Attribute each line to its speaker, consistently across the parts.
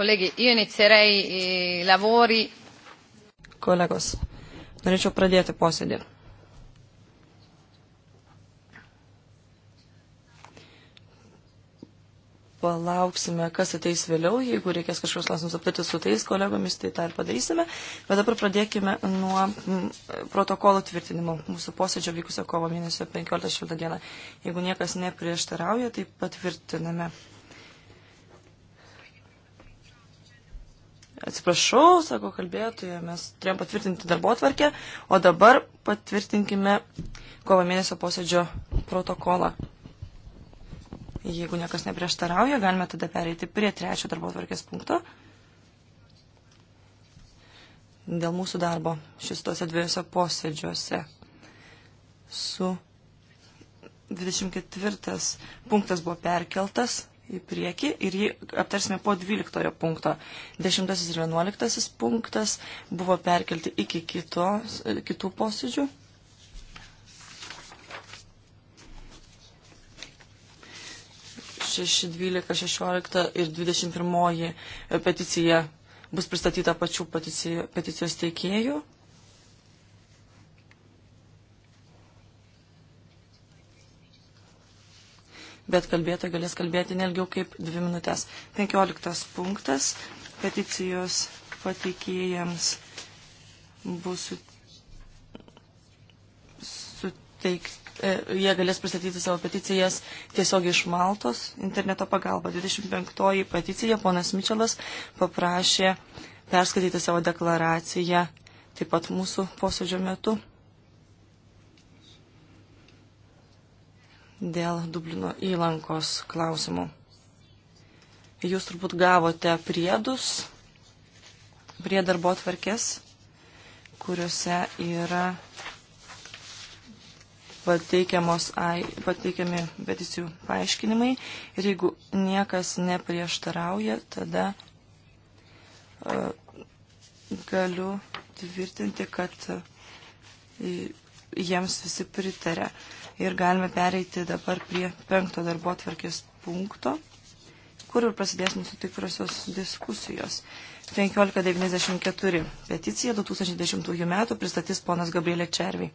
Speaker 1: Kolegi, io inizierei eh, i lavori.
Speaker 2: Kolegos, norėčiau pradėti posėdį. Palauksime, kas ateis vėliau, jeigu reikės kažkokius klausimus aptarti su tais kolegomis, tai tą ir padarysime. Bet dabar pradėkime nuo mm, protokolo tvirtinimo mūsų posėdžio vykusio kovo mėnesio 15 dieną. Jeigu niekas neprieštarauja, tai patvirtiname. Atsiprašau, sako kalbėtoja, mes turėjom patvirtinti darbo tvarkę, o dabar patvirtinkime kovo mėnesio posėdžio protokolą. Jeigu niekas neprieštarauja, galime tada pereiti prie trečio darbo tvarkės punkto. Dėl mūsų darbo šitose dviejose posėdžiuose su 24 punktas buvo perkeltas į priekį ir jį aptarsime po 12 punkto. 10 ir 11 punktas buvo perkelti iki kitos, kitų posėdžių. Šeši, dvylika, šešiolika ir dvidešimt pirmoji peticija bus pristatyta pačių peticijos teikėjų. bet kalbėtojai galės kalbėti nelgiau kaip dvi minutės. 15 punktas. Peticijos pateikėjams bus suteikti. E, jie galės pristatyti savo peticijas tiesiog iš Maltos interneto pagalba. 25 peticija ponas Mičelas paprašė perskaityti savo deklaraciją taip pat mūsų posėdžio metu. dėl Dublino įlankos klausimų. Jūs turbūt gavote priedus prie darbo atvarkės, kuriuose yra pateikiami peticijų paaiškinimai ir jeigu niekas neprieštarauja, tada uh, galiu tvirtinti, kad uh, jiems visi pritarė. Uh, ir galime pereiti dabar prie penkto darbo tvarkės punkto, kur ir prasidės mūsų tikrosios diskusijos. 1594 peticija 2010 metų pristatys ponas Gabrielė Červiai.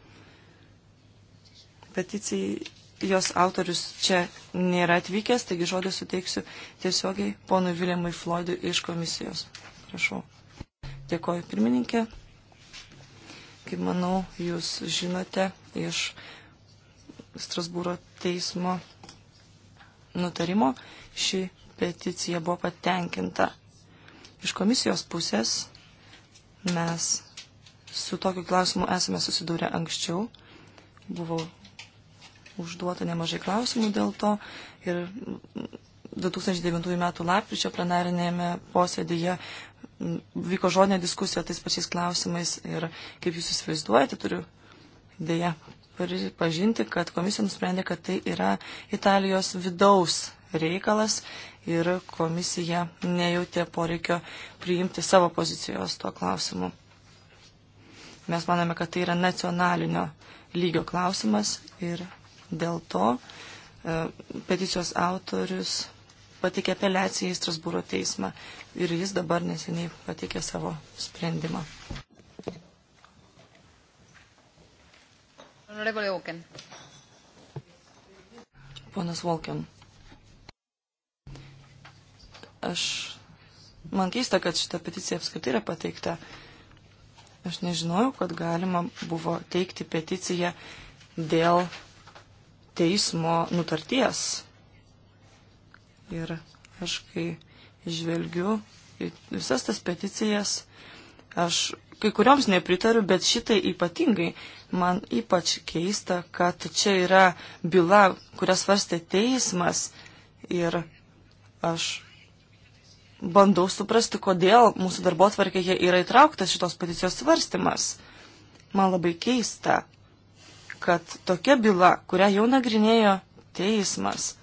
Speaker 2: Peticijai jos autorius čia nėra atvykęs, taigi žodį suteiksiu tiesiogiai ponui Viljamui Floydui iš komisijos. Prašau. Dėkoju pirmininkė. Kaip manau, jūs žinote iš Strasbūro teismo nutarimo ši peticija buvo patenkinta. Iš komisijos pusės mes su tokiu klausimu esame susidūrę anksčiau. Buvo užduota nemažai klausimų dėl to ir 2009 m. lapkričio plenarinėme posėdėje vyko žodinė diskusija tais pačiais klausimais ir kaip jūs įsivaizduojate, turiu dėja pripažinti, kad komisija nusprendė, kad tai yra Italijos vidaus reikalas ir komisija nejautė poreikio priimti savo pozicijos tuo klausimu. Mes manome, kad tai yra nacionalinio lygio klausimas ir dėl to e, peticijos autorius patikė apeliaciją į Strasbūro teismą ir jis dabar neseniai patikė savo sprendimą.
Speaker 1: Honorable Auken.
Speaker 2: Ponas Volken. Aš. Man keista, kad šita peticija apskritai yra pateikta. Aš nežinojau, kad galima buvo teikti peticiją dėl teismo nutarties. Ir aš kai žvelgiu į visas tas peticijas, aš kai kurioms nepritariu, bet šitai ypatingai man ypač keista, kad čia yra byla, kurią svarstė teismas ir aš bandau suprasti, kodėl mūsų darbo tvarkėje yra įtrauktas šitos peticijos svarstymas. Man labai keista, kad tokia byla, kurią jau nagrinėjo teismas,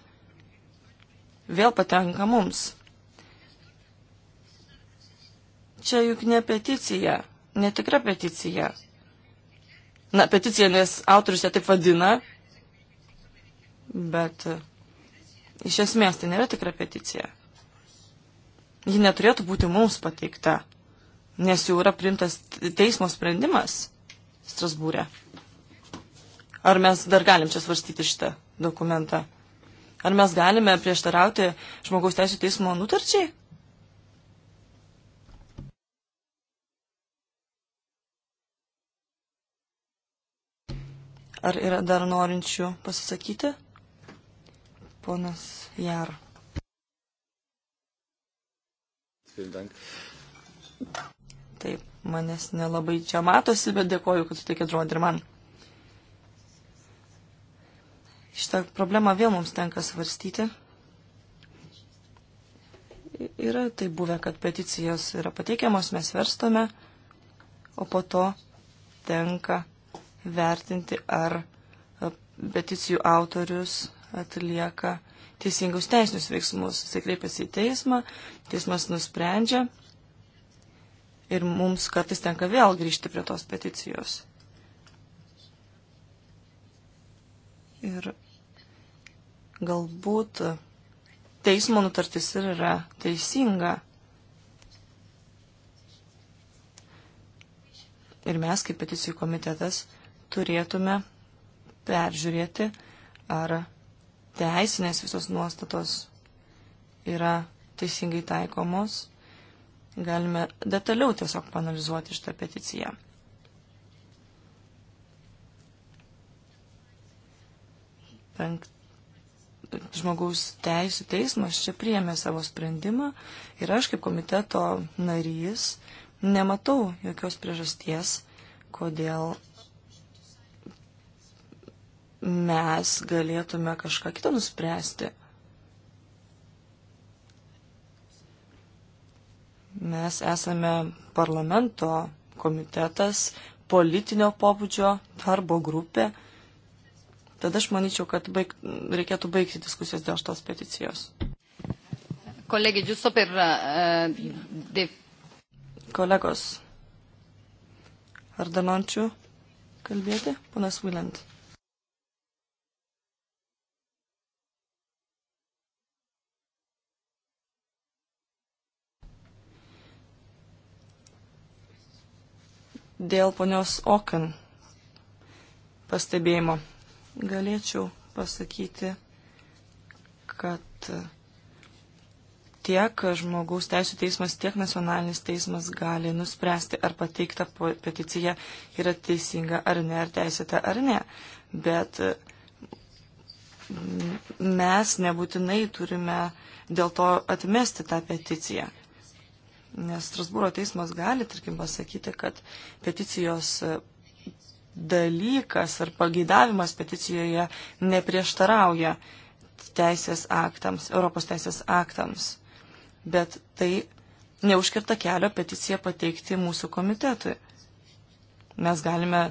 Speaker 2: vėl patenka mums. Čia juk ne peticija, netikra peticija. Na, peticija, nes autorius ją taip vadina, bet e, iš esmės tai nėra tikra peticija. Ji neturėtų būti mums pateikta, nes jau yra primtas teismo sprendimas Strasbūrė. Ar mes dar galim čia svarstyti šitą dokumentą? Ar mes galime prieštarauti žmogaus teisų teismo nutarčiai? Ar yra dar norinčių pasisakyti? Ponas Jar. Taip, manęs nelabai čia matosi, bet dėkoju, kad suteikėt žodį ir man. Šitą problemą vėl mums tenka svarstyti. Yra tai buvę, kad peticijos yra pateikiamos, mes verstome, o po to tenka vertinti, ar e, peticijų autorius atlieka teisingus teisinius veiksmus. Jis kreipiasi į teismą, teismas nusprendžia ir mums kartais tenka vėl grįžti prie tos peticijos. Ir galbūt teismo nutartis ir yra teisinga. Ir mes, kaip peticijų komitetas, turėtume peržiūrėti, ar teisinės visos nuostatos yra teisingai taikomos. Galime detaliau tiesiog panalizuoti šitą peticiją. Penkt... Žmogaus teisų teismas čia priėmė savo sprendimą ir aš kaip komiteto narys nematau jokios priežasties, kodėl mes galėtume kažką kitą nuspręsti. Mes esame parlamento komitetas, politinio pobūdžio darbo grupė. Tada aš manyčiau, kad baig, reikėtų baigti diskusijas dėl šitos peticijos. Kolegė, giusto per... Uh, de... Kolegos, ar danončių kalbėti, ponas Vilent? dėl ponios Oken pastebėjimo. Galėčiau pasakyti, kad tiek žmogaus teisų teismas, tiek nacionalinis teismas gali nuspręsti, ar pateikta peticija yra teisinga ar ne, ar teisėta ar ne. Bet mes nebūtinai turime dėl to atmesti tą peticiją. Nes Strasbūro teismas gali, tarkim, pasakyti, kad peticijos e, dalykas ar pageidavimas peticijoje neprieštarauja teisės aktams, Europos teisės aktams. Bet tai neužkirta kelio peticiją pateikti mūsų komitetui. Mes galime,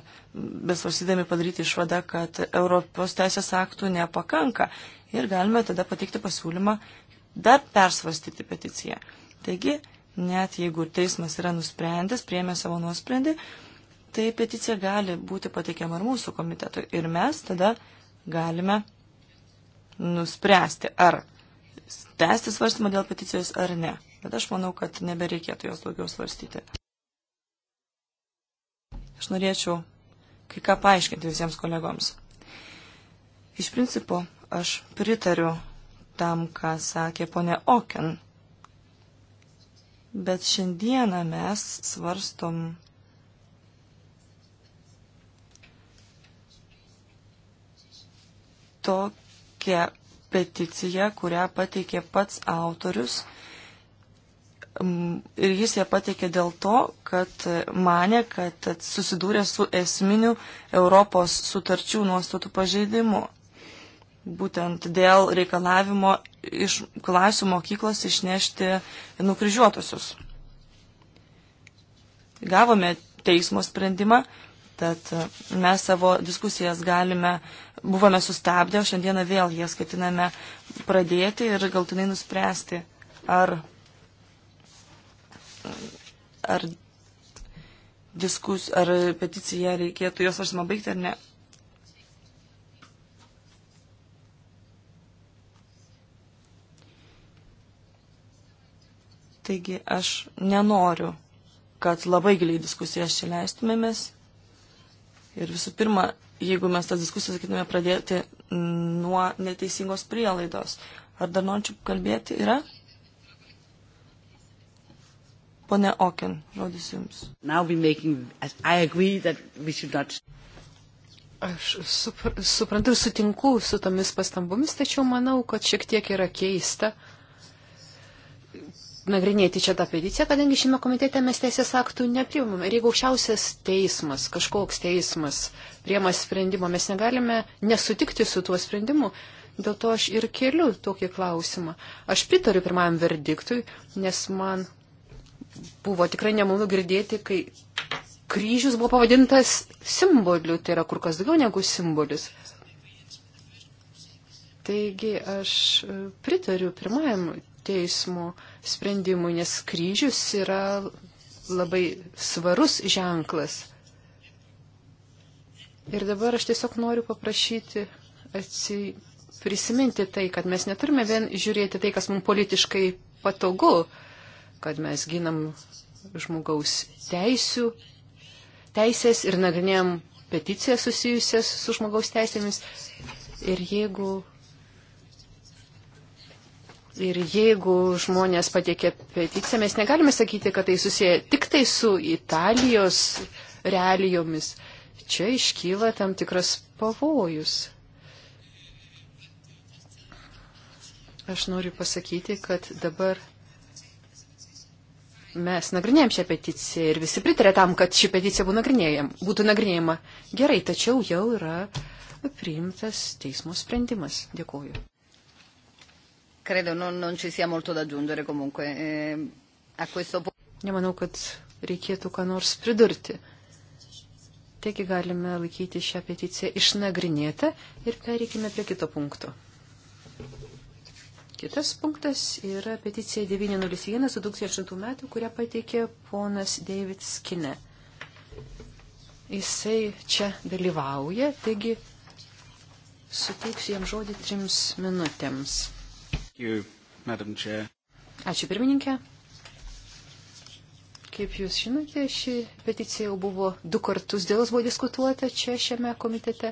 Speaker 2: besvarsydami, padaryti išvadą, kad Europos teisės aktų nepakanka ir galime tada pateikti pasiūlymą dar persvastyti peticiją. Taigi, net jeigu teismas yra nusprendęs, priemė savo nuosprendį, tai peticija gali būti pateikiama ir mūsų komitetui. Ir mes tada galime nuspręsti, ar tęsti svarstymą dėl peticijos ar ne. Bet aš manau, kad nebereikėtų jos daugiau svarstyti. Aš norėčiau kai ką paaiškinti visiems kolegoms. Iš principo, aš pritariu tam, ką sakė ponė Oken. Bet šiandieną mes svarstom tokią peticiją, kurią pateikė pats autorius. Mm, ir jis ją pateikė dėl to, kad mane, kad susidūrė su esminiu Europos sutarčių nuostatų pažeidimu. Būtent dėl reikalavimo iš klasių mokyklos išnešti nukryžiuotusius. Gavome teismo sprendimą, tad e, mes savo diskusijas galime, buvome sustabdę, o šiandieną vėl jas ketiname pradėti ir galtinai nuspręsti, ar, ar, diskus, ar peticiją reikėtų jos varsmą baigti ar ne. Taigi aš nenoriu, kad labai giliai diskusijas čia leistumėmės. Ir visų pirma, jeigu mes tas diskusijas sakytume pradėti nuo neteisingos prielaidos. Ar dar norčiau kalbėti yra? Pone Oken, žodis Jums. Making, not... Aš supr
Speaker 3: suprantu ir sutinku su tomis pastambomis, tačiau manau, kad šiek tiek yra keista, uh, nagrinėti čia tą peticiją, kadangi šiame komitete mes teisės aktų neprimame. Ir jeigu aukščiausias teismas, kažkoks teismas priema sprendimą, mes negalime nesutikti su tuo sprendimu. Dėl to aš ir keliu tokį klausimą. Aš pritariu pirmajam verdiktui, nes man buvo tikrai nemalonu girdėti, kai kryžius buvo pavadintas simboliu, tai yra kur kas daugiau negu simbolis. Taigi aš pritariu pirmajam teismo sprendimų, nes kryžius yra labai svarus ženklas. Ir dabar aš tiesiog noriu paprašyti atsi... prisiminti tai, kad mes neturime vien žiūrėti tai, kas mums politiškai patogu, kad mes ginam žmogaus teisių, teisės ir nagrinėjom peticijas susijusias su žmogaus teisėmis. Ir jeigu Ir jeigu žmonės patikė peticiją, mes negalime sakyti, kad tai susiję tik tai su Italijos realijomis. Čia iškyla tam tikras pavojus. Aš noriu pasakyti, kad dabar mes nagrinėjom šią peticiją ir visi pritarė tam, kad ši peticija būtų, nagrinėjam, būtų nagrinėjama. Gerai, tačiau jau yra
Speaker 1: priimtas
Speaker 3: teismo sprendimas. Dėkuoju.
Speaker 1: Credo non, non ci sia molto da aggiungere comunque eh, a questo punto. Nemanau, kad reikėtų ką nors
Speaker 3: pridurti. Taigi galime laikyti šią peticiją išnagrinėtą ir pereikime prie kito punkto. Kitas punktas yra peticija 901 2008 metų, kurią pateikė ponas David Skine. Jisai čia dalyvauja, taigi suteiksiu jam žodį trims minutėms. You, Madam Chair. Ačiū pirmininkė. Kaip jūs žinote, ši peticija jau buvo du kartus dėl jos buvo diskutuota čia šiame komitete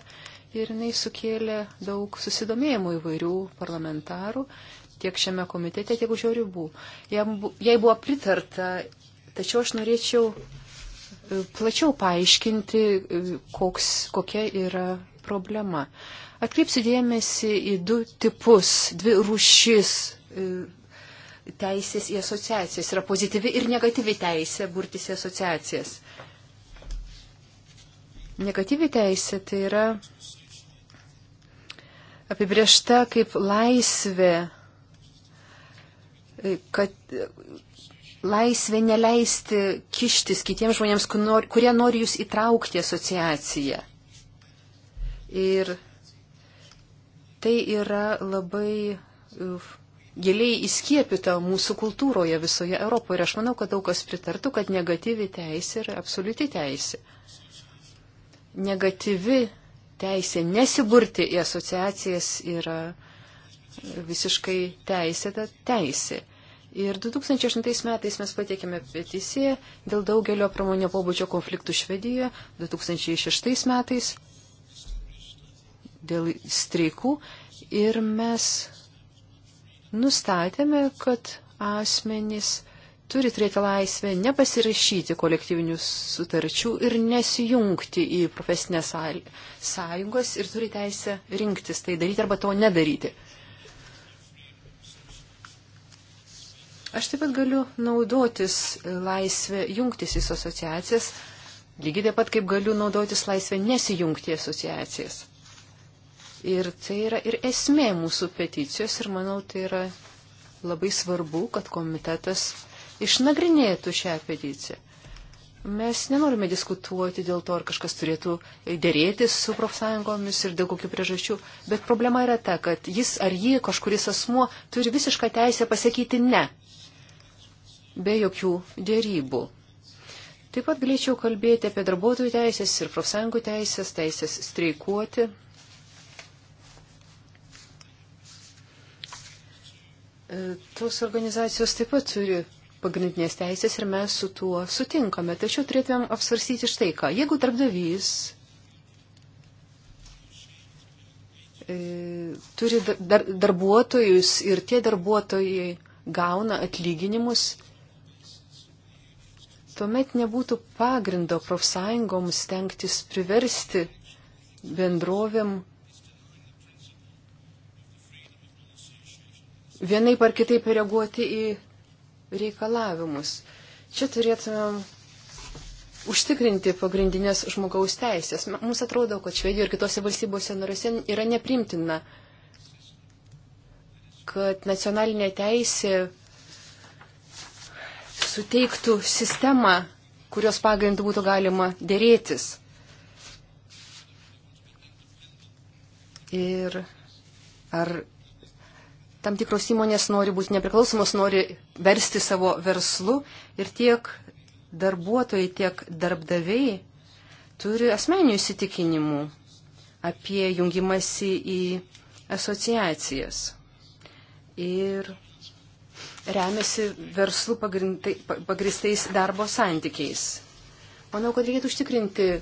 Speaker 3: ir jinai sukėlė daug susidomėjimų įvairių parlamentarų tiek šiame komitete, tiek už jo ribų. Jai buvo pritarta, tačiau aš norėčiau e, plačiau paaiškinti, e, koks, kokia yra problema. Atkreipsiu dėmesį į du tipus, dvi rušis e, teisės į asociacijas. Yra pozityvi ir negatyvi teisė burtis į asociacijas. Negatyvi teisė tai yra apibriešta kaip laisvė, e, kad laisvė neleisti kištis kitiems žmonėms, kurie nori jūs įtraukti asociaciją. Ir Tai yra labai e, giliai įskiepita mūsų kultūroje visoje Europoje ir aš manau, kad daug kas pritartų, kad negatyvi teisė yra absoliuti teisė. Negatyvi teisė nesiburti į asociacijas yra visiškai teisėta teisė. Ir 2008 metais mes patiekėme peticiją dėl daugelio pramonio pobūdžio konfliktų Švedijoje, 2006 metais dėl streikų ir mes nustatėme, kad asmenys turi turėti laisvę nepasirašyti kolektyvinių sutarčių ir nesijungti į profesinės sąjungos ir turi teisę rinktis tai daryti arba to nedaryti. Aš taip pat galiu naudotis laisvę jungtis į asociacijas, lygiai taip pat kaip galiu naudotis laisvę nesijungti į asociacijas. Ir tai yra ir esmė mūsų peticijos ir manau tai yra labai svarbu, kad komitetas išnagrinėtų šią peticiją. Mes nenorime diskutuoti dėl to, ar kažkas turėtų dėrėtis su profsąjungomis ir dėl kokių priežasčių, bet problema yra ta, kad jis ar ji, kažkuris asmuo, turi visišką teisę pasakyti ne, be jokių dėrybų. Taip pat galėčiau kalbėti apie darbuotojų teisės ir profsąjungų teisės, teisės streikuoti, Tos organizacijos taip pat turi pagrindinės teisės ir mes su tuo sutinkame. Tačiau turėtumėm apsvarstyti štai ką. Jeigu darbdavys e, turi dar, darbuotojus ir tie darbuotojai gauna atlyginimus, tuomet nebūtų pagrindo profsąjungoms tenktis priversti bendrovėm vienai par kitaip reaguoti į reikalavimus. Čia turėtumėm užtikrinti pagrindinės žmogaus teisės. Mums atrodo, kad Švedijoje ir kitose valstybėse narėse yra neprimtina, kad nacionalinė teisė suteiktų sistemą, kurios pagrindų būtų galima dėrėtis. Ir ar tam tikros įmonės nori būti nepriklausomos, nori versti savo verslu ir tiek darbuotojai, tiek darbdaviai turi asmeninių įsitikinimų apie jungimąsi į asociacijas ir remiasi verslų pagristais darbo santykiais. Manau, kad reikėtų užtikrinti e,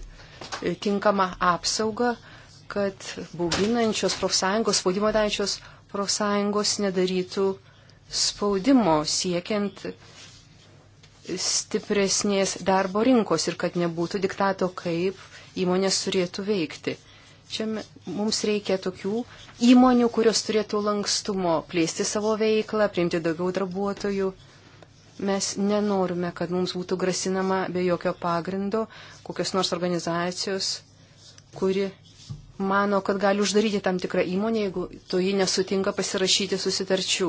Speaker 3: tinkamą apsaugą, kad bauginančios profsąjungos spaudimo dančios profsąjungos nedarytų spaudimo siekiant stipresnės darbo rinkos ir kad nebūtų diktato, kaip įmonės turėtų veikti. Čia mums reikia tokių įmonių, kurios turėtų lankstumo plėsti savo veiklą, priimti daugiau darbuotojų. Mes nenorime, kad mums būtų grasinama be jokio pagrindo kokios nors organizacijos, kuri mano, kad gali uždaryti tam tikrą įmonę, jeigu toji nesutinka pasirašyti susitarčių.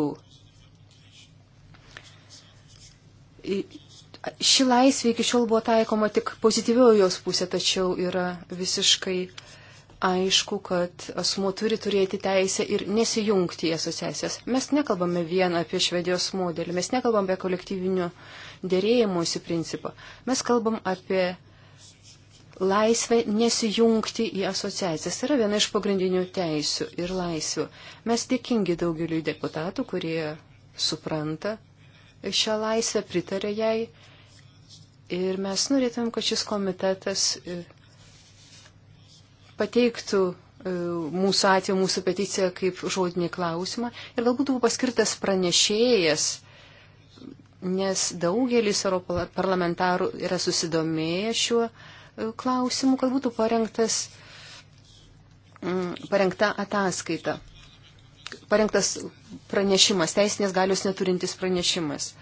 Speaker 3: Ši laisvė iki šiol buvo taikoma tik pozityvioji jos pusė, tačiau yra visiškai aišku, kad asmuo turi turėti teisę ir nesijungti į asociacijas. Mes nekalbame vien apie švedijos modelį, mes nekalbame apie kolektyvinių dėrėjimųsi principą, mes kalbam apie laisvę nesijungti į asociacijas. Tai yra viena iš pagrindinių teisių ir laisvių. Mes dėkingi daugeliu deputatų, kurie supranta šią laisvę, pritarė jai. Ir mes norėtum, kad šis komitetas e, pateiktų e, mūsų atveju, mūsų peticiją kaip žodinį klausimą ir galbūt būtų paskirtas pranešėjas nes daugelis parlamentarų yra susidomėję šiuo klausimų, kad būtų parengtas, mm, parengta ataskaita, parengtas pranešimas, teisinės galios neturintis pranešimas.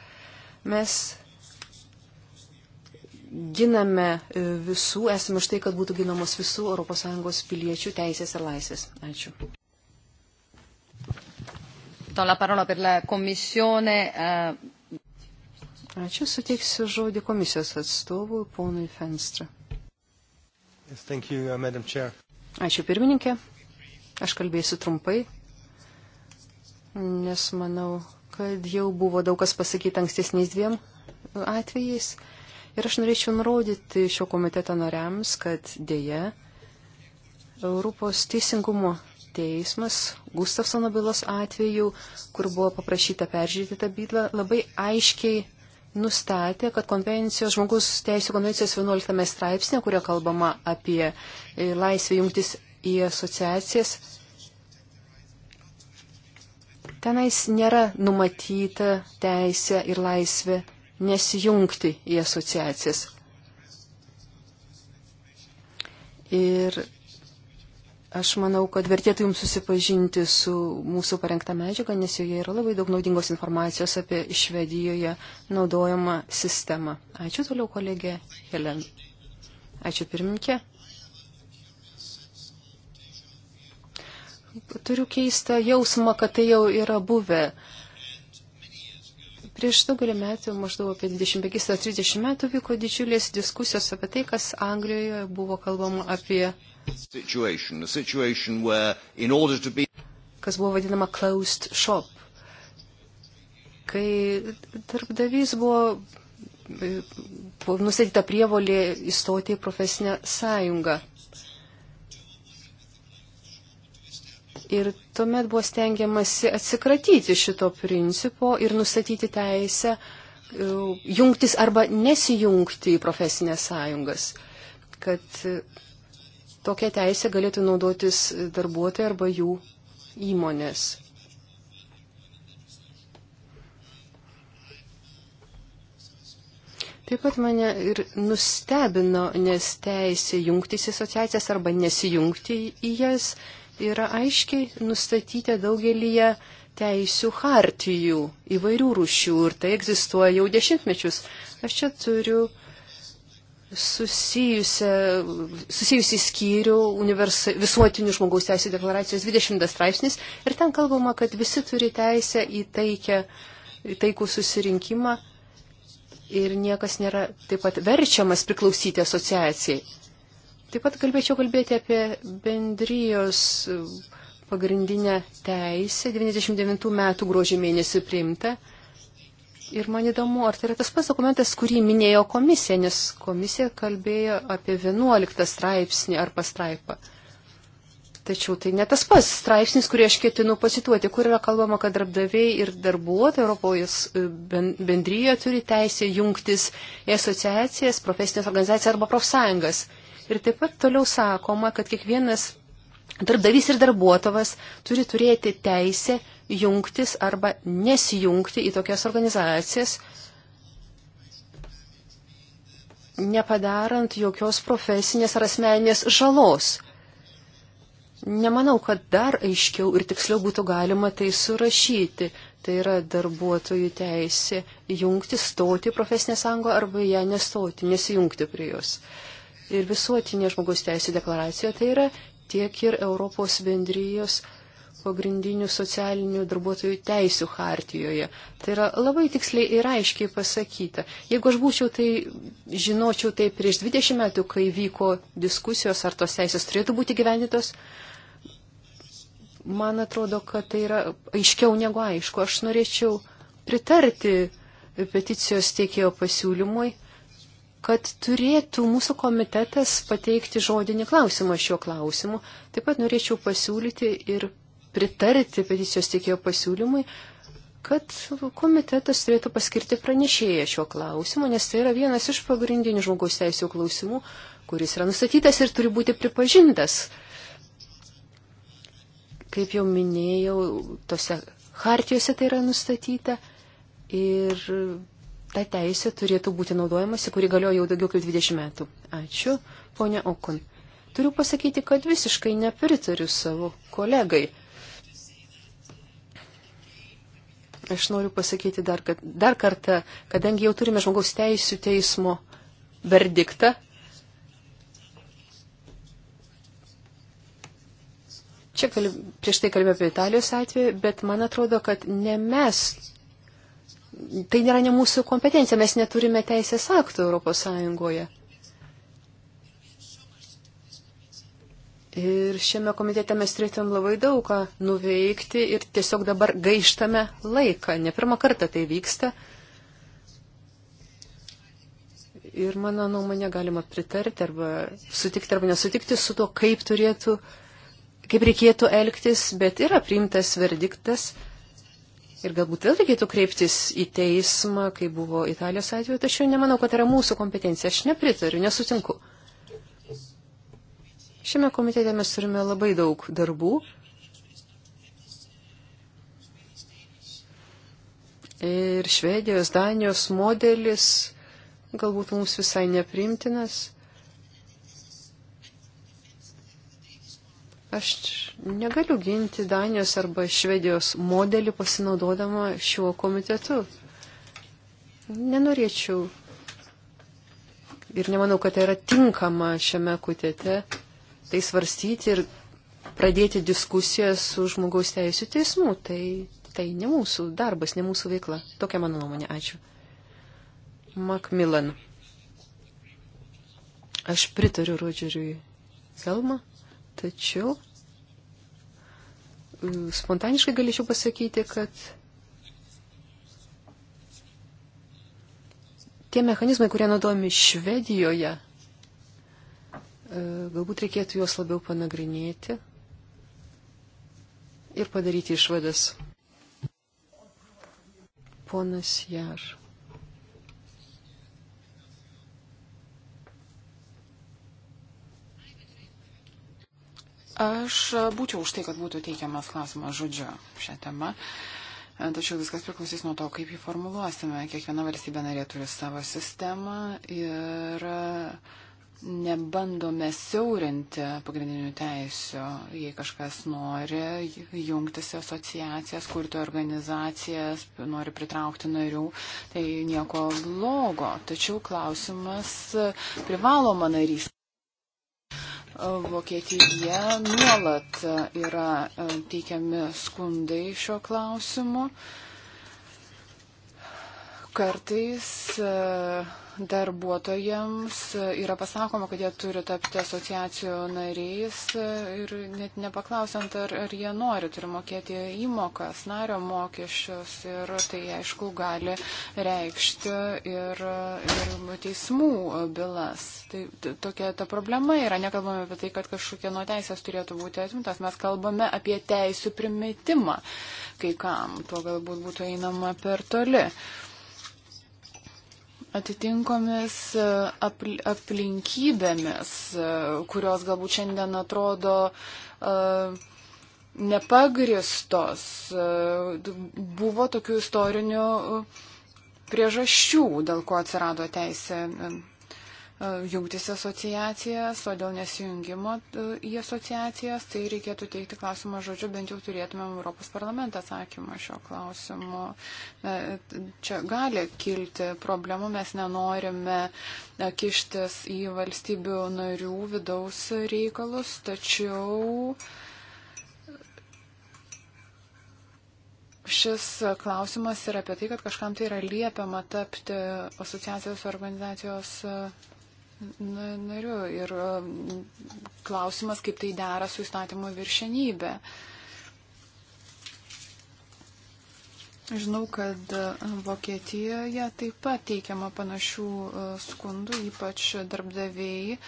Speaker 3: Mes giname e, visų, esame už tai, kad būtų ginamos visų ES piliečių teisės ir laisvės. Ačiū. Eh, Ačiū, suteiksiu žodį komisijos atstovui, ponui Fenstra.
Speaker 4: Yes, thank you, uh, Madam Chair.
Speaker 3: Ačiū pirmininkė. Aš kalbėsiu trumpai, nes manau, kad jau buvo daug kas pasakyta ankstesniais dviem uh, atvejais. Ir aš norėčiau nurodyti šio komiteto nariams, kad dėje Europos teisingumo teismas Gustafsono bylos atveju, kur buvo paprašyta peržiūrėti tą bylą, labai aiškiai nustatė, kad konvencijos, žmogus teisų konvencijos 11 straipsnė, kurio kalbama apie e, laisvę jungtis į asociacijas, tenais nėra numatyta teisė ir laisvė nesijungti į asociacijas. Ir Aš manau, kad vertėtų jums susipažinti su mūsų parengta medžiaga, nes joje yra labai daug naudingos informacijos apie Švedijoje naudojamą sistemą. Ačiū toliau, kolegė Helen. Ačiū pirminkė. Turiu keistą jausmą, kad tai jau yra buvę. Prieš daugelį metų, maždaug apie 25-30 metų, vyko didžiulės diskusijos apie tai, kas Anglijoje buvo kalbama apie kas buvo vadinama closed shop, kai darbdavys buvo, buvo nustatyta prievolė įstoti į profesinę sąjungą. Ir tuomet buvo stengiamasi atsikratyti šito principo ir nustatyti teisę e, jungtis arba nesijungti į profesinės sąjungas, kad Tokią teisę galėtų naudotis darbuotojai arba jų įmonės. Taip pat mane ir nustebino, nes teisė jungtis į asociacijas arba nesijungti į jas yra aiškiai nustatyta daugelyje teisių hartijų įvairių rušių ir tai egzistuoja jau dešimtmečius. Aš čia turiu susijusi skyrių visuotinių žmogaus teisų deklaracijos 20 straipsnis ir ten kalbama, kad visi turi teisę į taikę, į taikų susirinkimą ir niekas nėra taip pat verčiamas priklausyti asociacijai. Taip pat kalbėčiau kalbėti apie bendrijos pagrindinę teisę 99 metų gruožį mėnesį priimta Ir man įdomu, ar tai yra tas pats dokumentas, kurį minėjo komisija, nes komisija kalbėjo apie 11 straipsnį ar pastraipą. Tačiau tai ne tas pats straipsnis, kurį aš ketinu pasituoti, kur yra kalbama, kad darbdaviai ir darbuotojai Europos e, bendryje turi teisę jungtis į asociacijas, profesinės organizacijas arba profsąjungas. Ir taip pat toliau sakoma, kad kiekvienas darbdavys ir darbuotojas turi turėti teisę jungtis arba nesijungti į tokias organizacijas, nepadarant jokios profesinės ar asmeninės žalos. Nemanau, kad dar aiškiau ir tiksliau būtų galima tai surašyti. Tai yra darbuotojų teisė jungti, stoti profesinę sąjungą arba ją nestoti, nesijungti prie jos. Ir visuotinė žmogaus teisė deklaracija tai yra tiek ir Europos bendrijos pagrindinių socialinių darbuotojų teisių hartijoje. Tai yra labai tiksliai ir aiškiai pasakyta. Jeigu aš būčiau tai, žinočiau tai prieš 20 metų, kai vyko diskusijos, ar tos teisės turėtų būti gyvenintos, man atrodo, kad tai yra aiškiau negu aišku. Aš norėčiau pritarti peticijos tiekėjo pasiūlymui kad turėtų mūsų komitetas pateikti žodinį klausimą šiuo klausimu. Taip pat norėčiau pasiūlyti ir pritarti peticijos tiekėjo pasiūlymui, kad komitetas turėtų paskirti pranešėją šio klausimo, nes tai yra vienas iš pagrindinių žmogaus teisų klausimų, kuris yra nustatytas ir turi būti pripažintas. Kaip jau minėjau, tose hartijose tai yra nustatyta ir ta teisė turėtų būti naudojamasi, kuri galioja jau daugiau kaip 20 metų. Ačiū, ponia Okun. Turiu pasakyti, kad visiškai nepritariu savo kolegai. Aš noriu pasakyti dar, kad, dar kartą, kadangi jau turime žmogaus teisų teismo verdiktą, čia kalb, prieš tai kalbėjome apie Italijos atvejį, bet man atrodo, kad ne mes, tai nėra ne mūsų kompetencija, mes neturime teisės aktų Europos Sąjungoje. Ir šiame komitete mes turėtum labai daug ką nuveikti ir tiesiog dabar gaištame laiką. Ne pirmą kartą tai vyksta. Ir mano nuomonė galima pritarti arba sutikti arba nesutikti su to, kaip turėtų, kaip reikėtų elgtis, bet yra priimtas verdiktas. Ir galbūt vėl reikėtų kreiptis į teismą, kaip buvo Italijos atveju, tačiau nemanau, kad tai yra mūsų kompetencija. Aš nepritariu, nesutinku. Šiame komitete mes turime labai daug darbų. Ir Švedijos, Danijos modelis galbūt mums visai neprimtinas. Aš negaliu ginti Danijos arba Švedijos modelį pasinaudodama šiuo komitetu. Nenorėčiau. Ir nemanau, kad tai yra tinkama šiame kutete tai svarstyti ir pradėti diskusijas su žmogaus teisų teismu. Tai, tai ne mūsų darbas, ne mūsų veikla. Tokia mano nuomonė. Ačiū. Macmillan. Aš pritariu Rodžeriui Selma, tačiau e, spontaniškai galėčiau pasakyti, kad tie mechanizmai, kurie naudojami Švedijoje, E, galbūt reikėtų juos labiau panagrinėti ir padaryti išvadas. Ponas Jar.
Speaker 5: Aš būčiau už tai, kad būtų teikiamas klausimas žodžiu šią temą. E, tačiau viskas priklausys nuo to, kaip jį formuluosime. Kiekviena valstybė narė turi savo sistemą ir uh, nebandome siaurinti pagrindinių teisių. Jei kažkas nori jungtis į asociacijas, kurti organizacijas, nori pritraukti narių, tai nieko blogo. Tačiau klausimas privaloma narys. Vokietija nuolat yra teikiami skundai šio klausimu. Uh, Kartais e, darbuotojams e, yra pasakoma, kad jie turi tapti asociacijų nariais e, ir net nepaklausiant, ar, ar jie nori, turi mokėti įmokas, nario mokesčius ir tai aišku gali reikšti ir, ir teismų bylas. Tai tokia ta problema yra, nekalbame apie tai, kad kažkokie nuo teisės turėtų būti atimtas, mes kalbame apie teisų primetimą kai kam, to galbūt būtų einama per toli. Uh, atitinkomis e, aplinkybėmis, e, kurios galbūt šiandien atrodo e, nepagristos. Buvo tokių istorinių priežasčių, dėl ko atsirado teisė E, jungtis asociacijas, o dėl nesijungimo e, į asociacijas, tai reikėtų teikti klausimą žodžiu, bent jau turėtumėm Europos parlamentą atsakymą šio klausimu. E, čia gali kilti problemų, mes nenorime kištis į valstybių narių vidaus reikalus, tačiau. šis klausimas yra apie tai, kad kažkam tai yra liepiama tapti asociacijos organizacijos nariu. Ir e, klausimas, kaip tai dera su įstatymo viršenybė. Žinau, kad e, Vokietijoje taip pat teikiama panašių e, skundų, ypač darbdaviai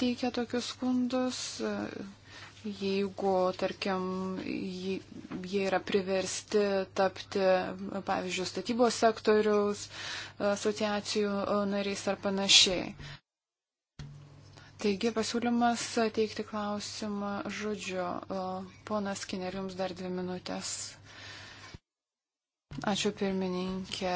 Speaker 5: teikia tokius skundus, jeigu, tarkim, jie yra priversti tapti, pavyzdžiui, statybos sektoriaus asociacijų nariais ar panašiai. Taigi pasiūlymas teikti klausimą žodžiu. Ponas Kiner, jums dar dvi minutės. Ačiū pirmininkė.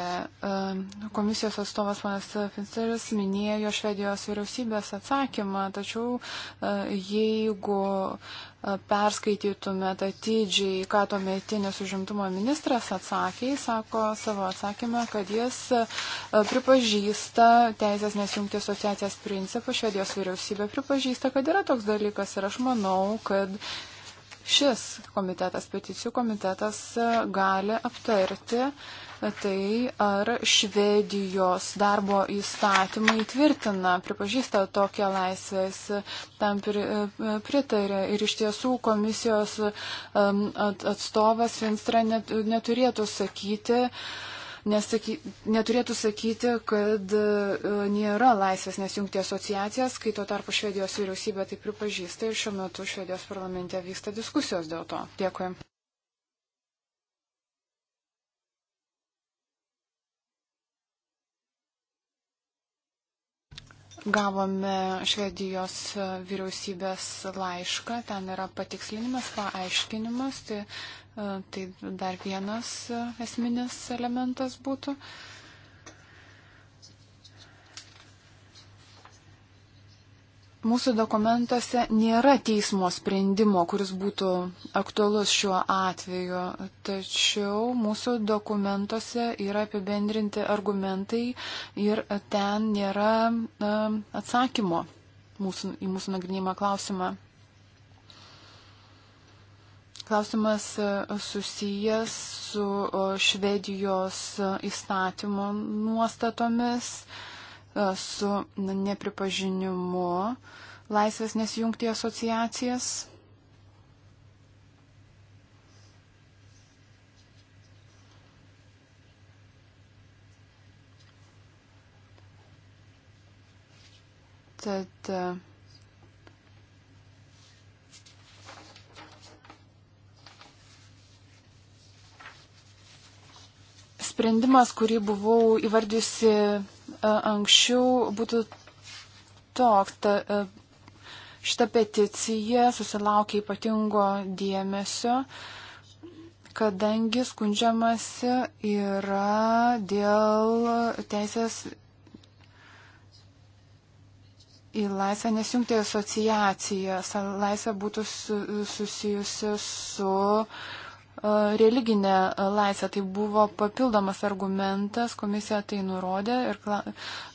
Speaker 5: Komisijos atstovas manas Finsteris minėjo Švedijos vyriausybės atsakymą, tačiau e, jeigu e, perskaitytumėt atidžiai, ką tuometinis užimtumo ministras atsakė, jis sako savo atsakymą, kad jis e, pripažįsta teisės nesijungti asociacijas principų, Švedijos vyriausybė pripažįsta, kad yra toks dalykas ir aš manau, kad šis komitetas, peticijų komitetas, e, gali aptarti tai, ar Švedijos darbo įstatymai tvirtina, pripažįsta tokią laisvės, tam e, pritarė. Ir iš tiesų komisijos atstovas Finstra neturėtų sakyti, nesaky, neturėtų sakyti, kad e, nėra laisvės nesijungti asociacijas, kai tuo tarpu Švedijos vyriausybė tai pripažįsta ir šiuo metu Švedijos parlamente vyksta diskusijos dėl to. Dėkui. Gavome Švedijos vyriausybės laišką, ten yra patikslinimas, paaiškinimas, tai, e, tai dar vienas e, esminis elementas būtų. Uh, Mūsų dokumentuose nėra teismo sprendimo, kuris būtų aktualus šiuo atveju, tačiau mūsų dokumentuose yra apibendrinti argumentai ir ten nėra atsakymo mūsų, į mūsų nagrinimą klausimą. Klausimas e, susijęs su Švedijos e, įstatymo nuostatomis. Uh, E, su nepripažinimu laisvės nesijungti asociacijas. Tad e, sprendimas, kurį buvau įvardysi anksčiau būtų toks. Ta, šita peticija susilaukė ypatingo dėmesio, kadangi skundžiamasi yra dėl teisės į laisvę nesijungti asociaciją. Laisvė būtų susijusi su religinę laisvę. Tai buvo papildomas argumentas, komisija tai nurodė ir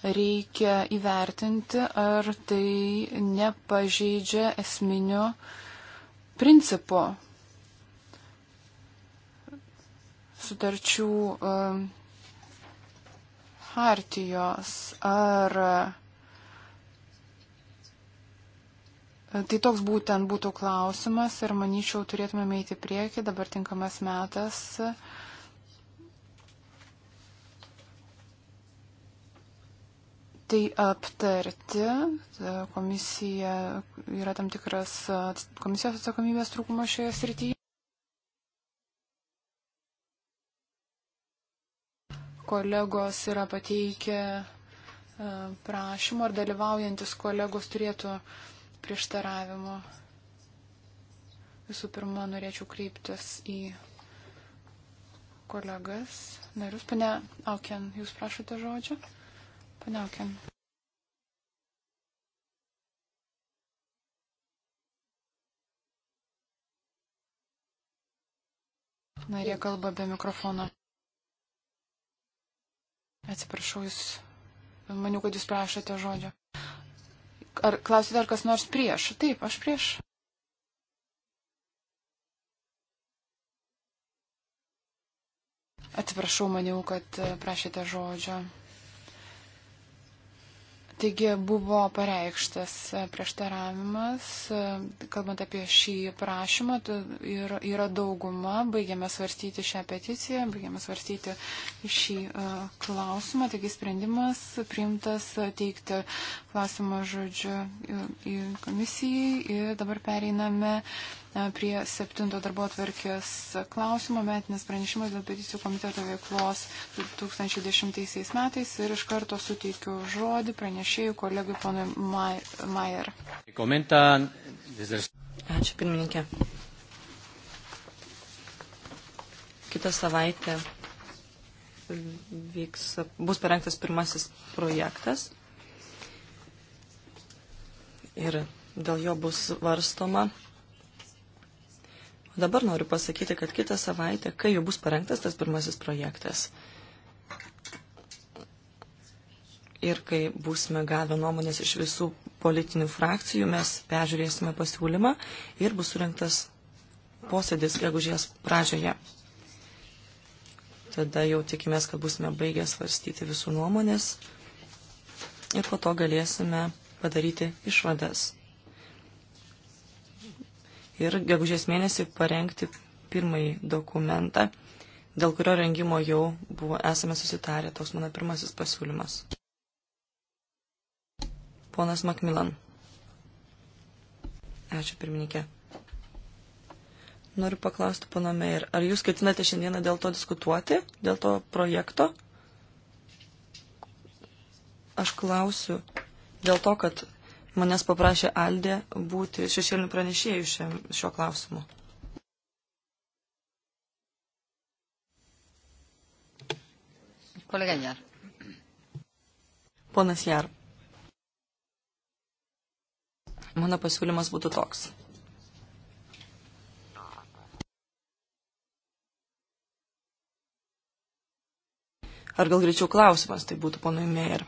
Speaker 5: reikia įvertinti, ar tai nepažeidžia esminio principo sutarčių hartijos, ar E, tai toks būtent būtų klausimas ir manyčiau turėtume eiti prieki, dabar tinkamas metas. Tai aptarti, e, komisija yra tam tikras e, komisijos atsakomybės trūkumas šioje srityje. Kolegos yra pateikę prašymą, ar dalyvaujantis kolegos turėtų uh, prieštaravimų. Visų pirma, norėčiau kreiptis į kolegas, narius. Pane Auken, jūs prašote žodžio? Pane Auken. Narė kalba be mikrofono. Atsiprašau, jūs, maniau, kad jūs prašote žodžio. Ar klausite, ar kas nors prieš? Taip, aš prieš. Atsiprašau, maniau, kad prašėte žodžio. Taigi buvo pareikštas prieštaravimas, kalbant apie šį prašymą, yra, yra dauguma, baigiame svarstyti šią peticiją, baigiame svarstyti šį uh, klausimą, taigi sprendimas priimtas teikti klausimą žodžiu e, į komisijai ir dabar pereiname uh, prie septinto darbo atvarkės klausimo metinis pranešimas dėl peticijų komiteto veiklos 2010 metais ir iš karto suteikiu žodį pranešėjų kolegui ponui
Speaker 2: Mayer. Ačiū pirmininkė. Kitą savaitę vyks, bus parengtas pirmasis projektas ir dėl jo bus varstoma O dabar noriu pasakyti, kad kitą savaitę, kai jau bus parengtas tas pirmasis projektas ir kai būsime gavę nuomonės iš visų politinių frakcijų, mes peržiūrėsime pasiūlymą ir bus surinktas posėdis gegužės pradžioje. Tada jau tikimės, kad būsime baigę svarstyti visų nuomonės ir po to galėsime padaryti išvadas ir gegužės mėnesį parengti pirmąjį dokumentą, dėl kurio rengimo jau buvo esame susitarę. Toks mano pirmasis pasiūlymas. Ponas Makmilan. Ačiū pirmininkė. Noriu paklausti, pana Meir, ar jūs ketinate šiandieną dėl to diskutuoti, dėl to projekto? Aš klausiu dėl to, kad Manęs paprašė Aldė būti šešėlinių pranešėjų šio, šio klausimu. Kolega Jar. Ponas Jar. Mano pasiūlymas būtų toks. Ar gal greičiau klausimas, tai būtų ponui Meijer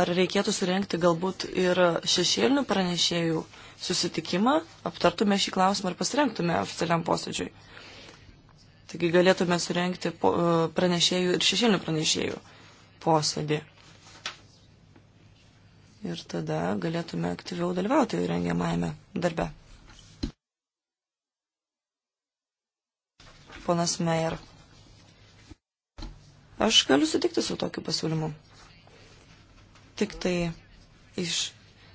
Speaker 2: ar reikėtų surenkti galbūt ir šešėlinių pranešėjų susitikimą, aptartume šį klausimą ir pasirenktume oficialiam posėdžiui. Taigi galėtume surenkti e, pranešėjų ir šešėlinių pranešėjų posėdį. Ir tada galėtume aktyviau dalyvauti rengiamajame darbe. Ponas Meijer. Aš galiu sutikti su tokiu pasiūlymu. Tik tai iš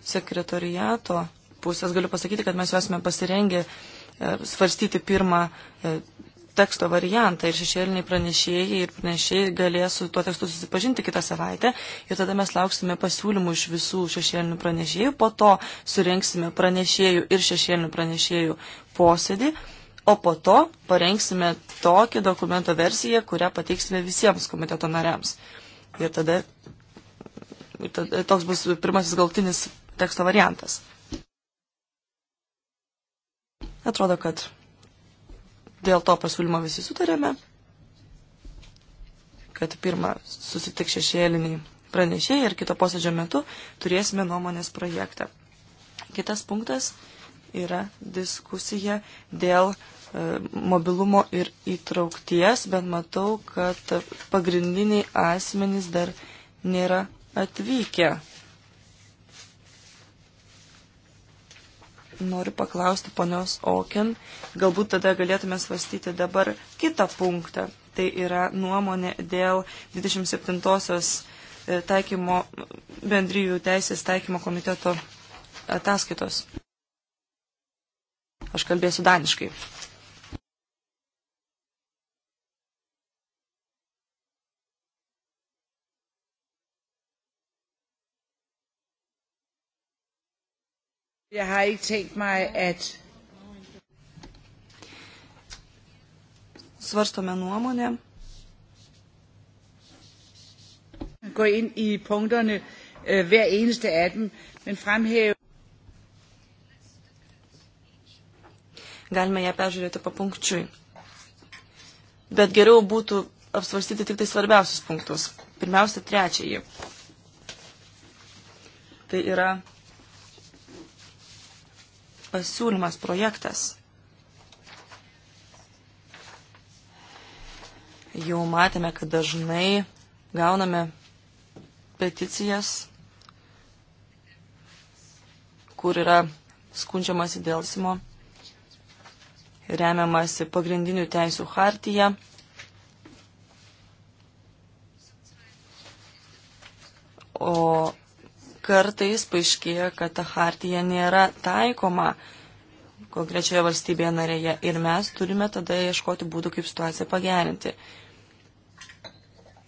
Speaker 2: sekretoriato pusės galiu pasakyti, kad mes jau esame pasirengę e, svarstyti pirmą e, teksto variantą ir šešėliniai pranešėjai ir pranešėjai galės su tuo tekstu susipažinti kitą savaitę ir tada mes lauksime pasiūlymų iš visų šešėlinių pranešėjų, po to surinksime pranešėjų ir šešėlinių pranešėjų posėdį, o po to parengsime tokį dokumento versiją, kurią pateiksime visiems komiteto nariams. Ir tada E, toks bus pirmasis galtinis teksto variantas. Atrodo, kad dėl to pasiūlymo visi sutarėme, kad pirmą susitik šešėliniai pranešėjai ir kito posėdžio metu turėsime nuomonės projektą. Kitas punktas yra diskusija dėl e, mobilumo ir įtraukties, bet matau, kad pagrindiniai asmenys dar nėra atvykę. Noriu paklausti ponios Oken, galbūt tada galėtume svastyti dabar kitą punktą. Tai yra nuomonė dėl 27-osios e, taikymo, bendryjų teisės taikymo komiteto ataskaitos. Aš kalbėsiu daniškai. Jeg har ikke tænkt mig at. Svarstome nuomonę. Gå ind i punkterne, øh, hver
Speaker 4: eneste af dem, men fremhæve.
Speaker 2: Galime ją peržiūrėti papunkčiui. Bet geriau būtų apsvarstyti tik tai svarbiausius punktus. Pirmiausia, trečiąjį. Tai yra pasiūlymas, projektas. Jau matėme, kad dažnai gauname peticijas, kur yra skundžiamasi dėl simo, remiamasi pagrindinių teisų hartyje. O kartais paaiškėja, kad ta hartija nėra taikoma konkrečioje valstybėje narėje ir mes turime tada ieškoti būdų, kaip situaciją pagerinti.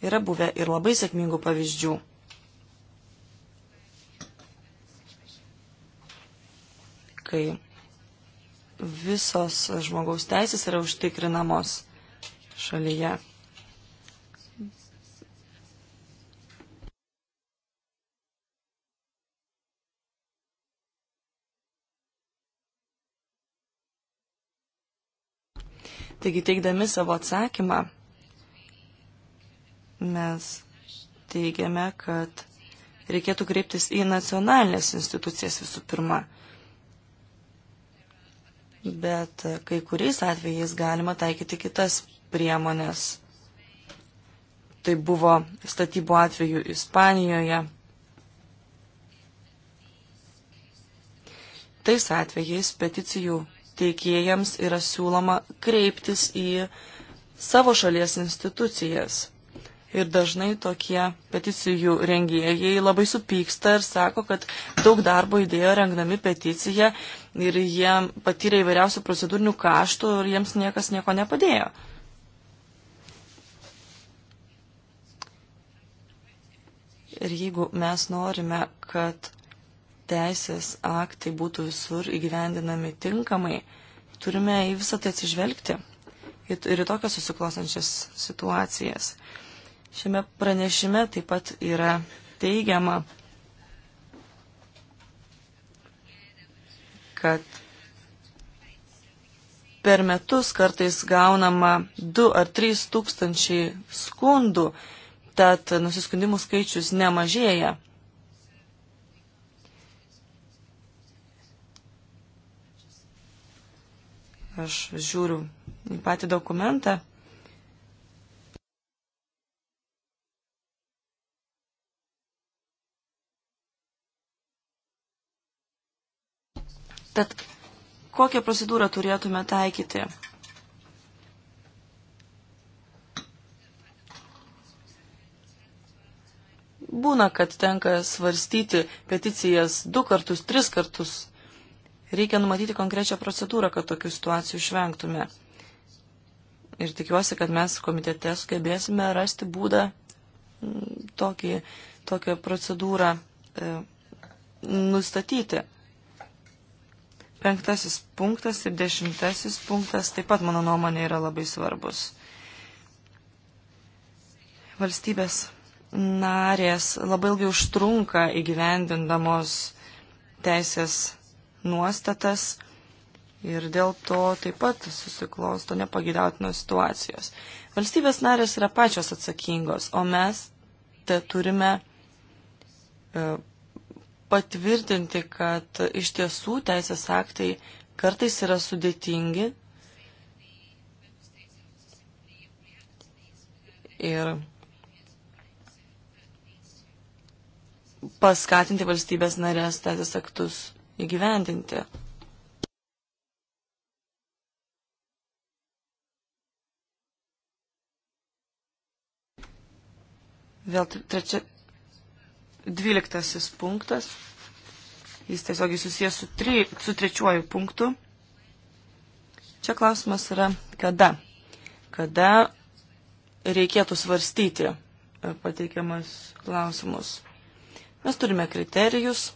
Speaker 2: Yra buvę ir labai sėkmingų pavyzdžių. Kai visos žmogaus teisės yra užtikrinamos šalyje. Taigi teikdami savo atsakymą mes teigiame, kad reikėtų kreiptis į nacionalinės institucijas visų pirma. Bet kai kuriais atvejais galima taikyti kitas priemonės. Tai buvo statybų atveju Ispanijoje. Tais atvejais peticijų teikėjams yra siūloma kreiptis į savo šalies institucijas. Ir dažnai tokie peticijų rengėjai labai supyksta ir sako, kad daug darbo įdėjo rengdami peticiją ir jie patyrė įvairiausių procedūrinių kaštų ir jiems niekas nieko nepadėjo. Ir jeigu mes norime, kad teisės aktai būtų visur įgyvendinami tinkamai, turime į visą tai atsižvelgti ir į tokias susiklosančias situacijas. Šiame pranešime taip pat yra teigiama, kad per metus kartais gaunama 2 ar 3 tūkstančiai skundų, tad nusiskundimų skaičius nemažėja. Aš žiūriu į patį dokumentą. Tad kokią procedūrą turėtume taikyti? Būna, kad tenka svarstyti peticijas du kartus, tris kartus Reikia numatyti konkrečią procedūrą, kad tokių situacijų išvengtume. Ir tikiuosi, kad mes komitete sugebėsime rasti būdą mm, tokį, tokią procedūrą e, nustatyti. Penktasis punktas ir dešimtasis punktas taip pat, mano nuomonė, yra labai svarbus. Valstybės narės labai ilgai užtrunka įgyvendindamos teisės nuostatas ir dėl to taip pat susiklosto nepagidautinos situacijos. Valstybės narės yra pačios atsakingos, o mes te turime e, patvirtinti, kad iš tiesų teisės aktai kartais yra sudėtingi ir paskatinti valstybės narės teisės aktus įgyvendinti. Vėl trečia, dvyliktasis punktas. Jis tiesiogiai susijęs su, tri, su trečiuoju punktu. Čia klausimas yra, kada. Kada reikėtų svarstyti e, pateikiamas klausimus. Mes turime kriterijus,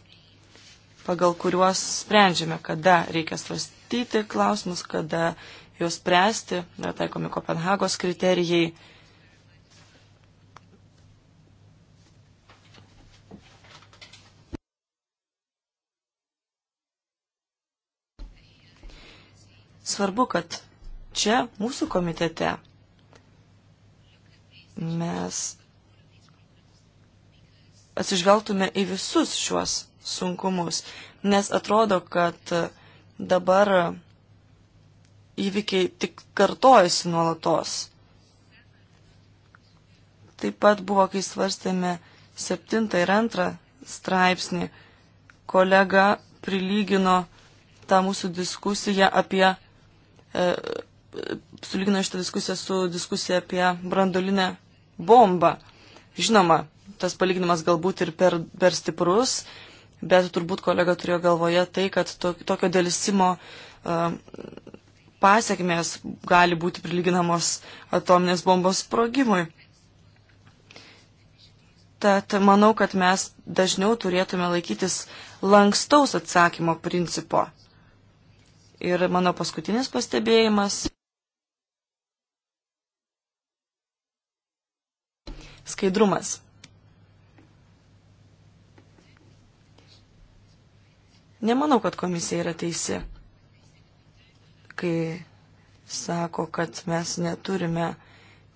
Speaker 2: pagal kuriuos sprendžiame, kada reikia svarstyti klausimus, kada juos spręsti, yra taikomi Kopenhagos kriterijai. Svarbu, kad čia mūsų komitete mes atsižvelgtume į visus šiuos sunkumus, nes atrodo, kad dabar įvykiai tik kartojasi nuolatos. Taip pat buvo, kai svarstėme septintą ir antrą straipsnį, kolega prilygino tą mūsų diskusiją apie, e, sulygino šitą diskusiją su diskusija apie brandolinę bombą. Žinoma, tas palyginimas galbūt ir per, per stiprus, bet turbūt kolega turėjo galvoje tai, kad to, tokio dėlisimo uh, e, pasiekmės gali būti prilyginamos atominės bombos sprogimui. Tad manau, kad mes dažniau turėtume laikytis lankstaus atsakymo principo. Ir mano paskutinis pastebėjimas. Skaidrumas. Nemanau, kad komisija yra teisi, kai sako, kad mes neturime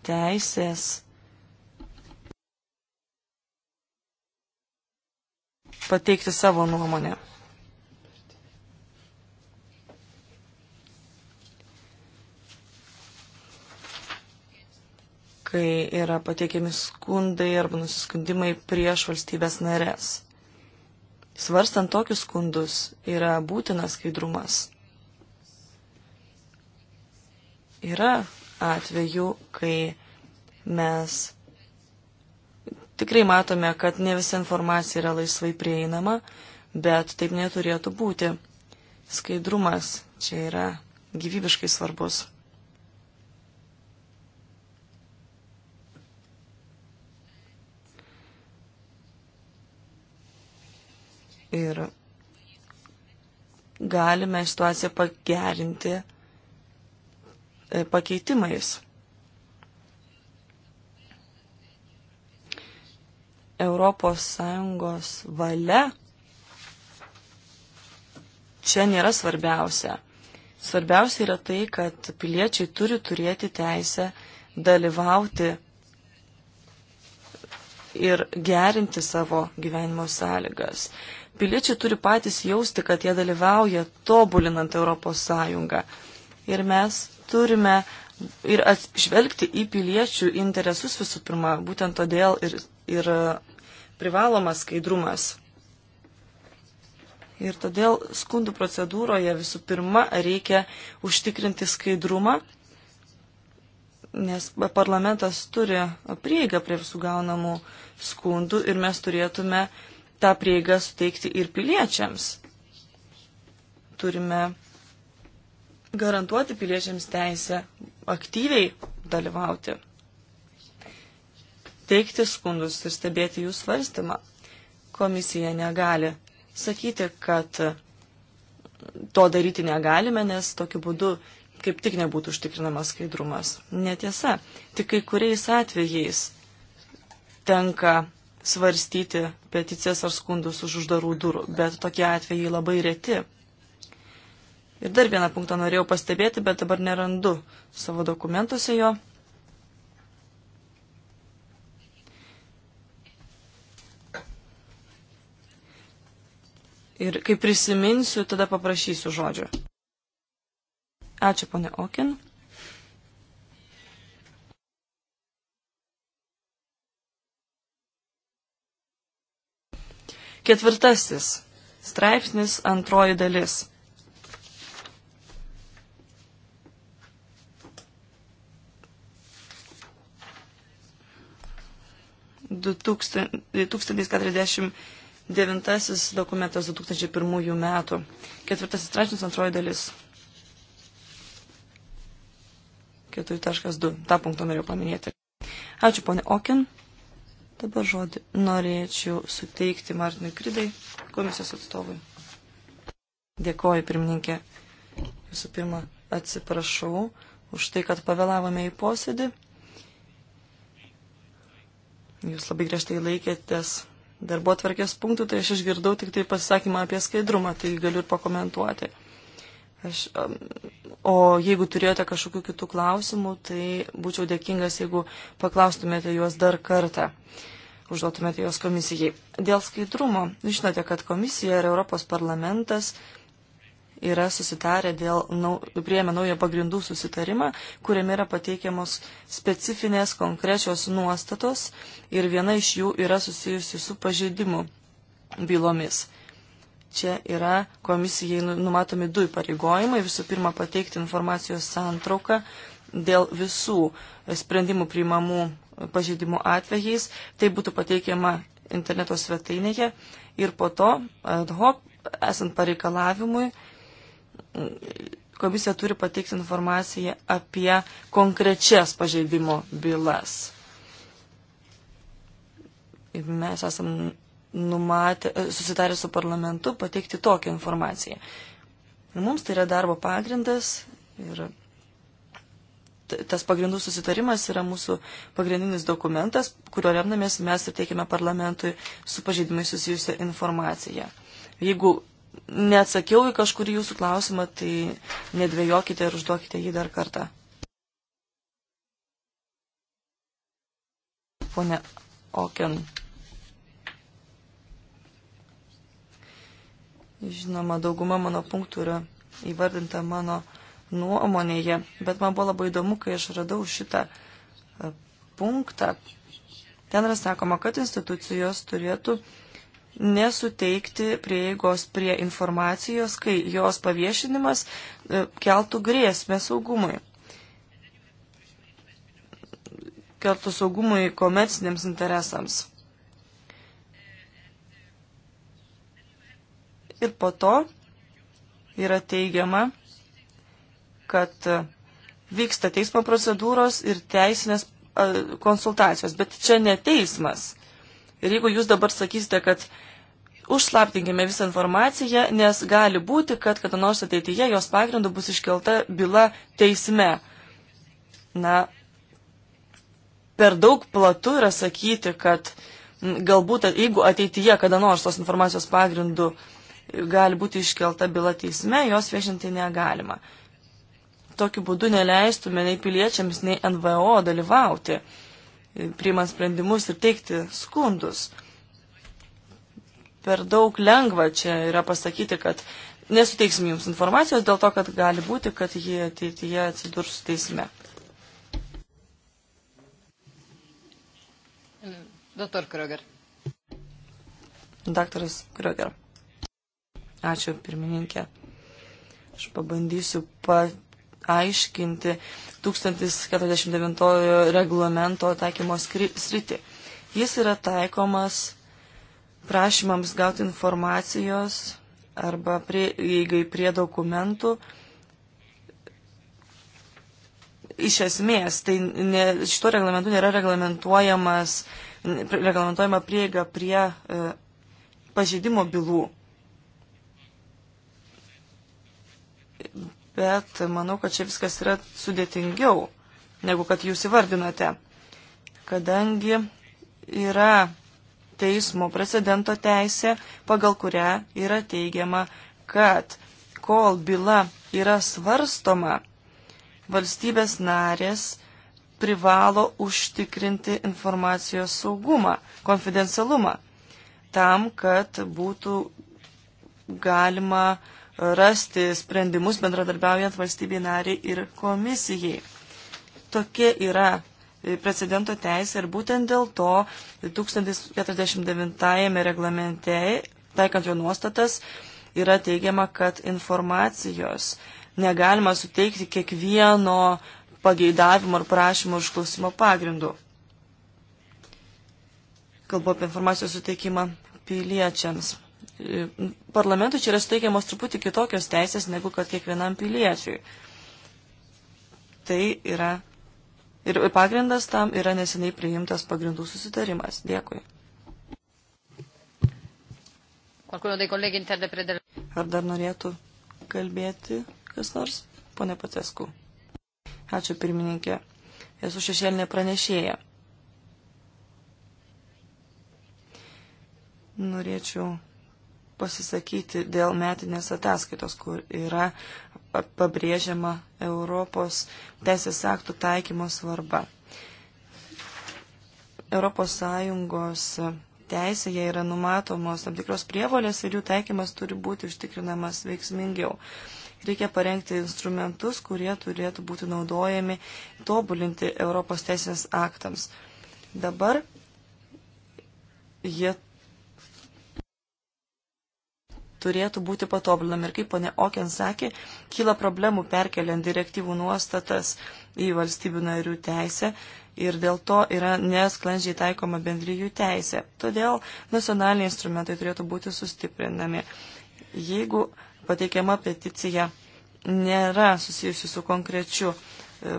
Speaker 2: teisės pateikti savo nuomonę. kai yra pateikiami skundai arba nusiskundimai prieš valstybės narės. Svarstant tokius skundus yra būtinas skaidrumas. Yra atvejų, kai mes tikrai matome, kad ne visa informacija yra laisvai prieinama, bet taip neturėtų būti. Skaidrumas čia yra gyvybiškai svarbus. ir galime situaciją pagerinti e, pakeitimais. Europos Sąjungos valia čia nėra svarbiausia. Svarbiausia yra tai, kad piliečiai turi turėti teisę dalyvauti ir gerinti savo gyvenimo sąlygas. Piliečiai turi patys jausti, kad jie dalyvauja tobulinant Europos Sąjungą. Ir mes turime ir atžvelgti į piliečių interesus visų pirma, būtent todėl ir, ir privalomas skaidrumas. Ir todėl skundų procedūroje visų pirma reikia užtikrinti skaidrumą, nes parlamentas turi prieigą prie visų gaunamų skundų ir mes turėtume uh, tą prieigą suteikti ir piliečiams. Turime garantuoti piliečiams teisę aktyviai dalyvauti, teikti skundus ir stebėti jų svarstymą. Komisija negali sakyti, kad to daryti negalime, nes tokiu būdu kaip tik nebūtų užtikrinamas skaidrumas. Netiesa, tik kai kuriais atvejais tenka svarstyti peticijas ar skundus už uždarų durų, bet tokie atvejai labai reti. Ir dar vieną punktą norėjau pastebėti, bet dabar nerandu savo dokumentuose jo. Ir kai prisiminsiu, tada paprašysiu žodžio. Ačiū, ponė Okin. Ketvirtasis straipsnis antroji dalis. Tūkstantis keturiasdešimt devintasis dokumentas 2001 metų. Ketvirtasis straipsnis antroji dalis. 4.2. Ta punktą norėjau paminėti. Ačiū, ponė Okin. Dabar žodį norėčiau suteikti Martinui Kridai, komisijos atstovui. Dėkoju, pirmininkė. Visų pirma, atsiprašau už tai, kad pavėlavome į posėdį. Jūs labai griežtai laikėtės darbo tvarkės punktų, tai aš išgirdau tik tai pasisakymą apie skaidrumą, tai galiu ir pakomentuoti. Aš, o jeigu turėjote kažkokių kitų klausimų, tai būčiau dėkingas, jeigu paklaustumėte juos dar kartą, užduotumėte juos komisijai. Dėl skaidrumo, žinote, kad komisija ir Europos parlamentas yra susitarę dėl, nau, prieėmė naują pagrindų susitarimą, kuriame yra pateikiamos specifinės konkrečios nuostatos ir viena iš jų yra susijusi su pažeidimu bylomis. Čia yra komisijai nu, numatomi du įpareigojimai. Visų pirma, pateikti informacijos santrauką dėl visų sprendimų priimamų pažeidimų atvejais. Tai būtų pateikiama interneto svetainėje ir po to ad hoc, esant pareikalavimui, komisija turi pateikti informaciją apie konkrečias pažeidimo bylas. Ir mes esam numatė, e, susitarė su parlamentu pateikti tokią informaciją. Mums tai yra darbo pagrindas ir tas pagrindų susitarimas yra mūsų pagrindinis dokumentas, kurio remdamės mes ir teikiame parlamentui su pažeidimai susijusią informaciją. Jeigu neatsakiau į kažkurį jūsų klausimą, tai nedvėjokite ir užduokite jį dar kartą. Pone Oken. Okay. Žinoma, dauguma mano punktų yra įvardinta mano nuomonėje, bet man buvo labai įdomu, kai aš radau šitą e, punktą. Ten yra sakoma, kad institucijos turėtų nesuteikti prieigos prie informacijos, kai jos paviešinimas e, keltų grėsmę saugumui. Keltų saugumui komerciniams interesams. Ir po to yra teigiama, kad vyksta teismo procedūros ir teisinės konsultacijos, bet čia ne teismas. Ir jeigu jūs dabar sakysite, kad užslaptinkime visą informaciją, nes gali būti, kad kada nors ateityje jos pagrindu bus iškelta byla teisme. Na, per daug platu yra sakyti, kad galbūt jeigu ateityje kada nors tos informacijos pagrindu uh, gali būti iškelta byla teisme, jos viešinti negalima. Tokiu būdu neleistume nei piliečiams, nei NVO dalyvauti, priimant sprendimus ir teikti skundus. Per daug lengva čia yra pasakyti, kad nesuteiksim jums informacijos dėl to, kad gali būti, kad jie ateityje atsidurs teisme.
Speaker 1: Dr. Kröger.
Speaker 2: Daktaras Kröger. Ačiū, pirmininkė. Aš pabandysiu paaiškinti 1049 reglamento taikymo sritį. Jis yra taikomas prašymams gauti informacijos arba prieigai prie dokumentų. Iš esmės, tai ne, šito reglamentu nėra reglamentuojamas, reglamentuojama prieiga prie e, pažeidimo bylų. bet manau, kad čia viskas yra sudėtingiau, negu kad jūs įvardinote, kadangi yra teismo precedento teisė, pagal kurią yra teigiama, kad kol byla yra svarstoma, valstybės narės privalo užtikrinti informacijos saugumą, konfidencialumą, tam, kad būtų galima uh, rasti sprendimus bendradarbiaujant valstybei nariai ir komisijai. Tokia yra precedento teisė ir būtent dėl to 1049 reglamente, taikant jo nuostatas, yra teigiama, kad informacijos negalima suteikti kiekvieno pageidavimo ar prašymo išklausimo pagrindu. Kalbu apie informacijos suteikimą piliečiams parlamentui čia yra suteikiamos truputį kitokios teisės negu kad kiekvienam piliečiui. Tai yra. Ir pagrindas tam yra neseniai priimtas pagrindų susitarimas. Dėkui.
Speaker 1: Ar
Speaker 2: dar norėtų kalbėti kas nors? Pone Pacesku. Ačiū pirmininkė. Esu šešėlinė pranešėja. Norėčiau pasisakyti dėl metinės ataskaitos, kur yra pabrėžiama Europos teisės aktų taikymo svarba. Europos Sąjungos teisėje yra numatomos tam tikros prievolės ir jų taikymas turi būti užtikrinamas veiksmingiau. Reikia parengti instrumentus, kurie turėtų būti naudojami tobulinti Europos teisės aktams. Dabar jie turėtų būti patobulinami. Ir kaip ponė Oken sakė, kyla problemų perkeliant direktyvų nuostatas į valstybių narių teisę ir dėl to yra nesklandžiai taikoma bendryjų teisė. Todėl nacionaliniai instrumentai turėtų būti sustiprinami. Jeigu pateikiama peticija nėra susijusi su konkrečiu e,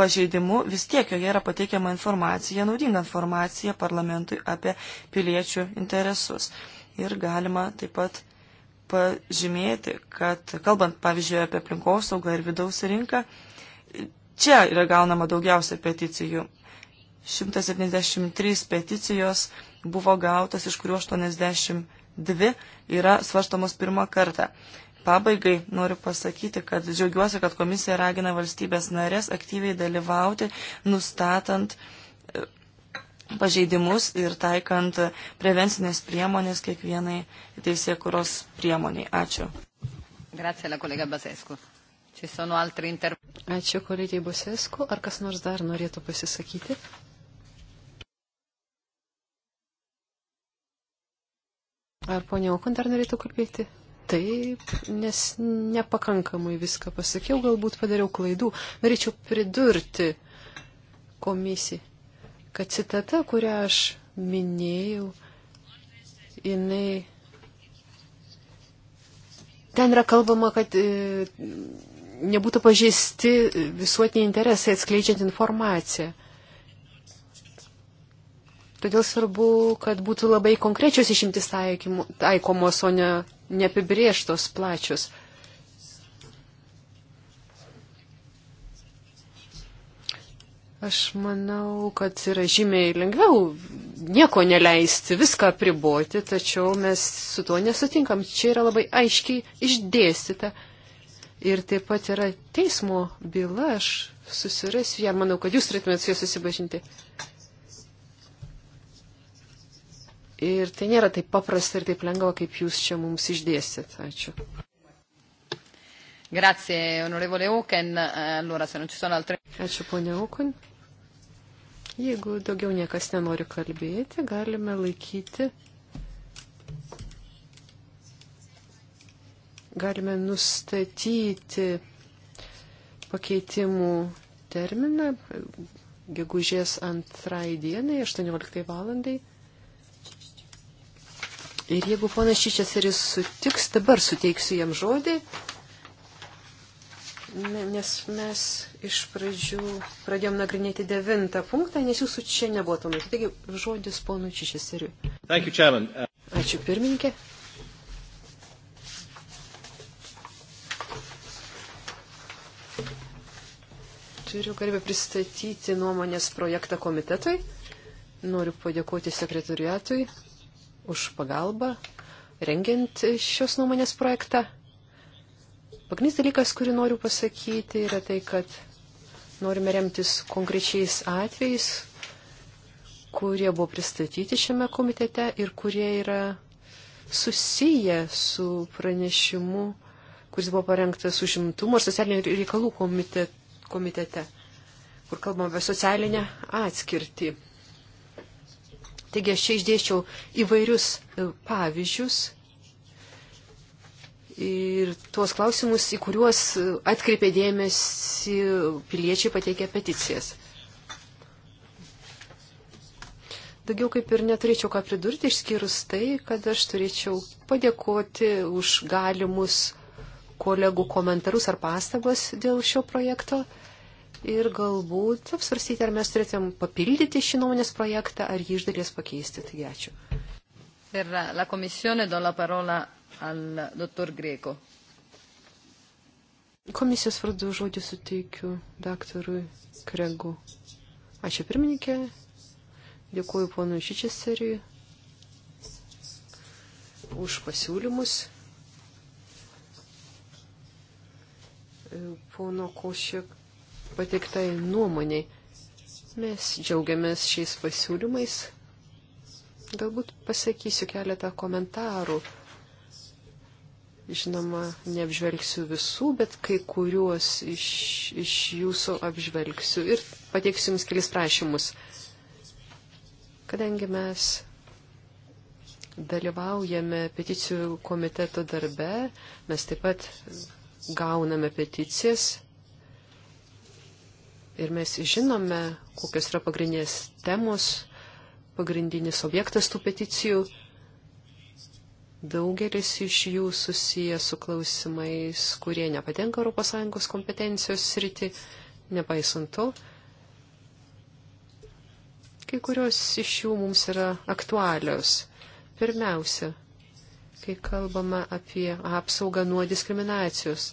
Speaker 2: pažeidimu, vis tiek joje yra pateikiama informacija, naudinga informacija parlamentui apie piliečių interesus ir galima taip pat pažymėti, kad kalbant, pavyzdžiui, apie aplinkosaugą ir vidaus rinką, čia yra gaunama daugiausia peticijų. 173 peticijos buvo gautas, iš kurių 82 yra svarstamos pirmą kartą. Pabaigai noriu pasakyti, kad džiaugiuosi, kad komisija ragina valstybės narės aktyviai dalyvauti, nustatant uh, pažeidimus ir taikant prevencinės priemonės kiekvienai teisėkuros priemoniai. Ačiū.
Speaker 1: Grazie, la kolega Basescu. Ci sono altri inter... Ačiū kolegijai Basescu. Ar kas nors dar norėtų pasisakyti?
Speaker 3: Ar ponia Okun dar norėtų kalbėti? Taip, nes nepakankamai viską pasakiau, galbūt padariau klaidų. Norėčiau pridurti komisijai kad citata, kurią aš minėjau, jinai. Ten yra kalbama, kad e, nebūtų pažeisti visuotiniai interesai atskleidžiant informaciją. Todėl svarbu, kad būtų labai konkrečios išimtis taikomos, o ne neapibrieštos plačios. Aš manau, kad yra žymiai lengviau nieko neleisti, viską priboti, tačiau mes su tuo nesutinkam. Čia yra labai aiškiai išdėstyta. Ir taip pat yra teismo byla, aš susirasiu ją, manau, kad jūs turėtumėte su ja susibažinti. Ir tai nėra taip paprasta ir taip lengva, kaip jūs čia mums išdėstėt. Ačiū.
Speaker 1: Grazie, onorevole Oken. Allora, se non ci sono altre... Ačiū, ponia Oken. Jeigu daugiau
Speaker 3: niekas nenori kalbėti, galime laikyti, galime nustatyti pakeitimų terminą gegužės antrai dienai, 18 valandai. Ir jeigu ponas Šičias ir jis sutiks, dabar suteiksiu jam žodį nes mes iš pradžių pradėjom nagrinėti devintą punktą, nes jūsų čia nebuvo tuo metu. Taigi, žodis ponui Čišeseriui.
Speaker 4: Ačiū
Speaker 3: pirmininkė. Turiu garbę pristatyti nuomonės projektą komitetui. Noriu padėkoti sekretoriatui už pagalbą rengiant šios nuomonės projektą. Pagrindinis dalykas, kurį noriu pasakyti, yra tai, kad norime remtis konkrečiais atvejais, kurie buvo pristatyti šiame komitete ir kurie yra susiję su pranešimu, kuris buvo parengtas užimtumo ir socialinių reikalų komitet, komitete, kur kalbam apie socialinę atskirtį. Taigi aš čia išdėščiau įvairius e, pavyzdžius ir tuos klausimus, į kuriuos atkreipė dėmesį piliečiai pateikę peticijas. Daugiau kaip ir neturėčiau ką pridurti, išskyrus tai, kad aš turėčiau padėkoti už galimus kolegų komentarus ar pastabas dėl šio projekto ir galbūt apsvarstyti, ar mes turėtum papildyti šį nuomonės projektą, ar jį iš dalies pakeisti. Taigi ačiū.
Speaker 1: Per la komisione do la parola al dottor Greco.
Speaker 3: Komisijos vardu žodį suteikiu daktarui Kregu. Ačiū pirmininkė, dėkuoju ponui Šičeseriui už pasiūlymus. Pono Košė pateiktai nuomoniai. Mes džiaugiamės šiais pasiūlymais. Galbūt pasakysiu keletą komentarų Žinoma, neapžvelgsiu visų, bet kai kuriuos iš, iš jūsų apžvelgsiu ir pateiksiu jums kelis prašymus. Kadangi mes dalyvaujame peticijų komiteto darbe, mes taip pat gauname peticijas ir mes žinome, kokios yra pagrindinės temos, pagrindinis objektas tų peticijų. Daugelis iš jų susiję su klausimais, kurie nepatenka ES kompetencijos sriti, nepaisant to. Kai kurios iš jų mums yra aktualios. Pirmiausia, kai kalbame apie apsaugą nuo diskriminacijos,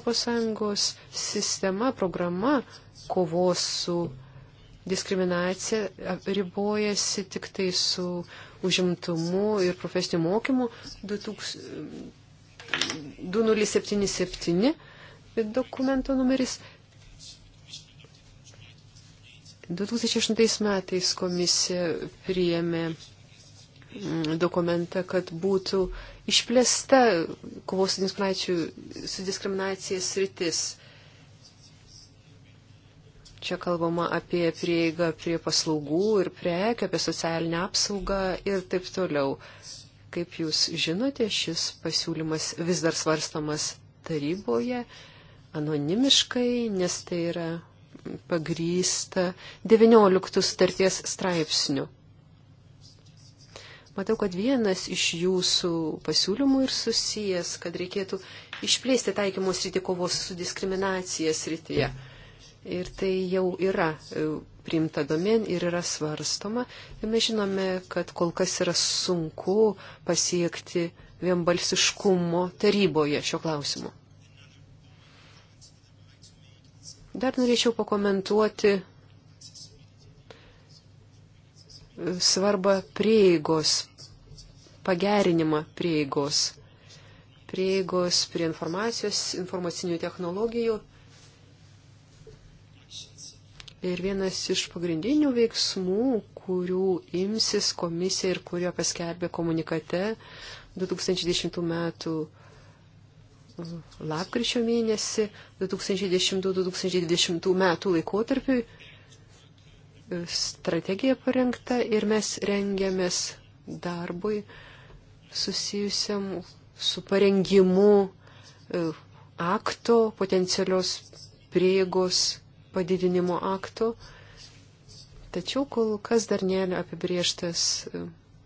Speaker 3: ES sistema, programa kovos su diskriminacija ribojasi tik tai su užimtumu ir profesiniu mokymu 2077 dokumento numeris. 2008 metais komisija priėmė mm, dokumentą, kad būtų išplėsta kovos su diskriminacija sritis Čia kalbama apie prieigą prie paslaugų ir prekių, apie socialinę apsaugą ir taip toliau. Kaip jūs žinote, šis pasiūlymas vis dar svarstamas taryboje anonimiškai, nes tai yra pagrysta 19 starties straipsnių. Matau, kad vienas iš jūsų pasiūlymų ir susijęs, kad reikėtų išplėsti taikymus rytį kovos su diskriminacija srityje. Ja. Ir tai jau yra e, priimta domen ir yra svarstoma. Ir mes žinome, kad kol kas yra sunku pasiekti vienbalsiškumo taryboje šio klausimu. Dar norėčiau pakomentuoti e, svarbą prieigos, pagerinimą prieigos, prieigos prie informacijos, informacinių technologijų Ir vienas iš pagrindinių veiksmų, kurių imsis komisija ir kurio paskelbė komunikate 2010 m. lapkričio mėnesį 2010-2020 m. laikotarpiui strategija parengta ir mes rengiamės darbui susijusiam su parengimu e, akto potencialios prieigos padidinimo akto, tačiau kol kas dar nėra apibrieštas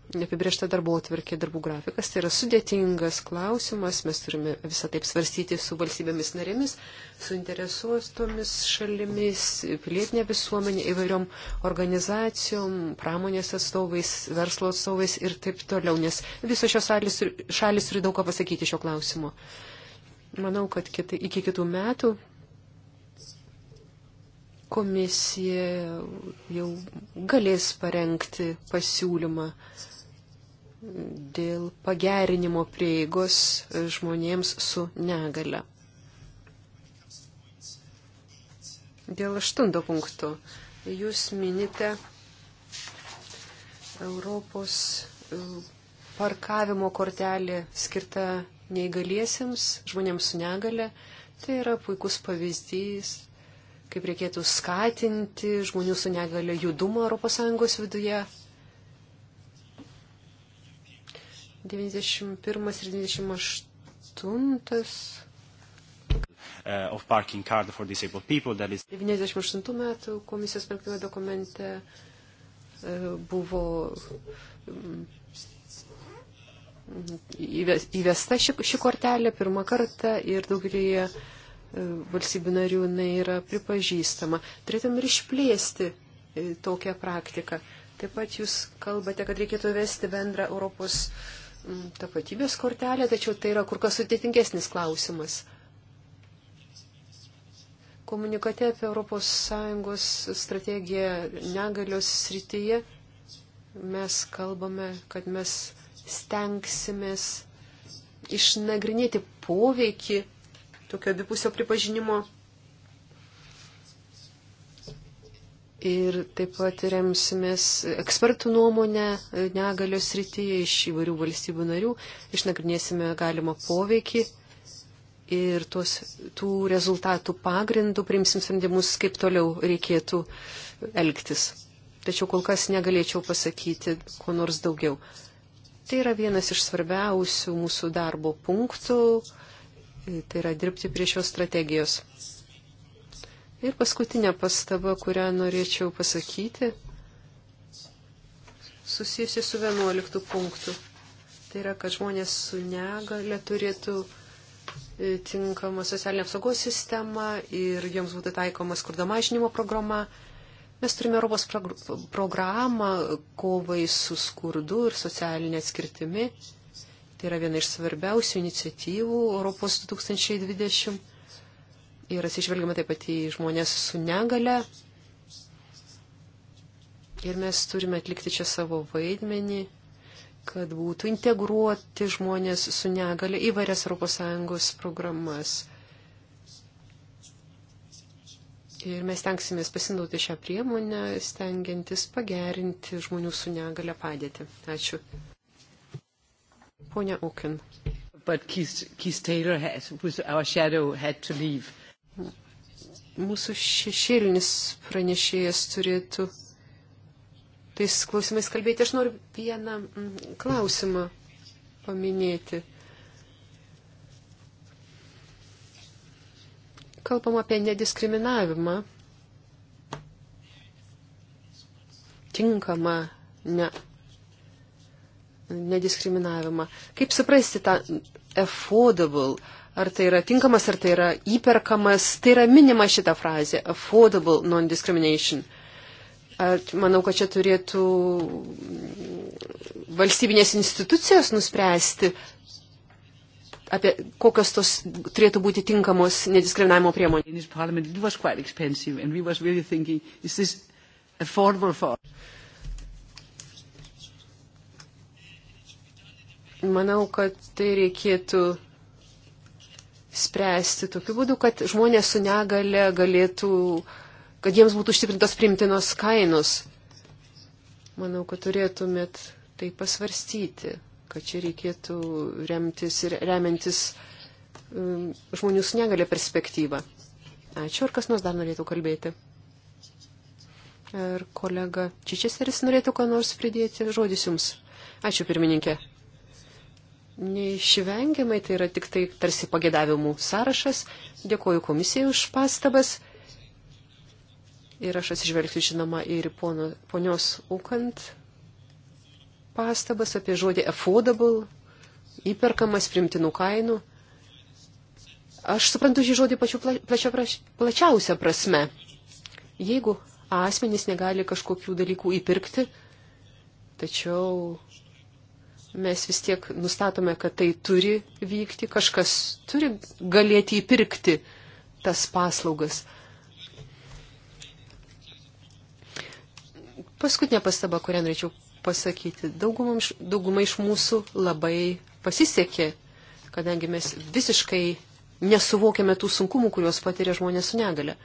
Speaker 3: neapibriešta darbo atvirkė, darbų grafikas. Tai yra sudėtingas klausimas, mes turime visą taip svarstyti su valstybėmis narėmis, su interesuostomis šalimis, pilietinė visuomenė, įvairiom organizacijom, pramonės atstovais, verslo atstovais ir taip toliau, nes visos šios šalis, šalis turi daug ką pasakyti šio klausimu. Manau, kad kita, iki kitų metų komisija jau galės parengti pasiūlymą dėl pagerinimo prieigos žmonėms su negale. Dėl aštunto punkto. Jūs minite Europos e, parkavimo kortelė skirta neįgaliesiems, žmonėms su negale. Tai yra puikus pavyzdys kaip reikėtų skatinti žmonių su negale judumą ES viduje. 91 ir 98 uh,
Speaker 1: of parking card for disabled people. That is
Speaker 3: 98 metų komisijos penktame dokumente uh, buvo um, įvesta ši, ši kortelė pirmą kartą ir daugelį E, valstybių narių jinai yra pripažįstama. Turėtum ir išplėsti e, tokią praktiką. Taip pat jūs kalbate, kad reikėtų vesti bendrą Europos tapatybės kortelę, tačiau tai yra kur kas sudėtingesnis klausimas. Komunikate apie ES strategiją negalios srityje mes kalbame, kad mes stengsimės išnagrinėti poveikį tokio abipusio pripažinimo. Ir taip pat remsimės ekspertų nuomonę negalios rytyje iš įvairių valstybių narių, išnagrinėsime galimą poveikį ir tuos, tų rezultatų pagrindų priimsim sprendimus, kaip toliau reikėtų elgtis. Tačiau kol kas negalėčiau pasakyti ko nors daugiau. Tai yra vienas iš svarbiausių mūsų darbo punktų, E, tai yra dirbti prie šios strategijos. Ir paskutinė pastaba, kurią norėčiau pasakyti, susijusi su 11 punktu. Tai yra, kad žmonės su negale turėtų e, tinkama socialinė apsaugos sistema ir joms būtų taikoma skurdo mažinimo programa. Mes turime Europos programą kovai su skurdu ir socialinė atskirtimi. Tai yra viena iš svarbiausių iniciatyvų Europos 2020. Ir atsižvelgiama taip pat į žmonės su negale. Ir mes turime atlikti čia savo vaidmenį, kad būtų integruoti žmonės su negale į varias ES programas. Ir mes tenksimės pasinaudoti šią priemonę, stengiantis pagerinti žmonių su negale padėtį. Ačiū. Pone Ukin. Mūsų šešėlinis pranešėjas turėtų tais klausimais kalbėti. Aš noriu vieną mm, klausimą paminėti. Kalbam apie nediskriminavimą tinkamą ne, nediskriminavimą. Kaip suprasti tą affordable? Ar tai yra tinkamas, ar tai yra įperkamas? Tai yra minima šita frazė - affordable non-discrimination. Ar manau, kad čia turėtų valstybinės institucijos nuspręsti, apie kokios tos turėtų būti tinkamos nediskriminavimo priemonės. Manau, kad tai reikėtų spręsti tokiu būdu, kad žmonės su negale galėtų, kad jiems būtų užtikrintos primtinos kainos. Manau, kad turėtumėt tai pasvarstyti, kad čia reikėtų remtis ir remiantis um, žmonių su negale perspektyvą. Ačiū, ar kas nors dar norėtų kalbėti? Ar kolega Čičesteris norėtų ką nors pridėti? Žodis jums. Ačiū, pirmininkė. Neišvengiamai tai yra tik tai tarsi pagėdavimų sąrašas. Dėkoju komisijai už pastabas. Ir aš atsižvelgsiu, žinoma, ir pono, ponios Ukant pastabas apie žodį affordable, įperkamas primtinų kainų. Aš suprantu šį žodį pačiu plačia, plačiausia prasme. Jeigu asmenys negali kažkokių dalykų įpirkti, tačiau mes vis tiek nustatome, kad tai turi vykti, kažkas turi galėti įpirkti tas paslaugas. Paskutinė pastaba, kurią norėčiau pasakyti. Dauguma iš, dauguma iš mūsų labai pasisekė, kadangi mes visiškai nesuvokėme tų sunkumų, kuriuos patiria žmonės su negale.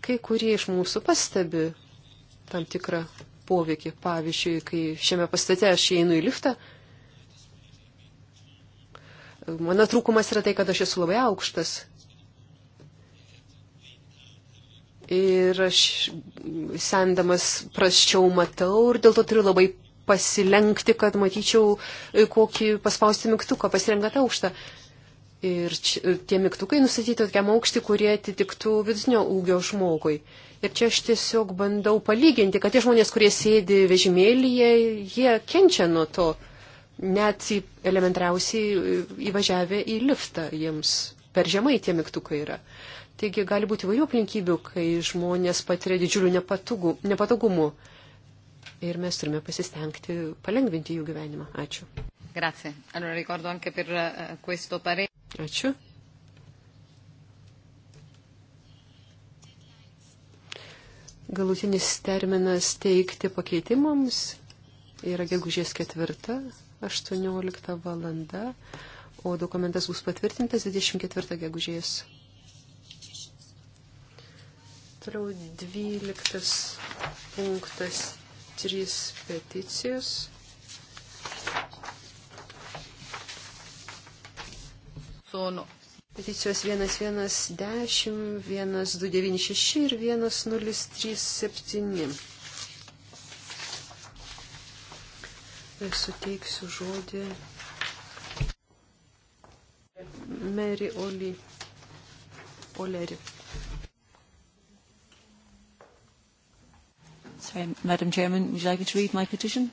Speaker 3: Kai kurie iš mūsų pastebi tam tikrą poveikį. Pavyzdžiui, kai šiame pastate aš einu į liftą, mano trūkumas yra tai, kad aš esu labai aukštas. Ir aš sendamas prasčiau matau ir dėl to turiu labai pasilenkti, kad matyčiau, e, kokį paspausti mygtuką, pasirengata aukštą. Ir čia, e, tie mygtukai nustatyti tokiam aukštį, kurie atitiktų vidutinio ūgio žmogui. Uh, Ir čia aš tiesiog bandau palyginti, kad tie žmonės, kurie sėdi vežimėlyje, jie kenčia nuo to. Net elementariausiai įvažiavę į liftą jiems per žemai tie mygtukai yra. Taigi gali būti įvairių aplinkybių, kai žmonės patiria didžiulių nepatogų, nepatogumų. Ir mes turime pasistengti palengvinti jų gyvenimą.
Speaker 1: Ačiū. Grazie. Allora ricordo anche per eh, questo parere.
Speaker 3: Ačiū. Galutinis terminas teikti pakeitimams yra gegužės 4, 18 valanda, o dokumentas bus patvirtintas 24 gegužės. Toliau 12 punktas 3 peticijos. Sono Peticijos 1110, 1296 ir 1037. Ir suteiksiu žodį Mary Oli. Oleri.
Speaker 2: Sorry, Madam Chairman, would you like me to read my petition?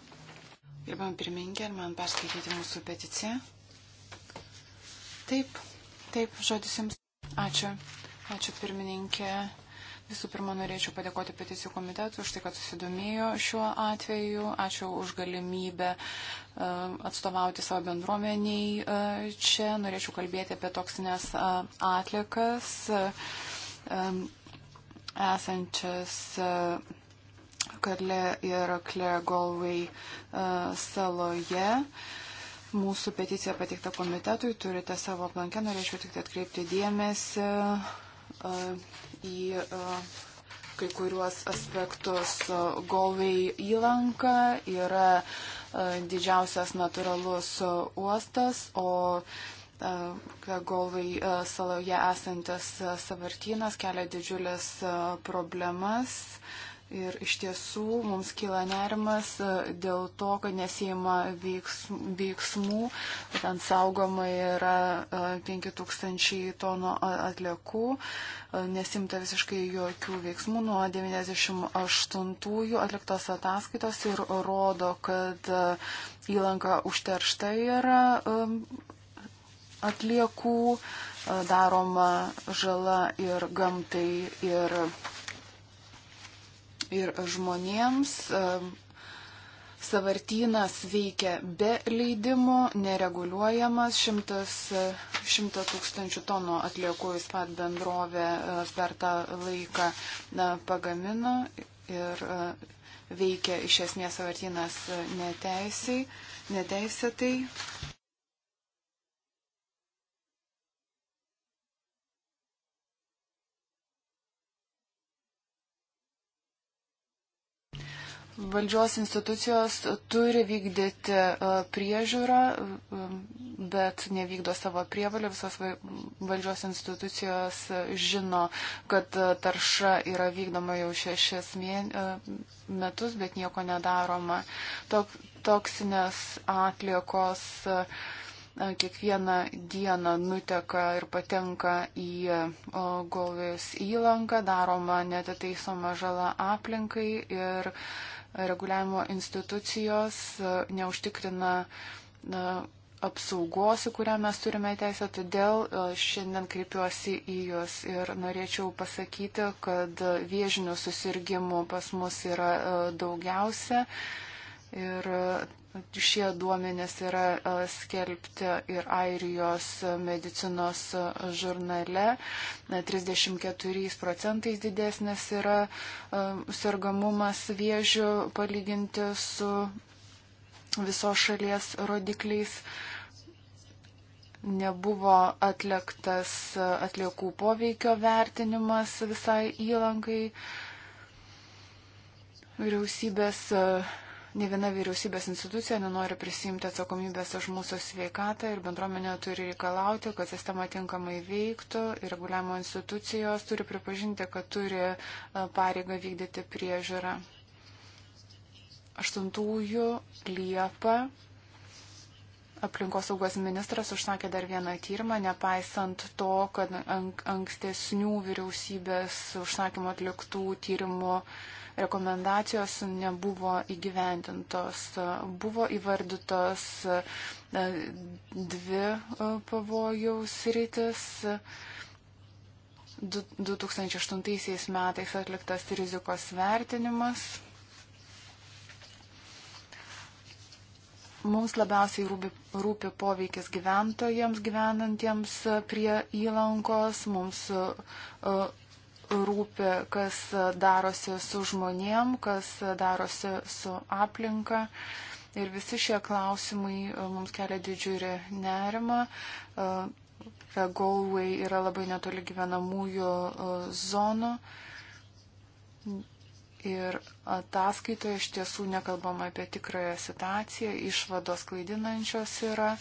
Speaker 5: Gerbam pirmininkė, ar man perskaityti mūsų peticiją? Taip. Taip, žodis jums. Ačiū. Ačiū pirmininkė. Visų pirma, norėčiau padėkoti peticijų komitetui už tai, kad susidomėjo šiuo atveju. Ačiū už galimybę e, atstovauti savo bendruomeniai e, čia. Norėčiau kalbėti apie toksinės e, atlikas esančias Kadle ir Klergolvai saloje. Yeah. Mūsų peticija pateikta komitetui, turite savo aplankę, norėčiau tik tai atkreipti dėmesį e, į e, kai kuriuos aspektus. Galvai įlanka yra e, didžiausias natūralus uostas, o Golvai saloje esantis savartynas kelia didžiulės problemas. Ir iš tiesų mums kyla nerimas e, dėl to, kad nesijima veiksmų, ten saugoma yra 5000 e, tonų atliekų, e, nesimta visiškai jokių veiksmų nuo 98-ųjų atliktos ataskaitos ir rodo, kad įlanka užteršta yra atliekų, daroma žala ir gamtai ir ir žmonėms. E, savartynas veikia be leidimų, nereguliuojamas, šimtas, e, šimta tūkstančių tonų atliekų jis pat bendrovė e, per tą laiką pagamino ir veikia iš esmės savartynas neteisiai, neteisėtai. Valdžios institucijos turi vykdyti e, priežiūrą, e, bet nevykdo savo prievalio. Visos valdžios institucijos e, žino, kad tarša yra vykdoma jau šešis metus, bet nieko nedaroma. Tok, toksinės atliekos kiekvieną dieną nuteka ir patenka į Golvės įlanką, daroma netitaisoma žala aplinkai ir uh, reguliavimo institucijos e, neužtikrina e, apsaugos, į kurią mes turime teisę, todėl e, šiandien kreipiuosi į Jūs ir norėčiau pasakyti, kad viežinių susirgymų pas mus yra daugiausia. Ir e, šie duomenys yra e, skelbti ir Airijos medicinos e, žurnale. 34 procentais didesnis yra sergamumas vėžių palyginti su visos šalies rodikliais nebuvo atliktas atliekų poveikio vertinimas visai įlankai. Vyriausybės Ne viena vyriausybės institucija nenori prisimti atsakomybės už mūsų sveikatą ir bendruomenė turi reikalauti, kad sistema tinkamai veiktų ir reguliavimo institucijos turi pripažinti, kad turi e, pareigą vykdyti priežiūrą. 8 Liepą aplinkosaugos ministras užsakė dar vieną tyrimą, nepaisant to, kad ankstesnių vyriausybės užsakymo atliktų tyrimų uh, rekomendacijos nebuvo įgyvendintos. Buvo įvardytos e, dvi e, pavojaus rytis. 2008 metais atliktas rizikos vertinimas. Mums labiausiai rūpi, rūpi poveikis gyventojams gyvenantiems prie įlankos, mums e, rūpi, kas darosi su žmonėm, kas darosi su aplinka. Ir visi šie klausimai e, mums kelia didžiulį nerimą. E, Galway yra labai netoli gyvenamųjų e, zonų. Ir ataskaitoje iš tiesų nekalbama apie tikrąją situaciją, išvados klaidinančios yra.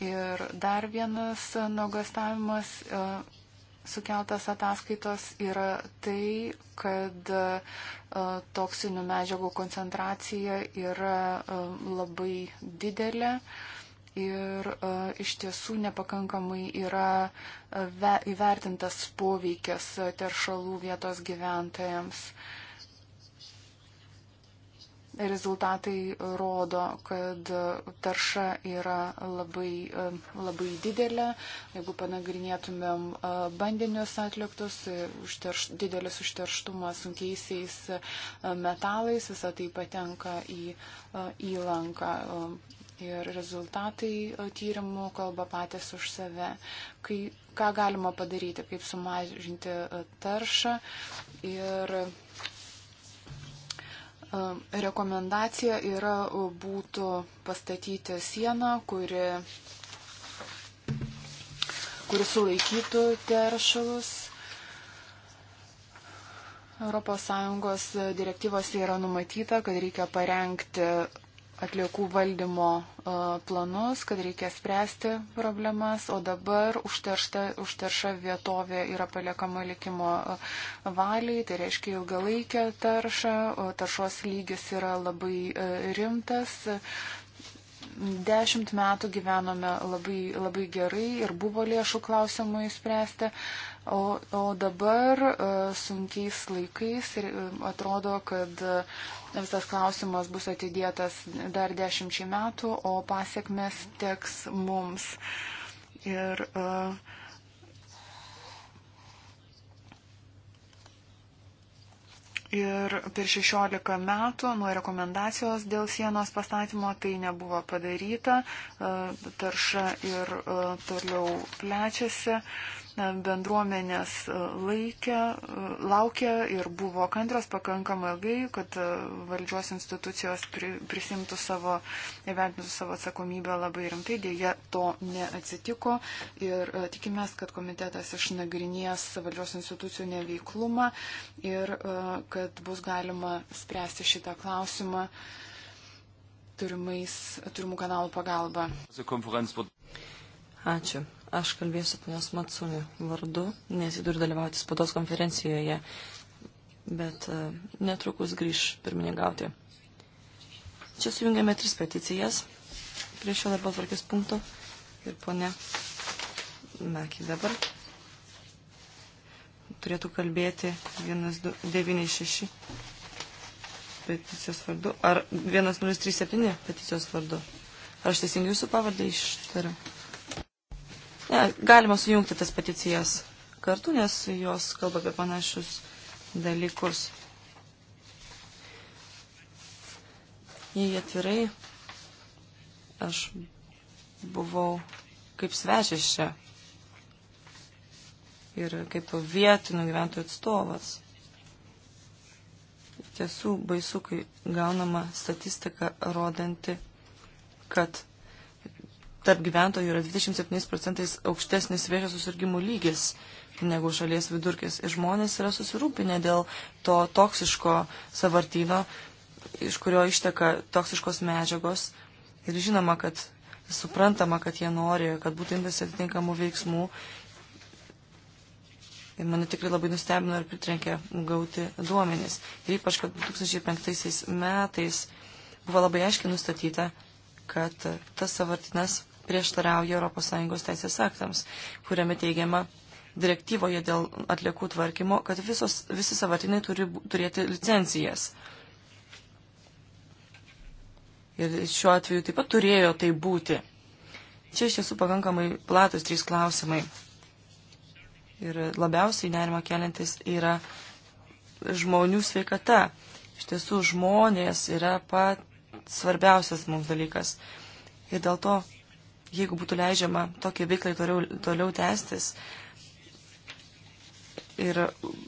Speaker 5: Ir dar vienas nuogastavimas sukeltas ataskaitos yra tai, kad e, toksinių medžiagų koncentracija yra e, labai didelė ir e, iš tiesų nepakankamai yra įvertintas poveikis teršalų vietos gyventojams. Uh, rezultatai rodo, kad tarša yra labai, labai didelė. Jeigu panagrinėtumėm e, bandinius atliktus, e, užterš, didelis užterštumas sunkiaisiais e, metalais, visą tai patenka į įlanką. Ir rezultatai tyrimų kalba patys už save. Kai, ką galima padaryti, kaip sumažinti taršą ir Rekomendacija yra e, būtų pastatyti sieną, kuri, kuri sulaikytų teršalus. ES e, direktyvose yra numatyta, kad reikia parengti atliekų valdymo e, planus, kad reikia spręsti problemas, o dabar užteršta, užterša vietovė yra paliekama likimo e, valiai, tai reiškia ilgalaikę taršą, taršos lygis yra labai e, rimtas. Dešimt metų gyvenome labai, labai gerai ir buvo lėšų klausimų įspręsti, O, o dabar e, sunkiais laikais ir e, atrodo, kad e, visas klausimas bus atidėtas dar dešimčiai metų, o pasiekmes teks mums. Ir Ir per 16 metų nuo rekomendacijos dėl sienos pastatymo tai nebuvo padaryta, tarša ir toliau plečiasi bendruomenės e, laikė, e, laukė ir buvo kantrios pakankamai ilgai, kad e, valdžios institucijos prisimtų savo, įvertintų savo atsakomybę labai rimtai. Dėja, to neatsitiko ir tikimės, kad komitetas išnagrinės valdžios institucijų neveiklumą ir kad bus galima spręsti šitą klausimą turimais, turimų kanalų
Speaker 2: pagalba. Ačiū. Aš kalbėsiu ponios Matsuni vardu, nes jį turi dalyvauti spados konferencijoje, bet e, netrukus grįž pirmininkauti. Čia sujungiame tris peticijas prie šio darbo tvarkės punkto ir ponia Mekį dabar turėtų kalbėti 196 peticijos vardu, ar 1037 peticijos vardu. Ar aš teisingai jūsų pavardę ištariu? Ne, galima sujungti tas peticijas kartu, nes jos kalba apie panašius dalykus. Jei atvirai, aš buvau kaip svečias čia ir kaip vietinių gyventojų atstovas. Tiesų baisu, kai gaunama statistika rodanti, kad tarp gyventojų yra 27 procentais aukštesnis vėžio susirgymų lygis negu šalies vidurkis. Ir žmonės yra susirūpinę dėl to toksiško savartyno, iš kurio išteka toksiškos medžiagos. Ir žinoma, kad suprantama, kad jie nori, kad būtų imtas atitinkamų veiksmų. Ir mane tikrai labai nustebino ir pritrenkė gauti duomenis. Ir ypač, kad 2005 metais buvo labai aiškiai nustatyta, kad tas savartinas prieštarauja ES teisės aktams, kuriame teigiama direktyvoje dėl atliekų tvarkymo, kad visos, visi savartinai turi turėti licencijas. Ir šiuo atveju taip pat turėjo tai būti. Čia iš tiesų pakankamai platus trys klausimai. Ir labiausiai nerima keliantis yra žmonių sveikata. Iš tiesų žmonės yra pat svarbiausias mums dalykas. Ir dėl to jeigu būtų leidžiama tokiai veiklai toliau, toliau tęstis ir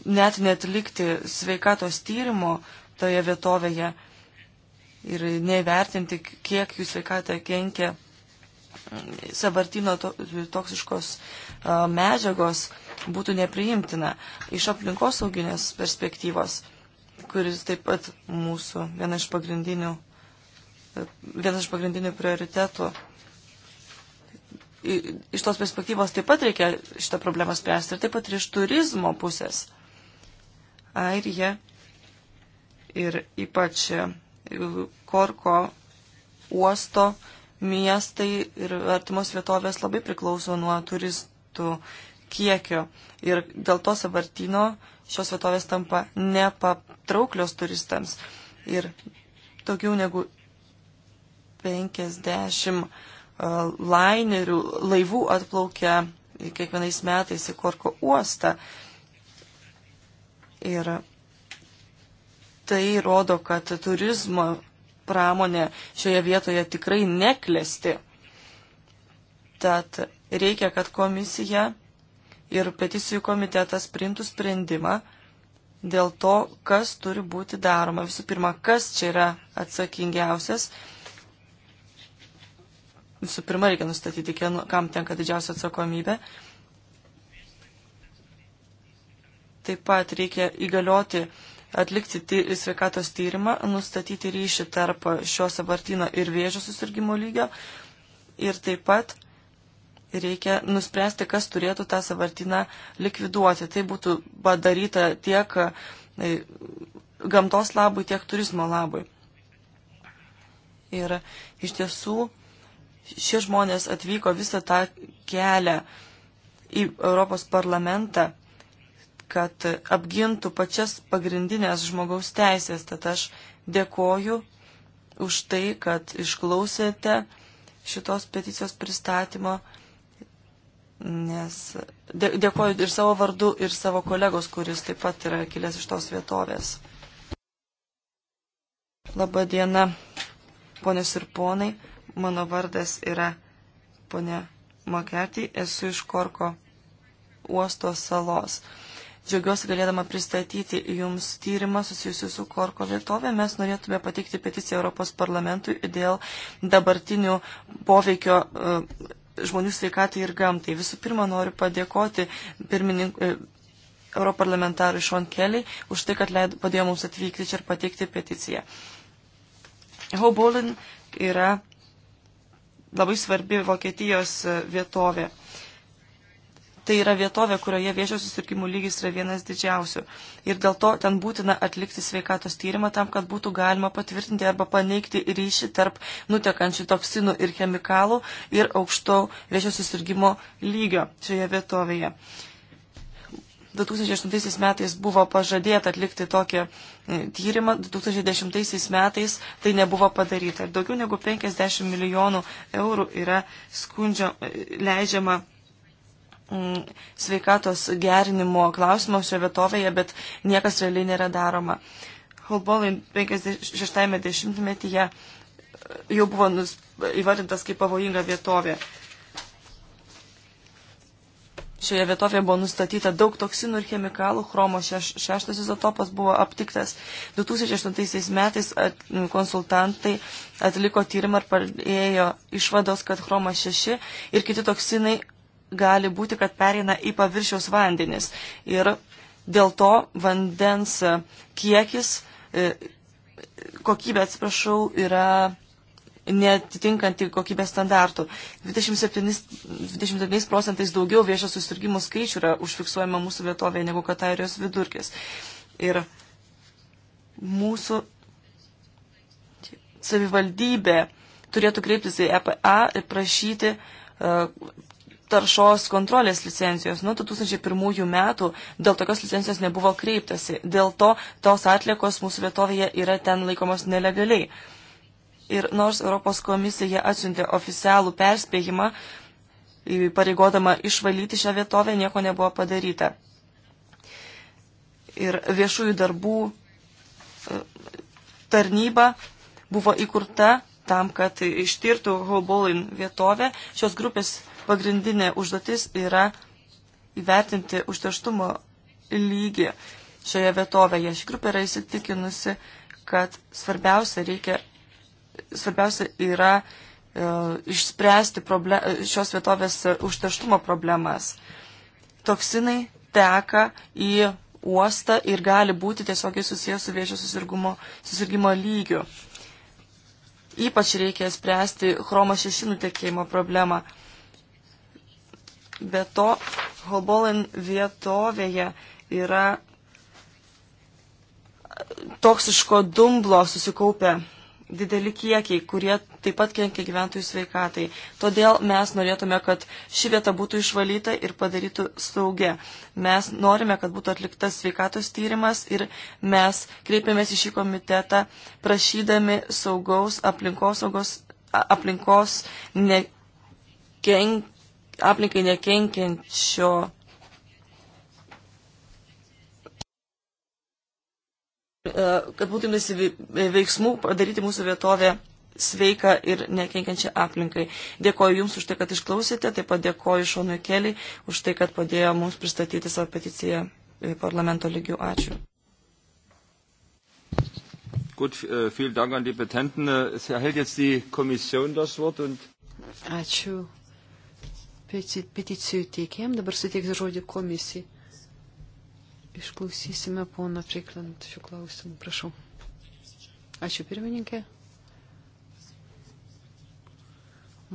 Speaker 2: net netlikti sveikatos tyrimo toje vietovėje ir nevertinti, kiek jų sveikatą kenkia savartino to, toksiškos a, medžiagos, būtų nepriimtina iš aplinkosauginės perspektyvos, kuris taip pat mūsų viena iš pagrindinių, viena iš pagrindinių prioritetų iš tos perspektyvos taip pat reikia šitą problemą spręsti ir taip pat ir iš turizmo pusės. Airija ir ypač e, Korko uosto miestai ir artimos vietovės labai priklauso nuo turistų kiekio. Ir dėl to savartino šios vietovės tampa nepatrauklios turistams. Ir daugiau negu 50 lainerių, laivų atplaukia kiekvienais metais į Korko uostą. Ir tai rodo, kad turizmo pramonė šioje vietoje tikrai neklesti. Tad reikia, kad komisija ir peticijų komitetas priimtų sprendimą dėl to, kas turi būti daroma. Visų pirma, kas čia yra atsakingiausias visų pirma reikia nustatyti, kam tenka didžiausia atsakomybė. Taip pat reikia įgalioti atlikti sveikatos tyrimą, nustatyti ryšį tarp šio savartino ir vėžio susirgymo lygio ir taip pat reikia nuspręsti, kas turėtų tą savartiną likviduoti. Tai būtų padaryta tiek e, gamtos labui, tiek turizmo labui. Ir iš tiesų Šie žmonės atvyko visą tą kelią į Europos parlamentą, kad apgintų pačias pagrindinės žmogaus teisės. Tad aš dėkoju už tai, kad išklausėte šitos peticijos pristatymo, nes dėkoju ir savo vardu, ir savo kolegos, kuris taip pat yra kilęs iš tos vietovės. Labadiena, ponės ir ponai. Mano vardas yra ponia Makerti, esu iš Korko uosto salos. Džiaugiuosi galėdama pristatyti Jums tyrimą susijusiu su Korko vietovė. Mes norėtume pateikti peticiją Europos parlamentui dėl dabartinių poveikio uh, žmonių sveikatai ir gamtai. Visų pirma, noriu padėkoti pirmininkui. Uh, Europarlamentarui Šon Keliai už tai, kad leid, padėjo mums atvykti čia ir pateikti peticiją. Hobolin yra labai svarbi Vokietijos e, vietovė. Tai yra vietovė, kurioje viešo susirgymų lygis yra vienas didžiausių. Ir dėl to ten būtina atlikti sveikatos tyrimą tam, kad būtų galima patvirtinti arba paneigti ryšį tarp nutekančių toksinų ir chemikalų ir aukšto viešo susirgymo lygio šioje vietovėje. Uh, 2008 metais buvo pažadėta atlikti tokį e, tyrimą, 2010 metais tai nebuvo padaryta. Ir daugiau negu 50 milijonų eurų yra skundžia, e, leidžiama mm, sveikatos gerinimo klausimo šioje vietovėje, bet niekas realiai nėra daroma. Holbolai 56-metyje e, jau buvo įvardintas kaip pavojinga vietovė. Šioje vietovėje buvo nustatyta daug toksinų ir chemikalų, chromo šeš, šeštas izotopas buvo aptiktas. 2008 metais at, nu, konsultantai atliko tyrimą ir pradėjo išvados, kad chroma 6 ir kiti toksinai gali būti, kad pereina į paviršiaus vandenis. Ir dėl to vandens kiekis, e, kokybė, atsiprašau, yra netitinkantį kokybės standartų. 27, 27 procentais daugiau viešo susirgymų skaičių yra užfiksuojama mūsų vietovėje negu kad airijos vidurkis. Ir mūsų savivaldybė turėtų kreiptis į EPA ir prašyti uh, taršos kontrolės licencijos. Nuo 2001 metų dėl tokios licencijos nebuvo kreiptasi. Dėl to tos atliekos mūsų vietovėje yra ten laikomos nelegaliai. Uh, Ir nors Europos komisija atsiuntė oficialų perspėjimą, pareigodama išvalyti šią vietovę, nieko nebuvo padaryta. Ir viešųjų darbų e, tarnyba buvo įkurta tam, kad ištirtų Hobolin vietovę. Šios grupės pagrindinė užduotis yra įvertinti užterštumo lygį šioje vietovėje. Ši grupė yra įsitikinusi, kad svarbiausia reikia svarbiausia yra e, išspręsti problem, šios vietovės užterštumo problemas. Toksinai teka į uostą ir gali būti tiesiogiai susijęs su viešo susirgymo, susirgymo lygiu. Ypač reikia spręsti chromo šešinų tekėjimo problemą. Be to, Hobolin vietovėje yra toksiško dumblo susikaupę dideli kiekiai, kurie taip pat kenkia gyventojų sveikatai. Todėl mes norėtume, kad ši vieta būtų išvalyta ir padarytų saugia. Mes norime, kad būtų atliktas sveikatos tyrimas ir mes kreipiamės į šį komitetą prašydami saugaus aplinkos, saugos, aplinkos nekenk, aplinkai nekenkiančio E, kad būtų imtasi e, veiksmų padaryti mūsų vietovę sveiką ir nekenkiančią aplinkai. Dėkoju Jums už tai, kad išklausėte, taip pat dėkoju Šonui Keliai už tai, kad padėjo mums pristatyti savo peticiją e, parlamento lygių. Ačiū.
Speaker 4: Gut, vielen Dank an die Petenten. Äh, es erhält jetzt die Kommission das Wort und.
Speaker 3: Ačiū. Peticijų teikėjom, dabar suteiks žodį komisijai. Išklausysime pono Priklant šių klausimų. Prašau. Ačiū pirmininkė.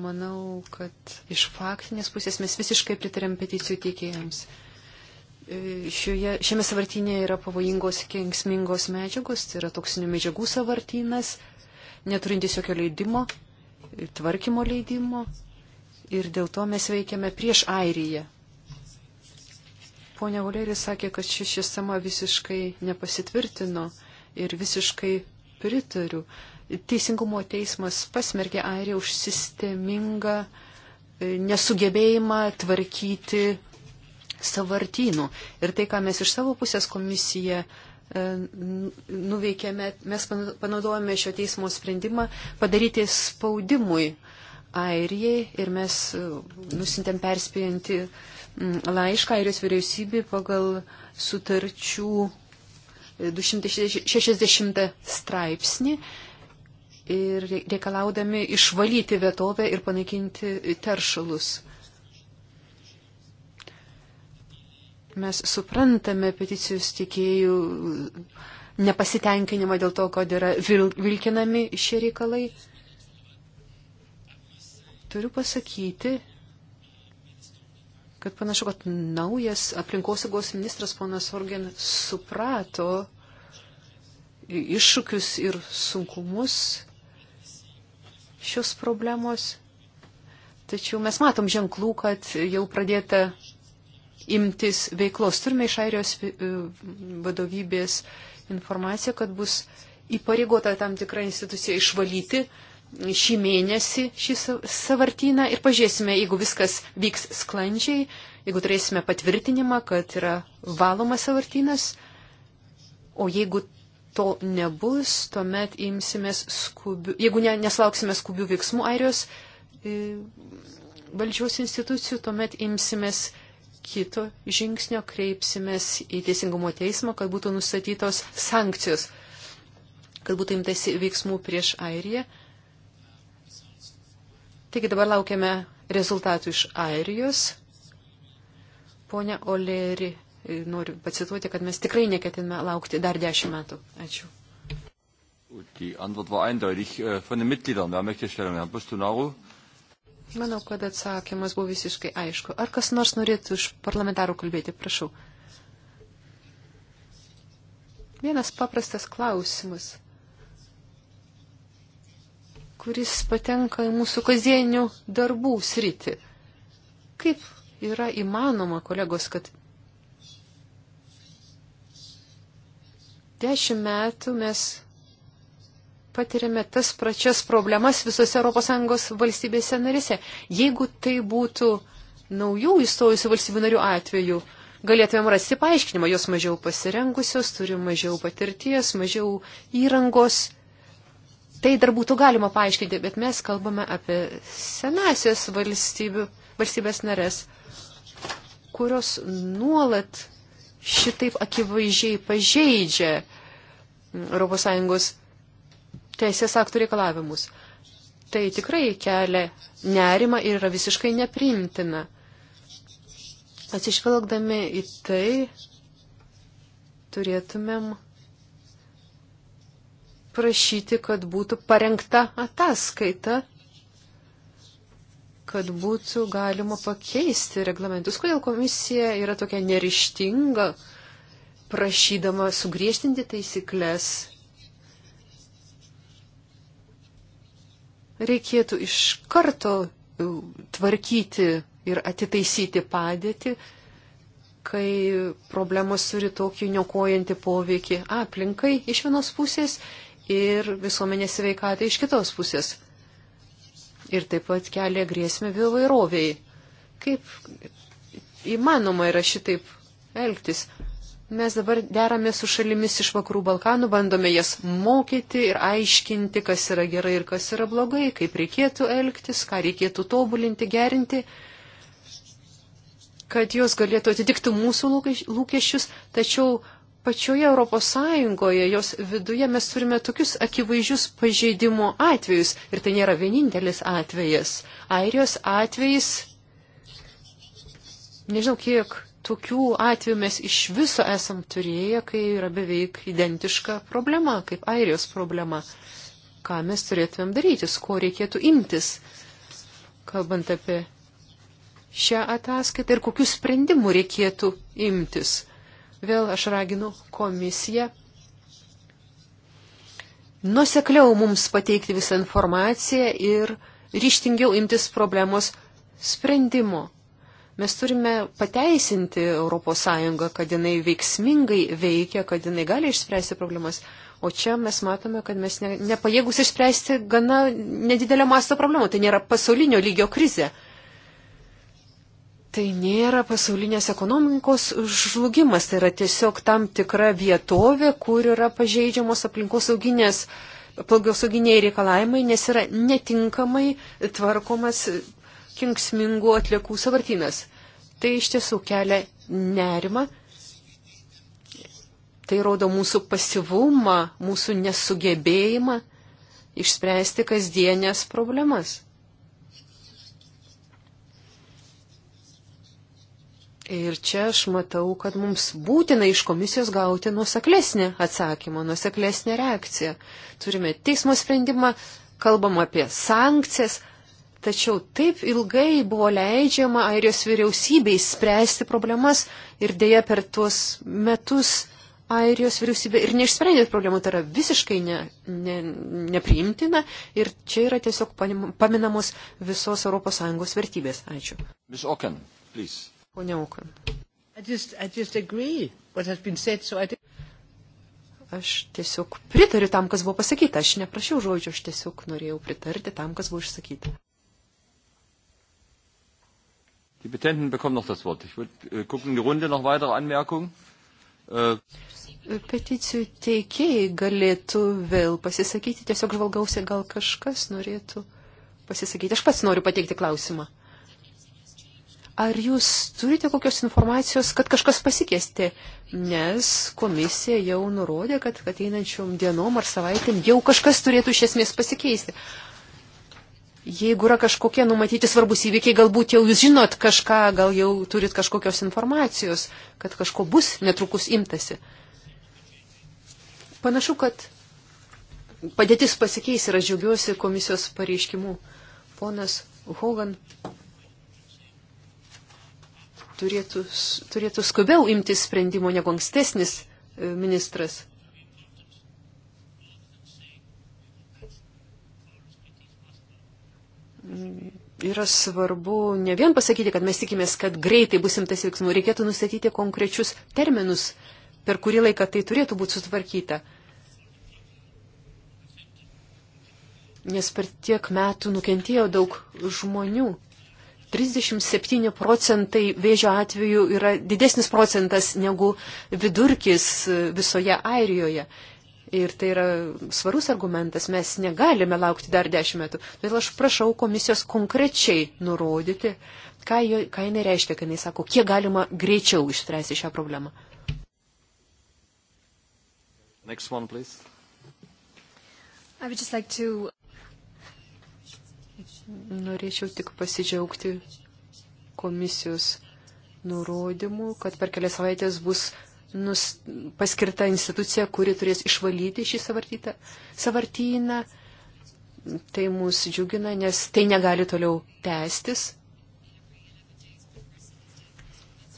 Speaker 3: Manau, kad iš faktinės pusės mes visiškai pritarėm peticijų teikėjams. E, šioje, šiame savartinėje yra pavojingos kenksmingos medžiagos, tai yra toksinių medžiagų savartynas, neturintis jokio leidimo, tvarkymo leidimo. Ir dėl to mes veikiame prieš Airiją. Pone Uleris sakė, kad ši sistema visiškai nepasitvirtino ir visiškai pritariu. Teisingumo teismas pasmergė Airiją už sistemingą e, nesugebėjimą tvarkyti savartynų. Ir tai, ką mes iš savo pusės komisija e, nuveikėme, mes panaudojame šio teismo sprendimą padaryti spaudimui Airijai ir mes e, nusintėm perspėjantį uh, laišką Airijos vyriausybė pagal sutarčių 260 e, straipsnį ir reikalaudami išvalyti vietovę ir panaikinti teršalus. Mes suprantame peticijos tikėjų nepasitenkinimą dėl to, kad yra vil, vilkinami šie reikalai. Turiu pasakyti, kad panašu, kad naujas aplinkosaugos ministras ponas Orgen suprato iššūkius ir sunkumus šios problemos. Tačiau mes matom ženklų, kad jau pradėta imtis veiklos. Turime iš airijos e, vadovybės informaciją, kad bus įpareigota tam tikra institucija išvalyti uh, šį mėnesį šį savartyną ir pažiūrėsime, jeigu viskas vyks sklandžiai, jeigu turėsime patvirtinimą, kad yra valomas savartynas, o jeigu to nebus, tuomet imsimės skubių, jeigu ne, neslauksime skubių veiksmų Airijos e, valdžios institucijų, tuomet imsimės kito žingsnio, kreipsimės į Teisingumo teismą, kad būtų nustatytos sankcijos, kad būtų imtasi veiksmų prieš Airiją. Taigi dabar laukiame rezultatų iš Airijos. Pone Oleri, noriu pacituoti, kad mes tikrai neketiname laukti dar dešimt metų. Ačiū.
Speaker 4: Die Antwort war eindeutig äh, von den Mitgliedern. Wer möchte Stellung nehmen? Bustunaru?
Speaker 3: Manau, kad atsakymas buvo visiškai aišku. Ar kas nors norėtų iš parlamentarų kalbėti? Prašau. Vienas paprastas klausimas kuris patenka į mūsų kasdienių darbų sritį. Kaip yra įmanoma, kolegos, kad dešimt metų mes patiriame tas pračias problemas visose ES valstybėse narise. Jeigu tai būtų naujų įstojusių valstybių narių atveju, galėtumėm rasti paaiškinimą, jos mažiau pasirengusios, turi mažiau patirties, mažiau įrangos. Tai dar būtų galima paaiškinti, bet mes kalbame apie senasias valstybės narės, kurios nuolat šitaip akivaizdžiai pažeidžia ES teisės aktų reikalavimus. Tai tikrai kelia nerima ir yra visiškai neprimtina. Atsižvelgdami į tai, turėtumėm prašyti, kad būtų parengta ataskaita, kad būtų galima pakeisti reglamentus. Kodėl komisija yra tokia nerištinga, prašydama sugriežtinti taisyklės? Reikėtų iš karto e, tvarkyti ir atitaisyti padėtį, kai problemos turi tokį niokojantį poveikį aplinkai iš vienos pusės ir visuomenės sveikatai iš kitos pusės. Ir taip pat kelia grėsmę vėvairoviai. Kaip įmanoma yra šitaip elgtis? Mes dabar derame su šalimis iš vakarų Balkanų, bandome jas mokyti ir aiškinti, kas yra gerai ir kas yra blogai, kaip reikėtų elgtis, ką reikėtų tobulinti, gerinti kad jos galėtų atitikti mūsų lūkesčius, tačiau pačioje Europos Sąjungoje, jos viduje mes turime tokius akivaizdžius pažeidimo atvejus. Ir tai nėra vienintelis atvejas. Airijos atvejais, nežinau kiek tokių atvejų mes iš viso esam turėję, kai yra beveik identiška problema, kaip Airijos problema. Ką mes turėtumėm daryti, ko reikėtų imtis, kalbant apie šią ataskaitą ir kokius sprendimų reikėtų imtis. Vėl aš raginu komisiją nusekliau mums pateikti visą informaciją ir ryštingiau imtis problemos sprendimo. Mes turime pateisinti ES, kad jinai veiksmingai veikia, kad jinai gali išspręsti problemas. O čia mes matome, kad mes ne, nepajėgus išspręsti gana nedidelio masto problemų. Tai nėra pasaulinio lygio krizė tai nėra pasaulinės ekonomikos žlugimas, tai yra tiesiog tam tikra vietovė, kur yra pažeidžiamos aplinkosauginės, aplinkosauginiai reikalavimai, nes yra netinkamai tvarkomas kinksmingų atliekų savartinas. Tai iš tiesų kelia nerima, tai rodo mūsų pasivumą, mūsų nesugebėjimą išspręsti kasdienės problemas. Ir čia aš matau, kad mums būtina iš komisijos gauti nuseklesnį atsakymą, nuseklesnį reakciją. Turime teismo sprendimą, kalbam apie sankcijas, tačiau taip ilgai buvo leidžiama Airijos vyriausybei spręsti problemas ir dėja per tuos metus Airijos vyriausybė ir neišsprendė problemų, tai yra visiškai ne, ne, nepriimtina ir čia yra tiesiog paminamos visos ES vertybės. Ačiū.
Speaker 4: Ms. Oken, please.
Speaker 3: Pone Aukan. So did... Aš tiesiog pritariu tam, kas buvo pasakyta. Aš neprašiau žodžio, aš tiesiog norėjau pritarti tam, kas buvo išsakyta.
Speaker 4: Die Petenten bekommen noch das Wort. Ich würde äh, gucken, die Runde noch weitere Anmerkungen. Äh.
Speaker 3: Peticijų teikėjai galėtų vėl pasisakyti, tiesiog žvalgausi, gal kažkas norėtų pasisakyti. Aš pats noriu pateikti klausimą. Ar jūs turite kokios informacijos, kad kažkas pasikeisti? Nes komisija jau nurodė, kad ateinančiom dienom ar savaitėm jau kažkas turėtų iš esmės pasikeisti. Jeigu yra kažkokie numatyti svarbus įvykiai, galbūt jau jūs žinot kažką, gal jau turit kažkokios informacijos, kad kažko bus netrukus imtasi. Panašu, kad padėtis pasikeis ir aš džiaugiuosi komisijos pareiškimu. Ponas Hogan turėtų, turėtų skubiau imti sprendimo negu ankstesnis e, ministras. Mm, yra svarbu ne vien pasakyti, kad mes tikimės, kad greitai bus imtas veiksmų, reikėtų nustatyti konkrečius terminus, per kurį laiką tai turėtų būti sutvarkyta. Nes per tiek metų nukentėjo daug žmonių. 37 procentai vėžio atvejų yra didesnis procentas negu vidurkis e, visoje Airijoje. Ir tai yra svarus argumentas, mes negalime laukti dar dešimt metų. Todėl aš prašau komisijos konkrečiai nurodyti, ką, jo, ką jinai reiškia, kai jinai sako, kiek galima greičiau išspręsti šią problemą.
Speaker 4: Next one, please.
Speaker 3: I would just like to Norėčiau tik pasidžiaugti komisijos nurodymų, kad per kelias savaitės bus nus, paskirta institucija, kuri turės išvalyti šį savartytą, savartyną. Tai mus džiugina, nes tai negali toliau tęstis.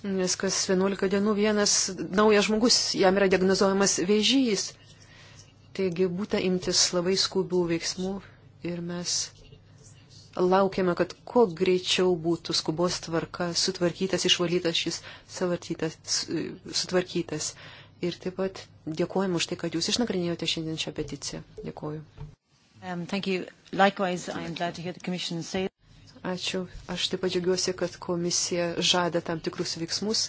Speaker 3: Nes kas 11 dienų vienas naujas žmogus, jam yra diagnozuojamas vėžys. Taigi būtų imtis labai skubių veiksmų ir mes laukiame, kad kuo greičiau būtų skubos tvarka sutvarkytas, išvalytas šis savartytas, e, sutvarkytas. Ir taip pat dėkojame už tai, kad jūs išnagrinėjote šiandien šią peticiją. Dėkoju.
Speaker 1: Um, Likewise, say... Ačiū.
Speaker 3: Aš taip pat džiaugiuosi, kad komisija žada tam tikrus veiksmus.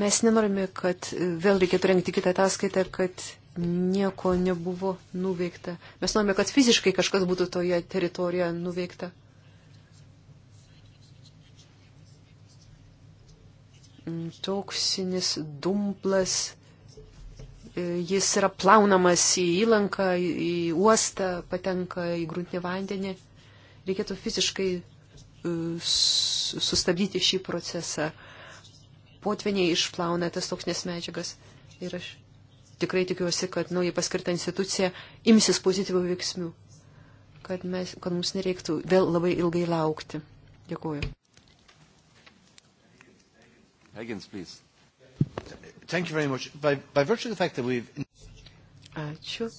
Speaker 3: Mes nenorime, kad vėl reikėtų rengti kitą ataskaitą, kad nieko nebuvo nuveikta. Mes norime, kad fiziškai kažkas būtų toje teritorijoje nuveikta. Toksinis dumplas, e, jis yra plaunamas į įlanką, į uostą, patenka į gruntinį vandenį. Reikėtų fiziškai e, sustabdyti šį procesą. Potviniai išplauna tas toksinės medžiagas. Ir aš tikrai tikiuosi, kad naujai paskirta institucija imsis pozityvių veiksmių, kad, mes, kad mums nereiktų vėl labai ilgai laukti. Dėkuoju.
Speaker 4: Higgins, please. Thank you very much. By, by virtue of the fact that we've...
Speaker 3: Ačiū.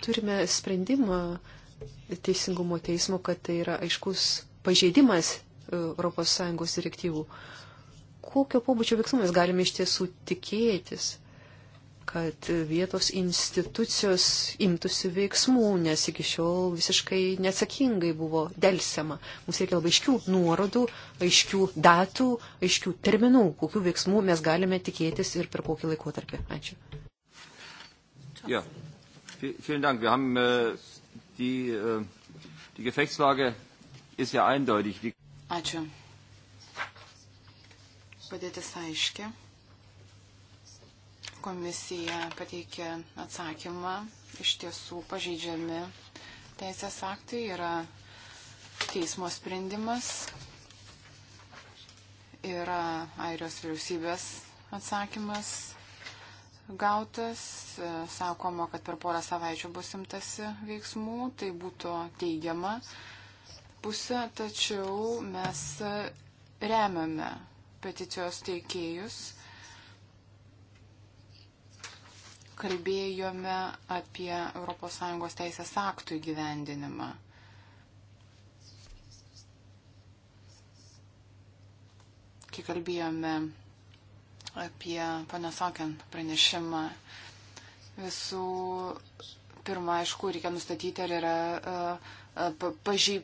Speaker 3: Turime sprendimą Teisingumo teismo, kad tai yra aiškus pažeidimas ES direktyvų. Kokio pobūdžio veiksmų mes galime iš tiesų tikėtis? kad vietos institucijos imtųsi veiksmų, nes iki šiol visiškai neatsakingai buvo delsiama. Mums reikia labai aiškių nuorodų, aiškių datų, aiškių terminų, kokių veiksmų mes galime tikėtis ir per kokį laikotarpį. Ačiū.
Speaker 4: Ja. Vielen Dank. Wir haben äh, die, äh, die Gefechtslage ist ja eindeutig.
Speaker 5: Ačiū. Padėtis aiškia komisija pateikė atsakymą, iš tiesų pažeidžiami teisės aktai yra teismo sprendimas, yra Airijos vyriausybės atsakymas gautas, sakoma, kad per porą savaičių bus imtasi veiksmų, tai būtų teigiama pusė, tačiau mes remiame peticijos teikėjus kalbėjome apie ES teisės aktų įgyvendinimą. Kai kalbėjome apie panasokiant pranešimą, visų pirma, aišku, reikia nustatyti, ar yra uh,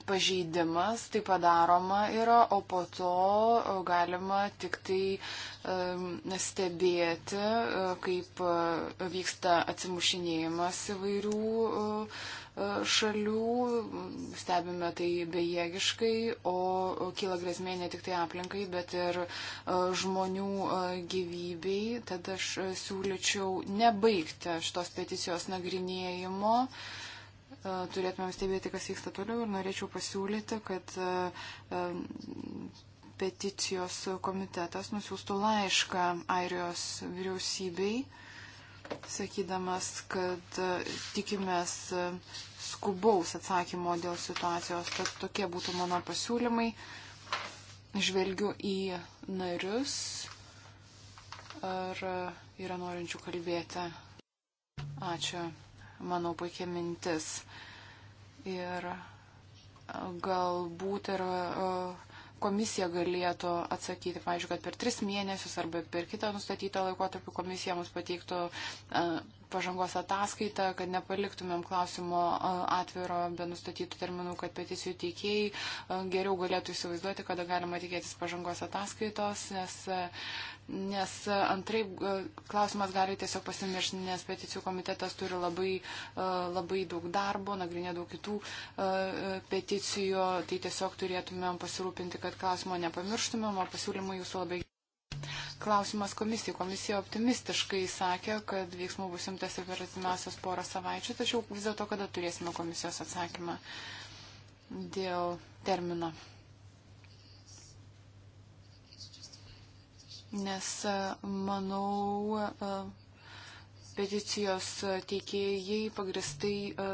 Speaker 5: pažeidimas, tai padaroma yra, o po to galima tik tai stebėti, kaip vyksta atsimušinėjimas įvairių šalių, stebime tai bejėgiškai, o kyla grėsmė ne tik tai aplinkai, bet ir žmonių gyvybei. Tad aš siūlyčiau nebaigti šitos peticijos nagrinėjimo. Uh, E, turėtumėm stebėti, kas vyksta toliau ir norėčiau pasiūlyti, kad e, e, peticijos komitetas nusiųstų laišką Airijos vyriausybei, sakydamas, kad tikimės skubaus atsakymo dėl situacijos. Tad tokie būtų mano pasiūlymai. Žvelgiu į narius. Ar yra norinčių kalbėti? Ačiū manau, puikia mintis. Ir e, galbūt ir e, komisija galėtų atsakyti, pavyzdžiui, kad per tris mėnesius arba per kitą nustatytą laikotarpį komisija mums pateiktų e, pažangos ataskaitą, kad nepaliktumėm klausimo atviro be nustatytų terminų, kad peticijų teikėjai geriau galėtų įsivaizduoti, kada galima tikėtis pažangos ataskaitos, nes nes e, antraip e, klausimas gali tiesiog pasimiršti, nes peticijų komitetas turi labai, e, labai daug darbo, nagrinė daug kitų peticijų, tai tiesiog turėtumėm pasirūpinti, kad klausimo nepamirštumėm, o pasiūlymų jūsų labai. Klausimas komisijai. Komisija optimistiškai sakė, kad veiksmų bus imtasi per atimiausias porą savaičių, tačiau vis dėlto kada turėsime komisijos atsakymą dėl termino. nes e, manau, e, peticijos teikėjai pagristai e,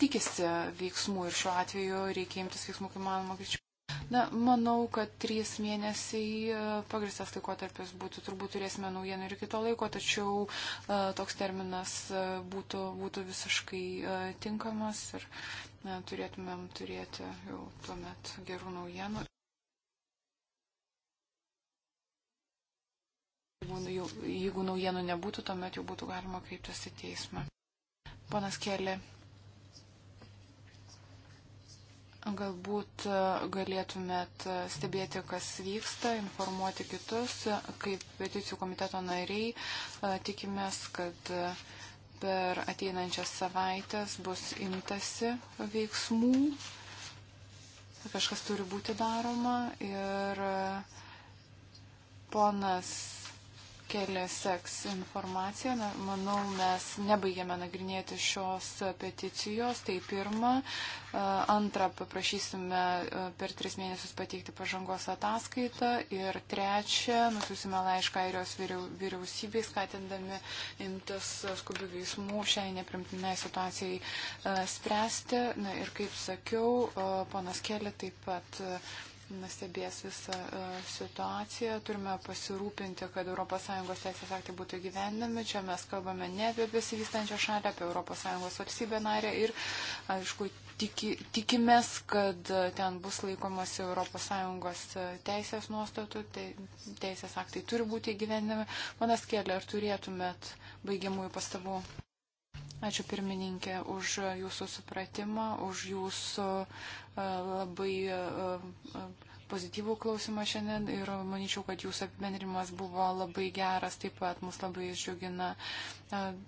Speaker 5: tikisi veiksmų ir šiuo atveju reikia imtis veiksmų, kaip manoma, greičiau. Na, manau, kad trys mėnesiai pagristas laikotarpis būtų, turbūt turėsime naujienų ir kito laiko, tačiau toks terminas būtų, būtų visiškai tinkamas ir na, turėtumėm turėti jau tuomet gerų naujienų. Nu jeigu naujienų nebūtų, tuomet jau būtų galima kreiptis į teismą. Panas Kelė, galbūt e, galėtumėt e, stebėti, kas vyksta, informuoti kitus, e, kaip peticijų komiteto nariai. Tikimės, kad per ateinančias savaitės bus imtasi veiksmų, kažkas turi būti daroma ir ponas kelia seks informacija. Na, manau, mes nebaigėme nagrinėti šios peticijos. Tai pirma. Antra, paprašysime per tris mėnesius pateikti pažangos ataskaitą. Ir trečia, nusiusime laišką airijos vyriausybei, skatindami imtis skubių veiksmų šiai neprimtinai situacijai spręsti. Na, ir kaip sakiau, ponas Kelė taip pat stebės visą e, situaciją. Turime pasirūpinti, kad ES teisės aktai būtų gyvendami. Čia mes kalbame ne apie besivystančią šalį, apie ES valstybę narę ir, aišku, tiki, tikimės, kad ten bus laikomasi ES e, teisės nuostatų, te, teisės aktai turi būti gyvendami. Manas Kėlė, ar turėtumėt baigiamųjų pastabų? Ačiū pirmininkė už jūsų supratimą, už jūsų e, labai e, e, pozityvų klausimą šiandien ir manyčiau, kad jūsų apibendrimas buvo labai geras, taip pat mus labai išdžiugina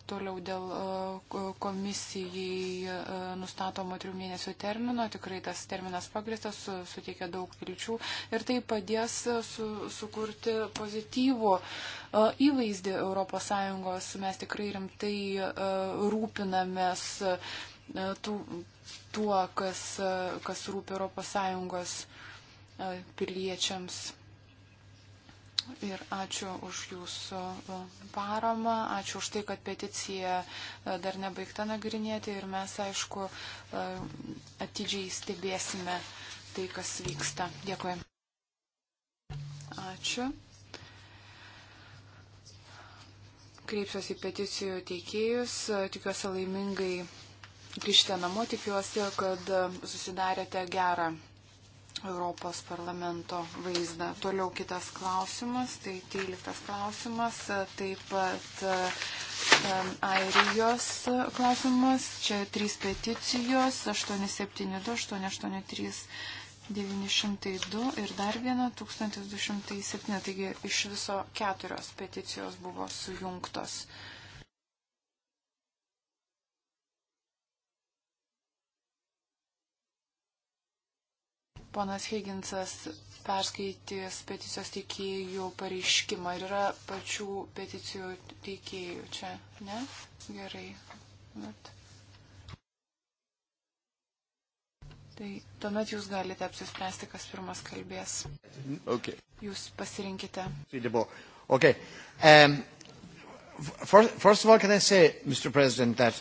Speaker 5: toliau dėl komisijai nustatomo trijų mėnesių termino. Tikrai tas terminas pagristas, suteikia daug vilčių ir tai padės su, sukurti pozityvų uh, įvaizdį ES. Mes tikrai rimtai rūpinamės tų, tuo, kas, kas rūpi ES piliečiams. Ir ačiū už jūsų paramą, ačiū už tai, kad peticija dar nebaigta nagrinėti ir mes, aišku, atidžiai stebėsime tai, kas vyksta. Dėkui. Ačiū. kreipsiuosi į peticijų teikėjus, tikiuosi laimingai grįžti namo, tikiuosi, kad susidarėte gerą Europos parlamento vaizdą. Toliau kitas klausimas, tai 13 klausimas, taip pat Airijos klausimas, čia trys peticijos, 872, 883. 902 ir dar viena 1207, taigi iš viso keturios peticijos buvo sujungtos. Ponas Higginsas perskaitys peticijos teikėjų pareiškimą ir yra pačių peticijų teikėjų čia, ne? Gerai. Bet... Tai tuomet jūs galite apsispręsti, kas pirmas kalbės. Okay. Jūs pasirinkite.
Speaker 3: Okay. Um, first, first of all, can I say, Mr. President, that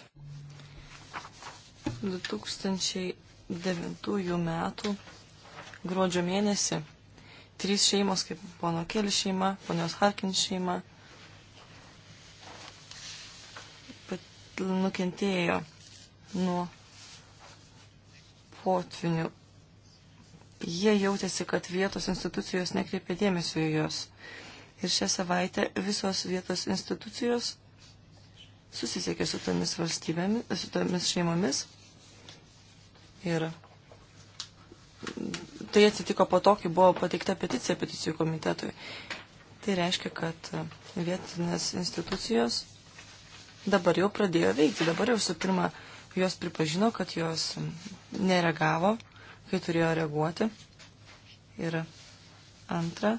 Speaker 2: 2009 metų gruodžio mėnesį trys šeimos, kaip pono Keli šeima, ponios Harkin šeima, nukentėjo nuo potvinių. Jie jautėsi, kad vietos institucijos nekreipė dėmesio į juos. Ir šią savaitę visos vietos institucijos susisiekė su tomis valstybėmis, su tomis šeimomis. Ir tai atsitiko po to, kai buvo pateikta peticija peticijų komitetui. Tai reiškia, kad vietinės institucijos dabar jau pradėjo veikti. Dabar jau su pirma Jos pripažino, kad jos neregavo, kai turėjo reaguoti. Ir antra.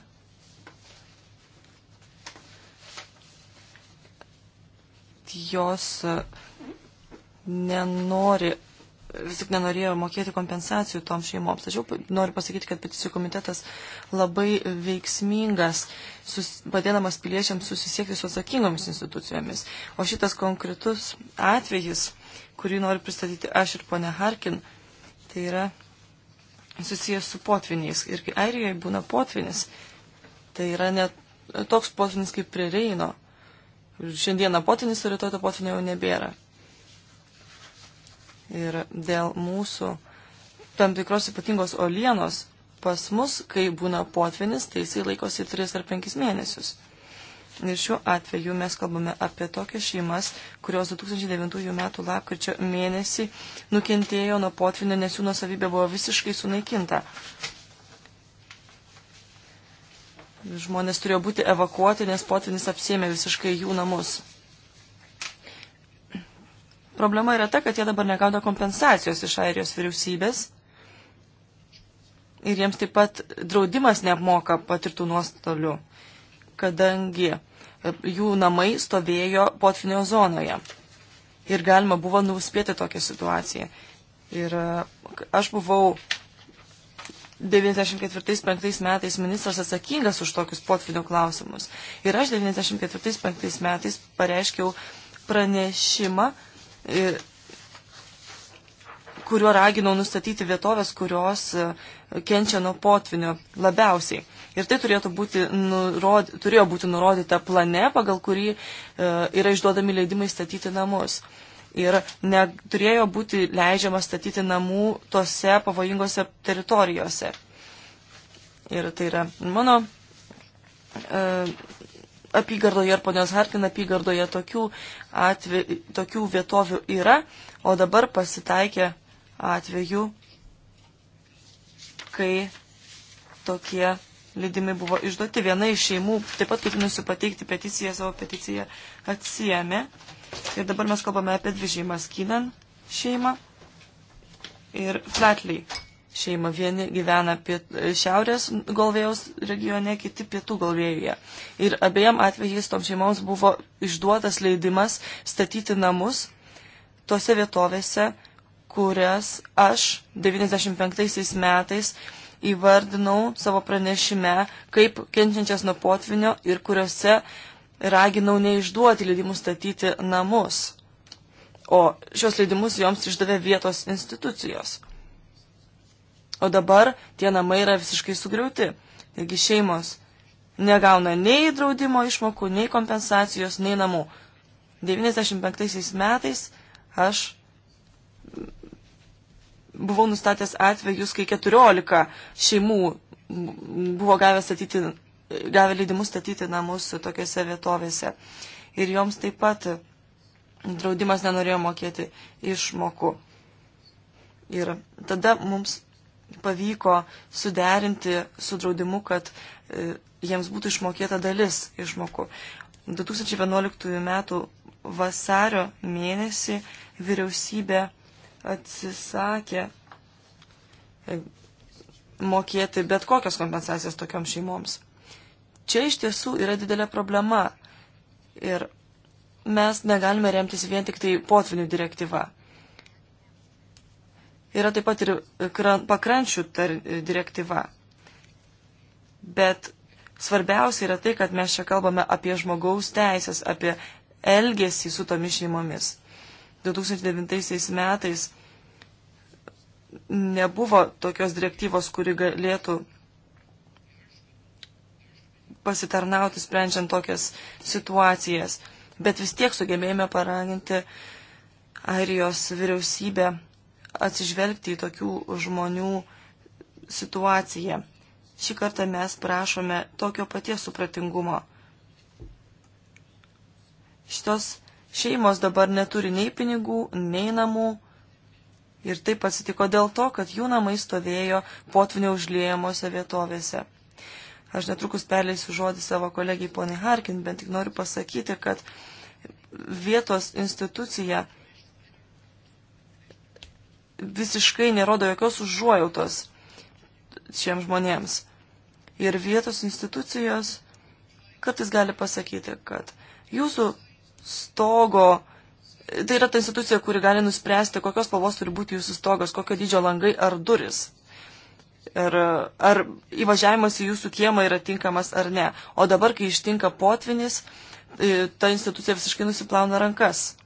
Speaker 2: Jos nenori vis tik nenorėjo mokėti kompensacijų tom šeimoms. Tačiau noriu pasakyti, kad peticijų komitetas labai veiksmingas, sus, padėdamas piliečiams susisiekti su atsakingomis institucijomis. O šitas konkretus atvejis kurį noriu pristatyti aš ir ponė Harkin, tai yra susijęs su potviniais. Ir kai Airijoje būna potvinis, tai yra net toks potvinis kaip prie Reino. Šiandieną potvinis, o rytoj to potvinio jau nebėra. Ir dėl mūsų tam tikros ypatingos olienos pas mus, kai būna potvinis, tai jisai laikosi 3 ar 5 mėnesius. Ir šiuo atveju mes kalbame apie tokias šeimas, kurios 2009 m. lapkričio mėnesį nukentėjo nuo potvinio, nes jų nusavybė buvo visiškai sunaikinta. Žmonės turėjo būti evakuoti, nes potvinis apsėmė visiškai jų namus. Problema yra ta, kad jie dabar negauna kompensacijos iš airijos vyriausybės ir jiems taip pat draudimas neapmoka patirtų nuostolių, kadangi jų namai stovėjo potvinio zonoje. Ir galima buvo nuspėti tokią situaciją. Ir e, aš buvau 94-95 metais ministras atsakingas už tokius potvinio klausimus. Ir aš 94-95 metais pareiškiau pranešimą, e, kuriuo raginau nustatyti vietovės, kurios e, kenčia nuo potvinio labiausiai. Ir tai turėtų būti nurod, turėjo būti nurodyta plane, pagal kurį e, yra išduodami leidimai statyti namus. Ir neturėjo būti leidžiama statyti namų tose pavojingose teritorijose. Ir tai yra mano e, apygardoje ir ponios Harkin apygardoje tokių, atve, tokių vietovių yra, o dabar pasitaikė atvejų, kai tokie leidimai buvo išduoti. Viena iš šeimų, taip pat ketinusi pateikti peticiją, savo peticiją atsijėmė. Ir dabar mes kalbame apie dvi šeimas - Kynan šeimą ir Flatley šeimą. Vieni gyvena piet, šiaurės Golvėjaus regione, kiti pietų Golvėjoje. Ir abiem atvejais tom šeimoms buvo išduotas leidimas statyti namus tose vietovėse, kurias aš 95 metais įvardinau savo pranešime, kaip kenčiančias nuo potvinio ir kuriuose raginau neišduoti leidimų statyti namus. O šios leidimus joms išdavė vietos institucijos. O dabar tie namai yra visiškai sugriauti. Taigi šeimos negauna nei draudimo išmokų, nei kompensacijos, nei namų. 95 metais aš buvau nustatęs atvejus, kai 14 šeimų buvo gavę, statyti, gavę leidimus statyti namus tokiuose vietovėse. Ir joms taip pat draudimas nenorėjo mokėti išmokų. Ir tada mums pavyko suderinti su draudimu, kad e, jiems būtų išmokėta dalis išmokų. 2011 m. vasario mėnesį vyriausybė atsisakė mokėti bet kokias kompensacijas tokiom šeimoms. Čia iš tiesų yra didelė problema ir mes negalime remtis vien tik tai potvinių direktyva. Yra taip pat ir pakrančių direktyva. Bet svarbiausia yra tai, kad mes čia kalbame apie žmogaus teisės, apie elgesį su tomis šeimomis. 2009 metais nebuvo tokios direktyvos, kuri galėtų pasitarnauti sprendžiant tokias situacijas. Bet vis tiek sugebėjome paraginti Airijos vyriausybę atsižvelgti į tokių žmonių situaciją. Šį kartą mes prašome tokio paties supratingumo. Šitos Šeimos dabar neturi nei pinigų, nei namų. Ir taip atsitiko dėl to, kad jų namai stovėjo potvinio užliejamosi vietovėse. Aš netrukus perleisiu žodį savo kolegijai poniai Harkin, bet tik noriu pasakyti, kad vietos institucija visiškai nerodo jokios užuojautos šiems žmonėms. Ir vietos institucijos kartais gali pasakyti, kad jūsų stogo. Tai yra ta institucija, kuri gali nuspręsti, kokios spalvos turi būti jūsų stogas, kokio dydžio langai ar duris. Ir ar įvažiavimas į jūsų kiemą yra tinkamas ar ne. O dabar, kai ištinka potvinis, tai ta institucija visiškai nusiplauna rankas.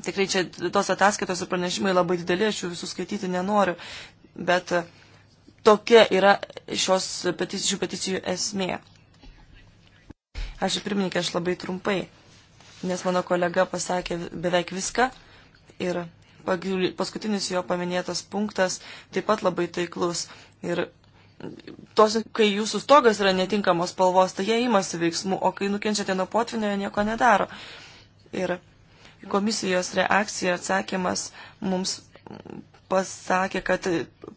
Speaker 2: Tikrai čia tos ataskaitos ir pranešimai labai dideli, aš jų visų skaityti nenoriu, bet tokia yra šios peticijų, peticijų esmė. Aš ir pirmininkė, aš labai trumpai nes mano kolega pasakė beveik viską ir paskutinis jo paminėtas punktas taip pat labai taiklus. Ir tos, kai jūsų stogas yra netinkamos spalvos, tai jie imasi veiksmų, o kai nukenčiate nuo potvinio, jie nieko nedaro. Ir komisijos reakcija atsakymas mums pasakė, kad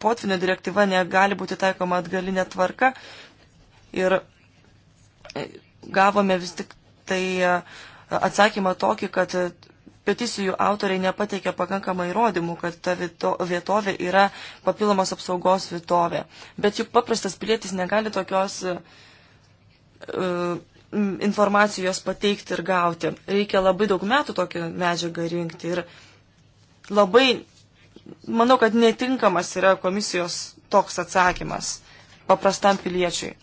Speaker 2: potvinio direktyva negali būti taikoma atgalinė tvarka ir gavome vis tik tai uh, atsakymą tokį, kad peticijų autoriai nepateikė pakankamai įrodymų, kad ta vietovė yra papildomos apsaugos vietovė. Bet juk paprastas pilietis negali tokios uh, informacijos pateikti ir gauti. Reikia labai daug metų tokią medžiagą rinkti ir labai, manau, kad netinkamas yra komisijos toks atsakymas paprastam piliečiui.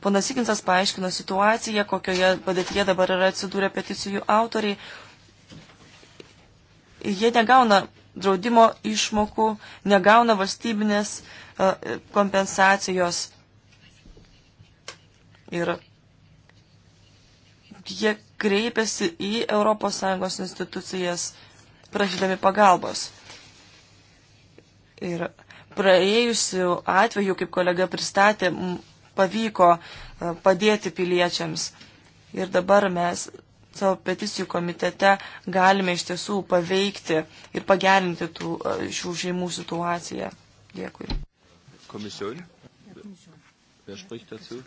Speaker 2: Ponas Sikinsas paaiškino situaciją, kokioje padėtyje dabar yra atsidūrę peticijų autoriai. Jie negauna draudimo išmokų, negauna valstybinės e, kompensacijos. Ir jie kreipiasi į ES institucijas prašydami pagalbos. Ir praėjusiu atveju, kaip kolega pristatė, pavyko e, padėti piliečiams. Ir dabar mes savo peticijų komitete galime iš tiesų paveikti ir pagerinti tų, e, šių šeimų situaciją. Dėkui.
Speaker 4: Komisijon. Wer spricht dazu?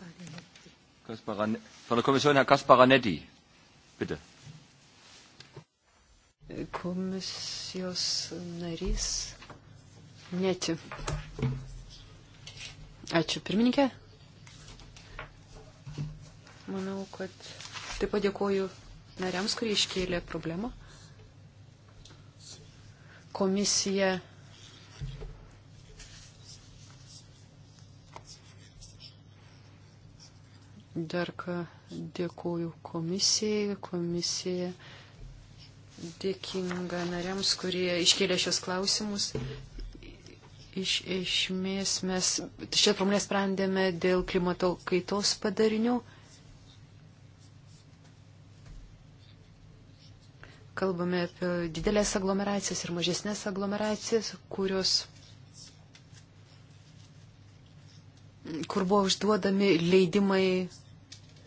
Speaker 4: Kasparan Von der Kommission Herr Kasparanetti. Bitte.
Speaker 3: Komisijos narys Neti. Ačiū pirmininkė. Manau, kad taip pat dėkoju nariams, kurie iškėlė problemą. Komisija Dar ką dėkoju komisijai. Komisija dėkinga nariams, kurie iškėlė šios klausimus. Iš esmės mes šią problemą sprendėme dėl klimato kaitos padarinių. kalbame apie didelės aglomeracijas ir mažesnės aglomeracijas, kurios, kur buvo užduodami leidimai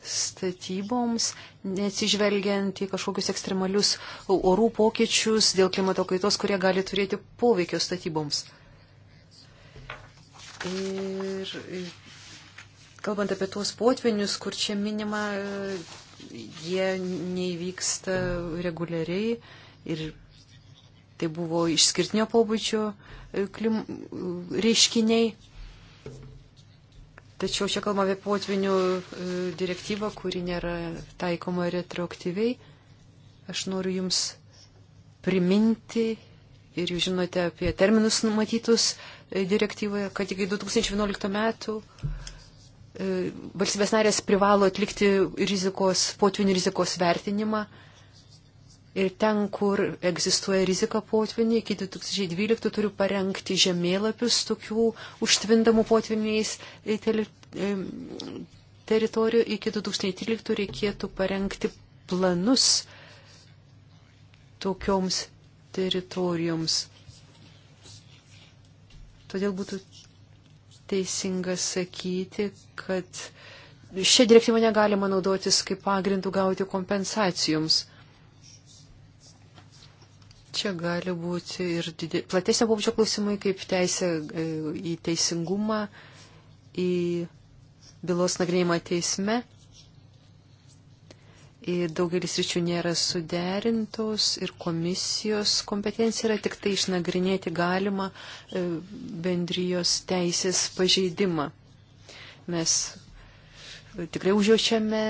Speaker 3: statyboms, neatsižvelgiant į kažkokius ekstremalius orų pokyčius dėl klimato kaitos, kurie gali turėti poveikio statyboms. Ir kalbant apie tuos potvinius, kur čia minima jie neįvyksta reguliariai ir tai buvo išskirtinio pobūdžio e, klim, e, reiškiniai. Tačiau čia kalbame apie potvinių e, direktyvą, kuri nėra taikoma retroaktyviai. Aš noriu Jums priminti ir Jūs žinote apie terminus numatytus direktyvoje, kad iki 2011 metų E, valstybės narės privalo atlikti rizikos, potvinių rizikos vertinimą. Ir ten, kur egzistuoja rizika potviniai, iki 2012 turiu parengti žemėlapius tokių užtvindamų potviniais e, e, teritorijų. Iki 2013 reikėtų parengti planus tokioms teritorijoms. Todėl būtų teisinga sakyti, kad šią direktyvą negalima naudotis kaip pagrindų gauti kompensacijoms. Čia gali būti ir didė... platesnio pobūdžio klausimai, kaip teisė e, į teisingumą, į bylos nagrinėjimą teisme daugelis ryčių nėra suderintos ir komisijos kompetencija yra tik tai išnagrinėti galimą e, bendrijos teisės pažeidimą. Mes e, tikrai užjaučiame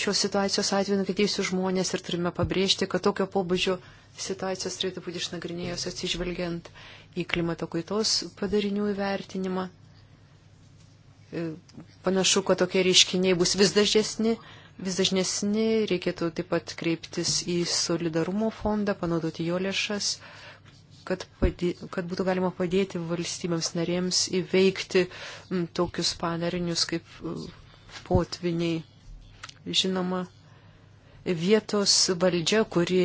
Speaker 3: šios situacijos atveju nukentėjusių žmonės ir turime pabrėžti, kad tokio pobūdžio situacijos turėtų būti išnagrinėjos atsižvelgiant į klimato kaitos padarinių įvertinimą. E, panašu, kad tokie reiškiniai bus vis dažesni vis dažnesni, reikėtų taip pat kreiptis į solidarumo fondą, panaudoti jo lėšas, kad, padė, kad būtų galima padėti valstybėms narėms įveikti m, tokius padarinius kaip potviniai. Žinoma, vietos valdžia, kuri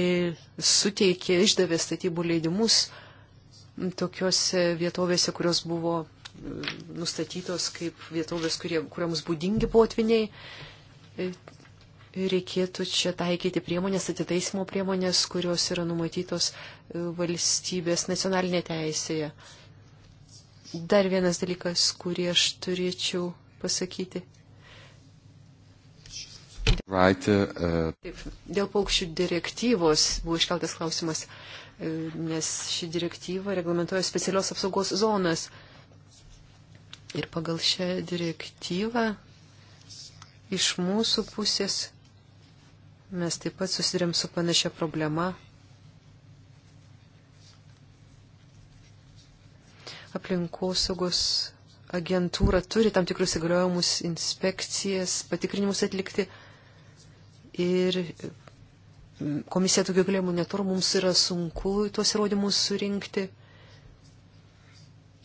Speaker 3: suteikė, išdavė statybų leidimus tokiuose vietovėse, kurios buvo nustatytos kaip vietovės, kurie, kuriams būdingi potviniai, reikėtų čia taikyti priemonės, atitaisimo priemonės, kurios yra numatytos e, valstybės nacionalinė teisėje. Dar vienas dalykas, kurį aš turėčiau pasakyti.
Speaker 4: Right, uh, e,
Speaker 3: Taip, dėl paukščių direktyvos buvo iškeltas klausimas, e, nes ši direktyva reglamentoja specialios apsaugos zonas. Ir pagal šią direktyvą iš mūsų pusės Mes taip pat susirėm su panašia problema. Aplinkosaugos agentūra turi tam tikrus įgaliojimus, inspekcijas, patikrinimus atlikti. Ir komisija tokių įgaliojimų neturi, mums yra sunku tuos įrodymus surinkti.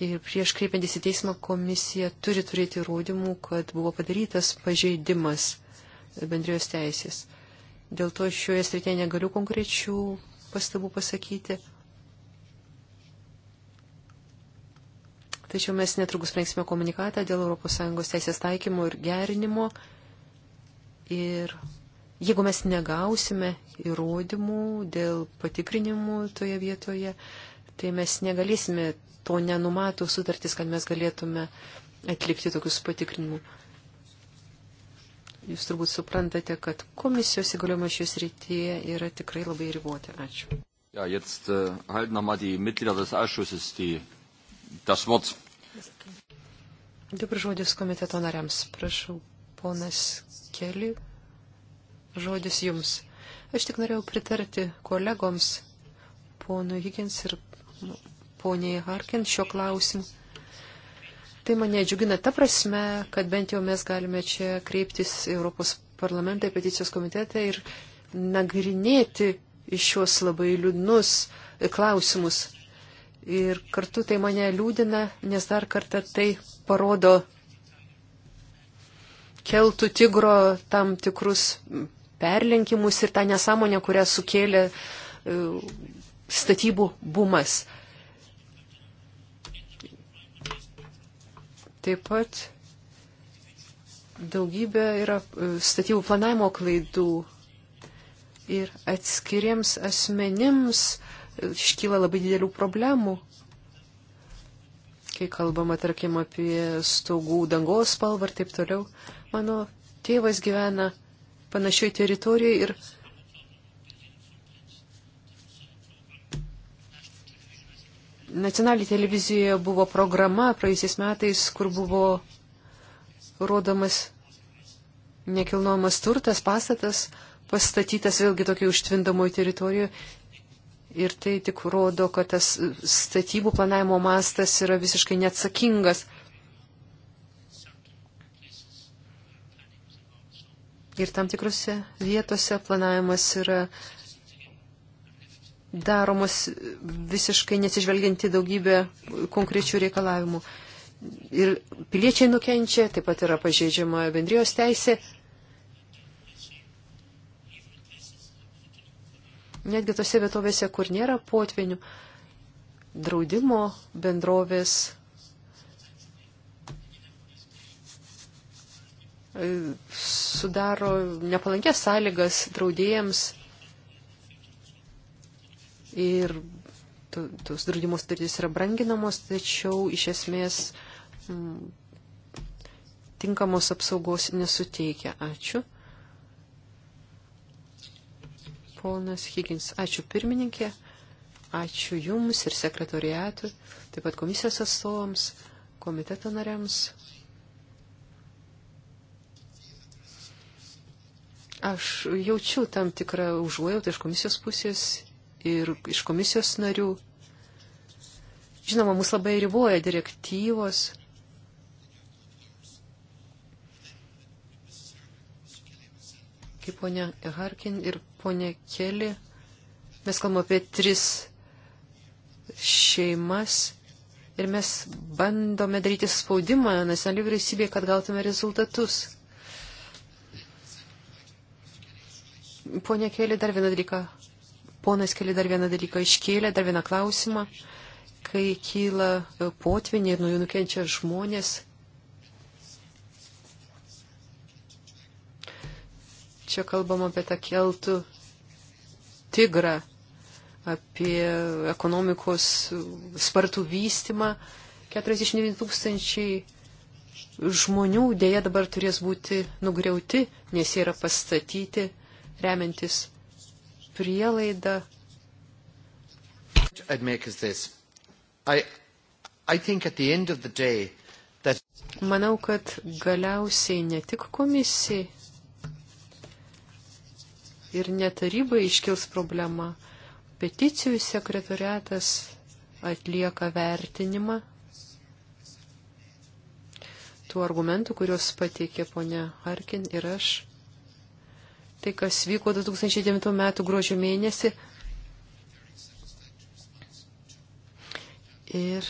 Speaker 3: Ir prieš kreipiantis į teismą komisija turi turėti įrodymų, kad buvo padarytas pažeidimas bendrijos teisės. Dėl to šioje srityje negaliu konkrečių pastabų pasakyti. Tačiau mes netrukus rengsime komunikatą dėl ES teisės taikymo ir gerinimo. Ir jeigu mes negausime įrodymų dėl patikrinimų toje vietoje, tai mes negalėsime to nenumato sutartis, kad mes galėtume atlikti tokius patikrinimus. Jūs turbūt suprantate, kad komisijos įgaliojimai šios rytyje yra tikrai labai riboti.
Speaker 4: Ačiū. Ja, jetzt äh, halten nochmal die Mitglieder des Ausschusses die, das Wort.
Speaker 3: Dabar žodis komiteto nariams. Prašau, ponas Keli, žodis jums. Aš tik norėjau pritarti kolegoms, ponui Higgins ir poniai Harkin, šio klausimu. Tai mane džiugina ta prasme, kad bent jau mes galime čia kreiptis Europos parlamentą, peticijos komitetą ir nagrinėti šios labai liūdnus klausimus. Ir kartu tai mane liūdina, nes dar kartą tai parodo keltų tigro tam tikrus perlenkimus ir tą nesąmonę, kurią sukėlė e, statybų bumas. Taip pat daugybė yra e, statybų planavimo klaidų ir atskiriems asmenims e, iškyla labai didelių problemų. Kai kalbama, tarkim, apie stogų dangos spalvą ir taip toliau, mano tėvas gyvena panašioje teritorijoje ir Nacionalinėje televizijoje buvo programa praėjusiais metais, kur buvo rodomas nekilnojamas turtas, pastatas, pastatytas vėlgi tokiai užtvindamoji teritorijoje. Ir tai tik rodo, kad tas statybų planavimo mastas yra visiškai neatsakingas. Ir tam tikrose vietose planavimas yra daromos visiškai nesižvelgianti daugybę konkrečių reikalavimų. Ir piliečiai nukenčia, taip pat yra pažeidžiama bendrijos teisė. Netgi tose vietovėse, kur nėra potvinių, draudimo bendrovės e, sudaro nepalankės sąlygas draudėjams ir tos draudimo sutartys yra branginamos, tačiau iš esmės m, mm, tinkamos apsaugos nesuteikia. Ačiū. Ponas Higgins, ačiū pirmininkė, ačiū Jums ir sekretoriatui, taip pat komisijos atstovams, komiteto nariams. Aš jaučiu tam tikrą užuojautą iš komisijos pusės ir iš komisijos narių. Žinoma, mus labai riboja direktyvos. Kaip ponia Harkin ir ponia Keli, mes kalbame apie tris šeimas ir mes bandome daryti spaudimą nacionalių vyriausybėje, kad gautume rezultatus. Pone Kėlė, dar vieną dalyką Ponas Keli dar vieną dalyką iškėlė, dar vieną klausimą. Kai kyla e, potvinė ir nuo jų nukenčia žmonės. Čia kalbama apie tą keltų tigrą, apie ekonomikos spartų vystimą. 49 tūkstančiai žmonių dėja dabar turės būti nugriauti, nes jie yra pastatyti remiantis prielaidą. Manau, kad galiausiai ne tik komisijai ir netarybai iškils problema. Peticijų sekretoriatas atlieka vertinimą tų argumentų, kuriuos pateikė ponia Harkin ir aš tai, kas vyko 2009 m. gruodžio mėnesį. Ir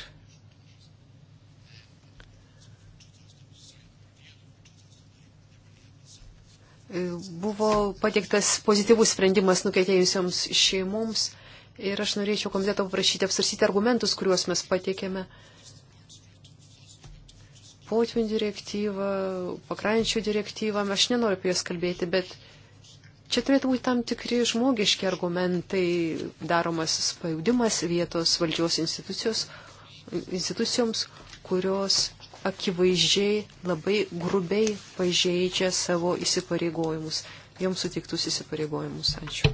Speaker 3: buvo patiektas pozityvus sprendimas nukėtėjusioms šeimoms. Ir aš norėčiau komiteto paprašyti apsarsyti argumentus, kuriuos mes patiekėme. Potvin direktyvą, pakrančių direktyvą, aš nenoriu apie jas kalbėti, bet Čia turėtų būti tam tikri žmogiški argumentai, daromas spaudimas vietos valdžios institucijoms, kurios akivaizdžiai labai grubiai pažeidžia savo įsipareigojimus, joms sutiktus įsipareigojimus. Ačiū.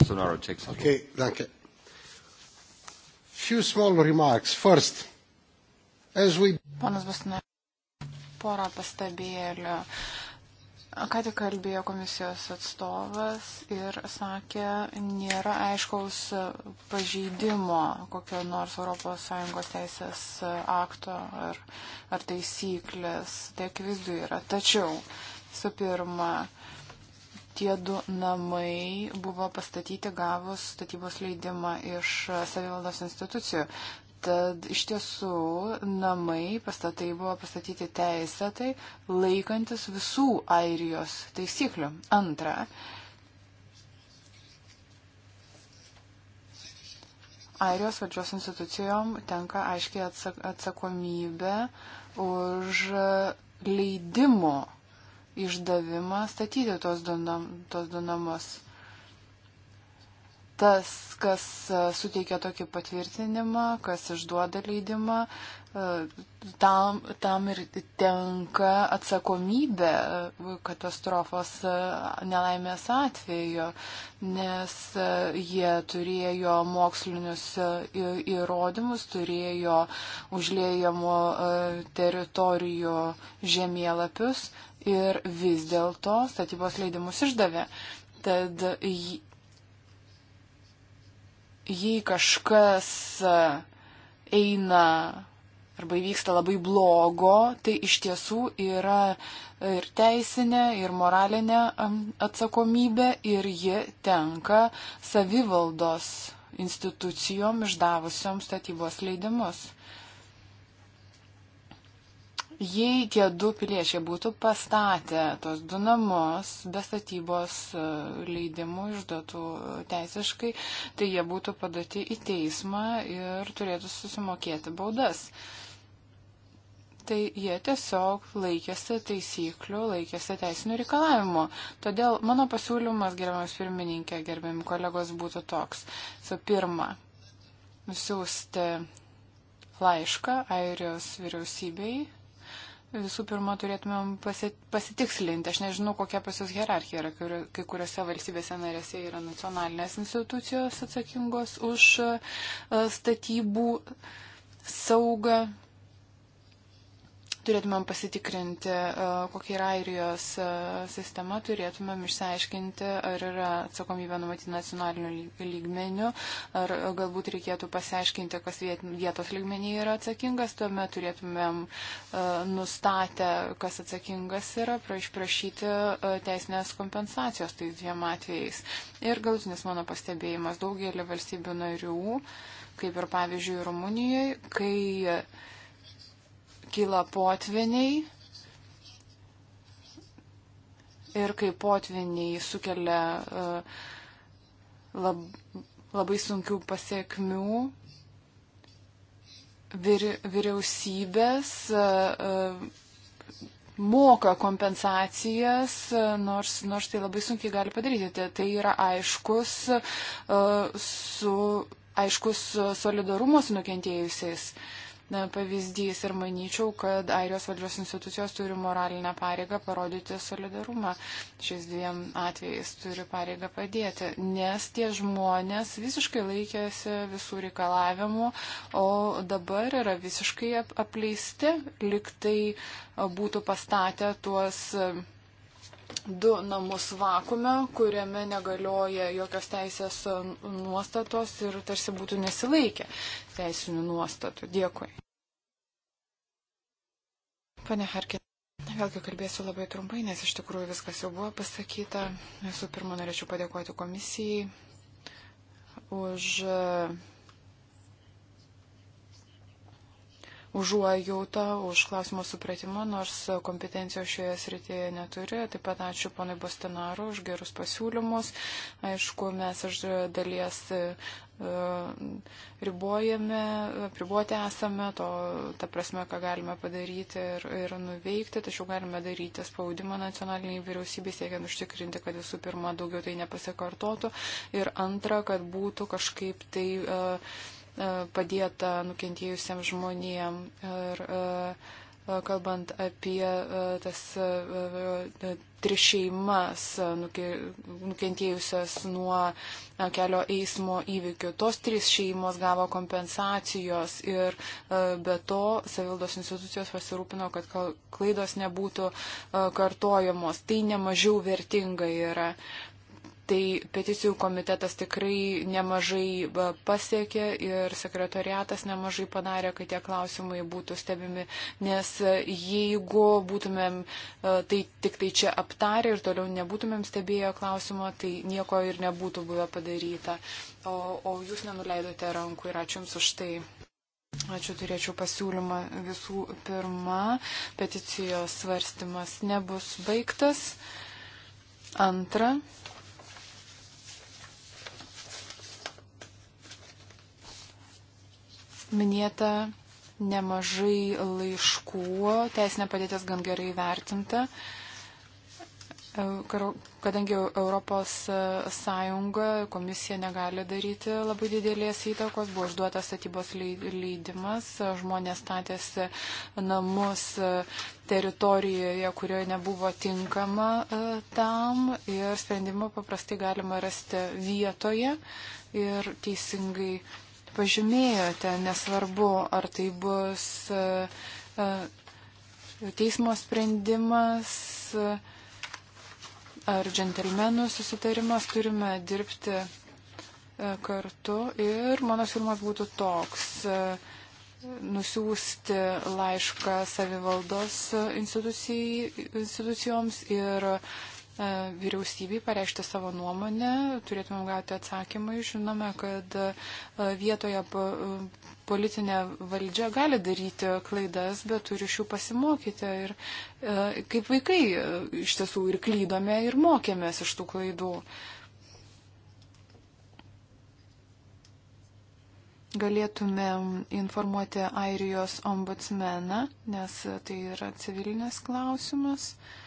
Speaker 4: Okay, danke. Few small remarks. First, as we...
Speaker 5: Ponas Bastinė, porą pastabėlių. Uh, Ką tik kalbėjo komisijos atstovas ir sakė, nėra aiškaus pažeidimo kokio nors ES teisės akto ar, ar taisyklės. Tai akivaizdu yra. Tačiau, su pirma, tie du namai buvo pastatyti gavus statybos leidimą iš savivaldos institucijų. Tad iš tiesų namai, pastatai buvo pastatyti teisėtai, laikantis visų airijos taisyklių. Antra, airijos valdžios institucijom tenka aiškiai atsakomybė už leidimo išdavimą statyti tos du namus tas, kas e, suteikia tokį patvirtinimą, kas išduoda leidimą, e, tam, tam ir tenka atsakomybė e, katastrofos nelaimės atveju, nes jie turėjo mokslinius įrodymus, turėjo užliejamo teritorijų žemėlapius ir vis dėlto statybos leidimus išdavė. Tad jei kažkas e, eina arba įvyksta labai blogo, tai iš tiesų yra ir teisinė, ir moralinė atsakomybė ir ji tenka savivaldos institucijom išdavusiom statybos leidimus jei tie du piliečiai būtų pastatę tos du namus be statybos e, leidimų išduotų teisiškai, tai jie būtų padati į teismą ir turėtų susimokėti baudas. Tai jie tiesiog laikėsi taisyklių, laikėsi teisinių reikalavimų. Todėl mano pasiūlymas, gerbiamas pirmininkė, gerbiami kolegos, būtų toks. Su pirma, nusiųsti laišką Airijos vyriausybei Visų pirma, turėtumėm pasitikslinti. Aš nežinau, kokia pas jūs hierarchija yra. Kai kuriuose valstybėse narėse yra nacionalinės institucijos atsakingos už e, statybų saugą, turėtumėm pasitikrinti, e, kokia yra Airijos e, sistema, turėtumėm išsiaiškinti, ar yra atsakomybė numatyti nacionaliniu lygmeniu, ar e, galbūt reikėtų pasiaiškinti, kas vietos lygmenį yra atsakingas, tuomet turėtumėm nustatę, kas atsakingas yra, išprašyti teisinės kompensacijos tais dviem atvejais. Ir galutinis mano pastebėjimas daugelį valstybių narių, kaip ir pavyzdžiui Rumunijoje, kai kyla potviniai ir kai potviniai sukelia e, lab, labai sunkių pasiekmių, vir, vyriausybės e, e, moka kompensacijas, nors, nors tai labai sunkiai gali padaryti. Tai, tai yra aiškus, su, aiškus solidarumo su nukentėjusiais. Uh, pavyzdys ir manyčiau, kad Airijos valdžios institucijos turi moralinę pareigą parodyti solidarumą. Šiais dviem atvejais turi pareigą padėti, nes tie žmonės visiškai laikėsi visų reikalavimų, o dabar yra visiškai apleisti, liktai būtų pastatę tuos du namus vakume, kuriame negalioja jokios teisės nuostatos ir tarsi būtų nesilaikę teisinių nuostatų. Dėkui. Pane Harkin, vėlgi kalbėsiu labai trumpai, nes iš tikrųjų viskas jau buvo pasakyta. Visų pirma, norėčiau padėkoti komisijai už užuojautą, už klausimo supratimą, nors kompetencijos šioje srityje neturi. Taip pat ačiū ponai Bostinaru už gerus pasiūlymus. Aišku, mes iš dalies e, ribojame, pribuoti esame, to, ta prasme, ką galime padaryti ir, ir nuveikti, tačiau galime daryti spaudimą nacionaliniai vyriausybei, siekiant užtikrinti, kad visų pirma daugiau tai nepasikartotų ir antra, kad būtų kažkaip tai uh, E, padėta nukentėjusiems žmonėm. Ir e, e, kalbant apie tas tris šeimas nukentėjusias nuo kelio eismo įvykių, tos trys šeimos gavo kompensacijos ir be to savildos institucijos pasirūpino, kad klaidos nebūtų kartojamos. Tai nemažiau vertinga yra. Tai peticijų komitetas tikrai nemažai pasiekė ir sekretariatas nemažai padarė, kad tie klausimai būtų stebimi, nes jeigu būtumėm e, tai tik tai čia aptarę ir toliau nebūtumėm stebėję klausimo, tai nieko ir nebūtų buvę padaryta. O, o jūs nenuleidote rankų ir ačiū Jums už tai. Ačiū, turėčiau pasiūlymą visų pirma. Peticijos svarstymas nebus baigtas. Antra, minėta nemažai laiškų, teisinė padėtis gan gerai vertinta. E, kadangi Europos Sąjunga komisija negali daryti labai didelės įtakos, buvo užduotas statybos leidimas, žmonės statėsi namus teritorijoje, kurioje nebuvo tinkama e, tam ir sprendimą paprastai galima rasti vietoje ir teisingai pažymėjote, nesvarbu, ar tai bus e, e, teismo sprendimas ar džentelmenų susitarimas, turime dirbti e, kartu ir mano siūlymas būtų toks nusiųsti laišką savivaldos institucijoms ir E, vyriausybei pareikšti savo nuomonę, turėtumėm gauti atsakymą. Žinome, kad e, vietoje e, politinė valdžia gali daryti klaidas, bet turi iš jų pasimokyti. Ir kaip vaikai iš tiesų ir klydome, ir mokėmės iš tų klaidų. galėtumėm informuoti Airijos ombudsmeną, nes tai yra civilinis klausimas. Uh,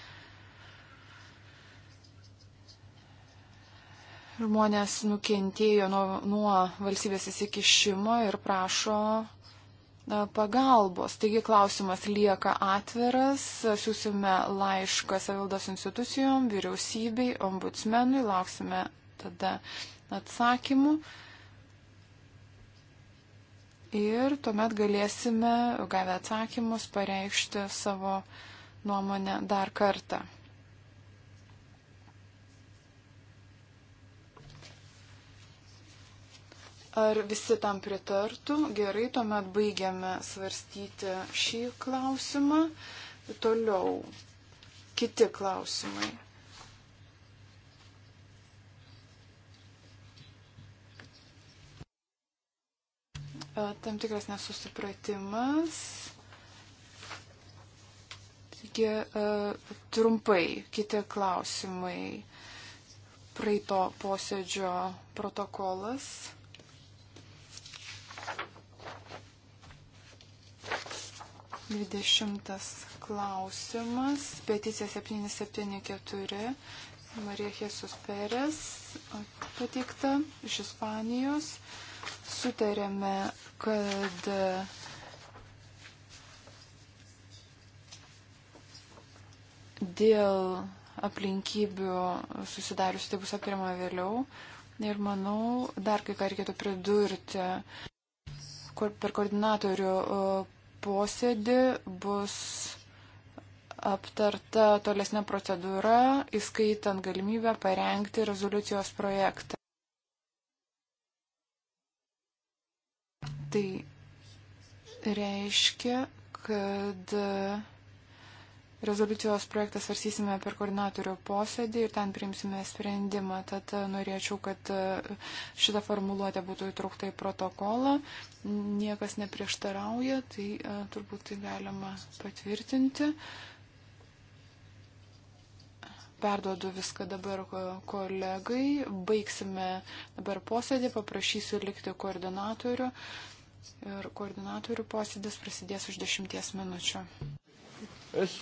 Speaker 5: Žmonės nukentėjo nuo, nuo valstybės įsikišimo ir prašo e, pagalbos. Taigi klausimas lieka atviras, siūsime laišką savildos institucijom, vyriausybei, ombudsmenui, lauksime tada atsakymų. Ir tuomet galėsime, gavę atsakymus, pareikšti savo nuomonę dar kartą. Ar visi tam pritartų? Gerai, tuomet baigiame svarstyti šį klausimą. Toliau kiti klausimai. E, tam tikras nesusipratimas. Taigi, e, trumpai kiti klausimai. Praeito posėdžio protokolas. 20 klausimas, peticija 774, Marija Jesus Perez pateikta iš Ispanijos. Sutarėme, kad dėl aplinkybių susidariusių tai bus aptariama vėliau. Ir manau, dar kai ką reikėtų pridurti per koordinatorių posėdį bus aptarta tolesnė procedūra, įskaitant galimybę parengti rezoliucijos projektą. Tai reiškia, kad Rezoliucijos projektą svarsysime per koordinatorių posėdį ir ten priimsime sprendimą. Tad e, norėčiau, kad e, šita formuluotė būtų įtraukta į protokolą. Niekas neprieštarauja, tai e, turbūt tai galima patvirtinti. Perduodu viską dabar kolegai. Baigsime dabar posėdį, paprašysiu likti koordinatorių. Ir koordinatorių posėdis prasidės už dešimties minučių.
Speaker 4: Yes.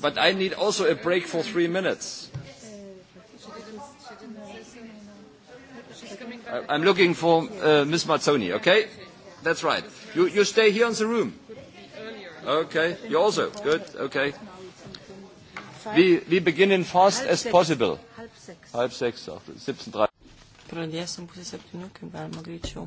Speaker 4: But I need also a break for three minutes. Uh, I'm looking for uh, Ms. Mazzoni, okay? That's right. You, you stay here in the room. Okay, you also. Good, okay. We, we beginnen fast as possible. Halb sechs. Halb sechs, 17.30.
Speaker 2: Pradėsim pusę septynių, kaip galima greičiau.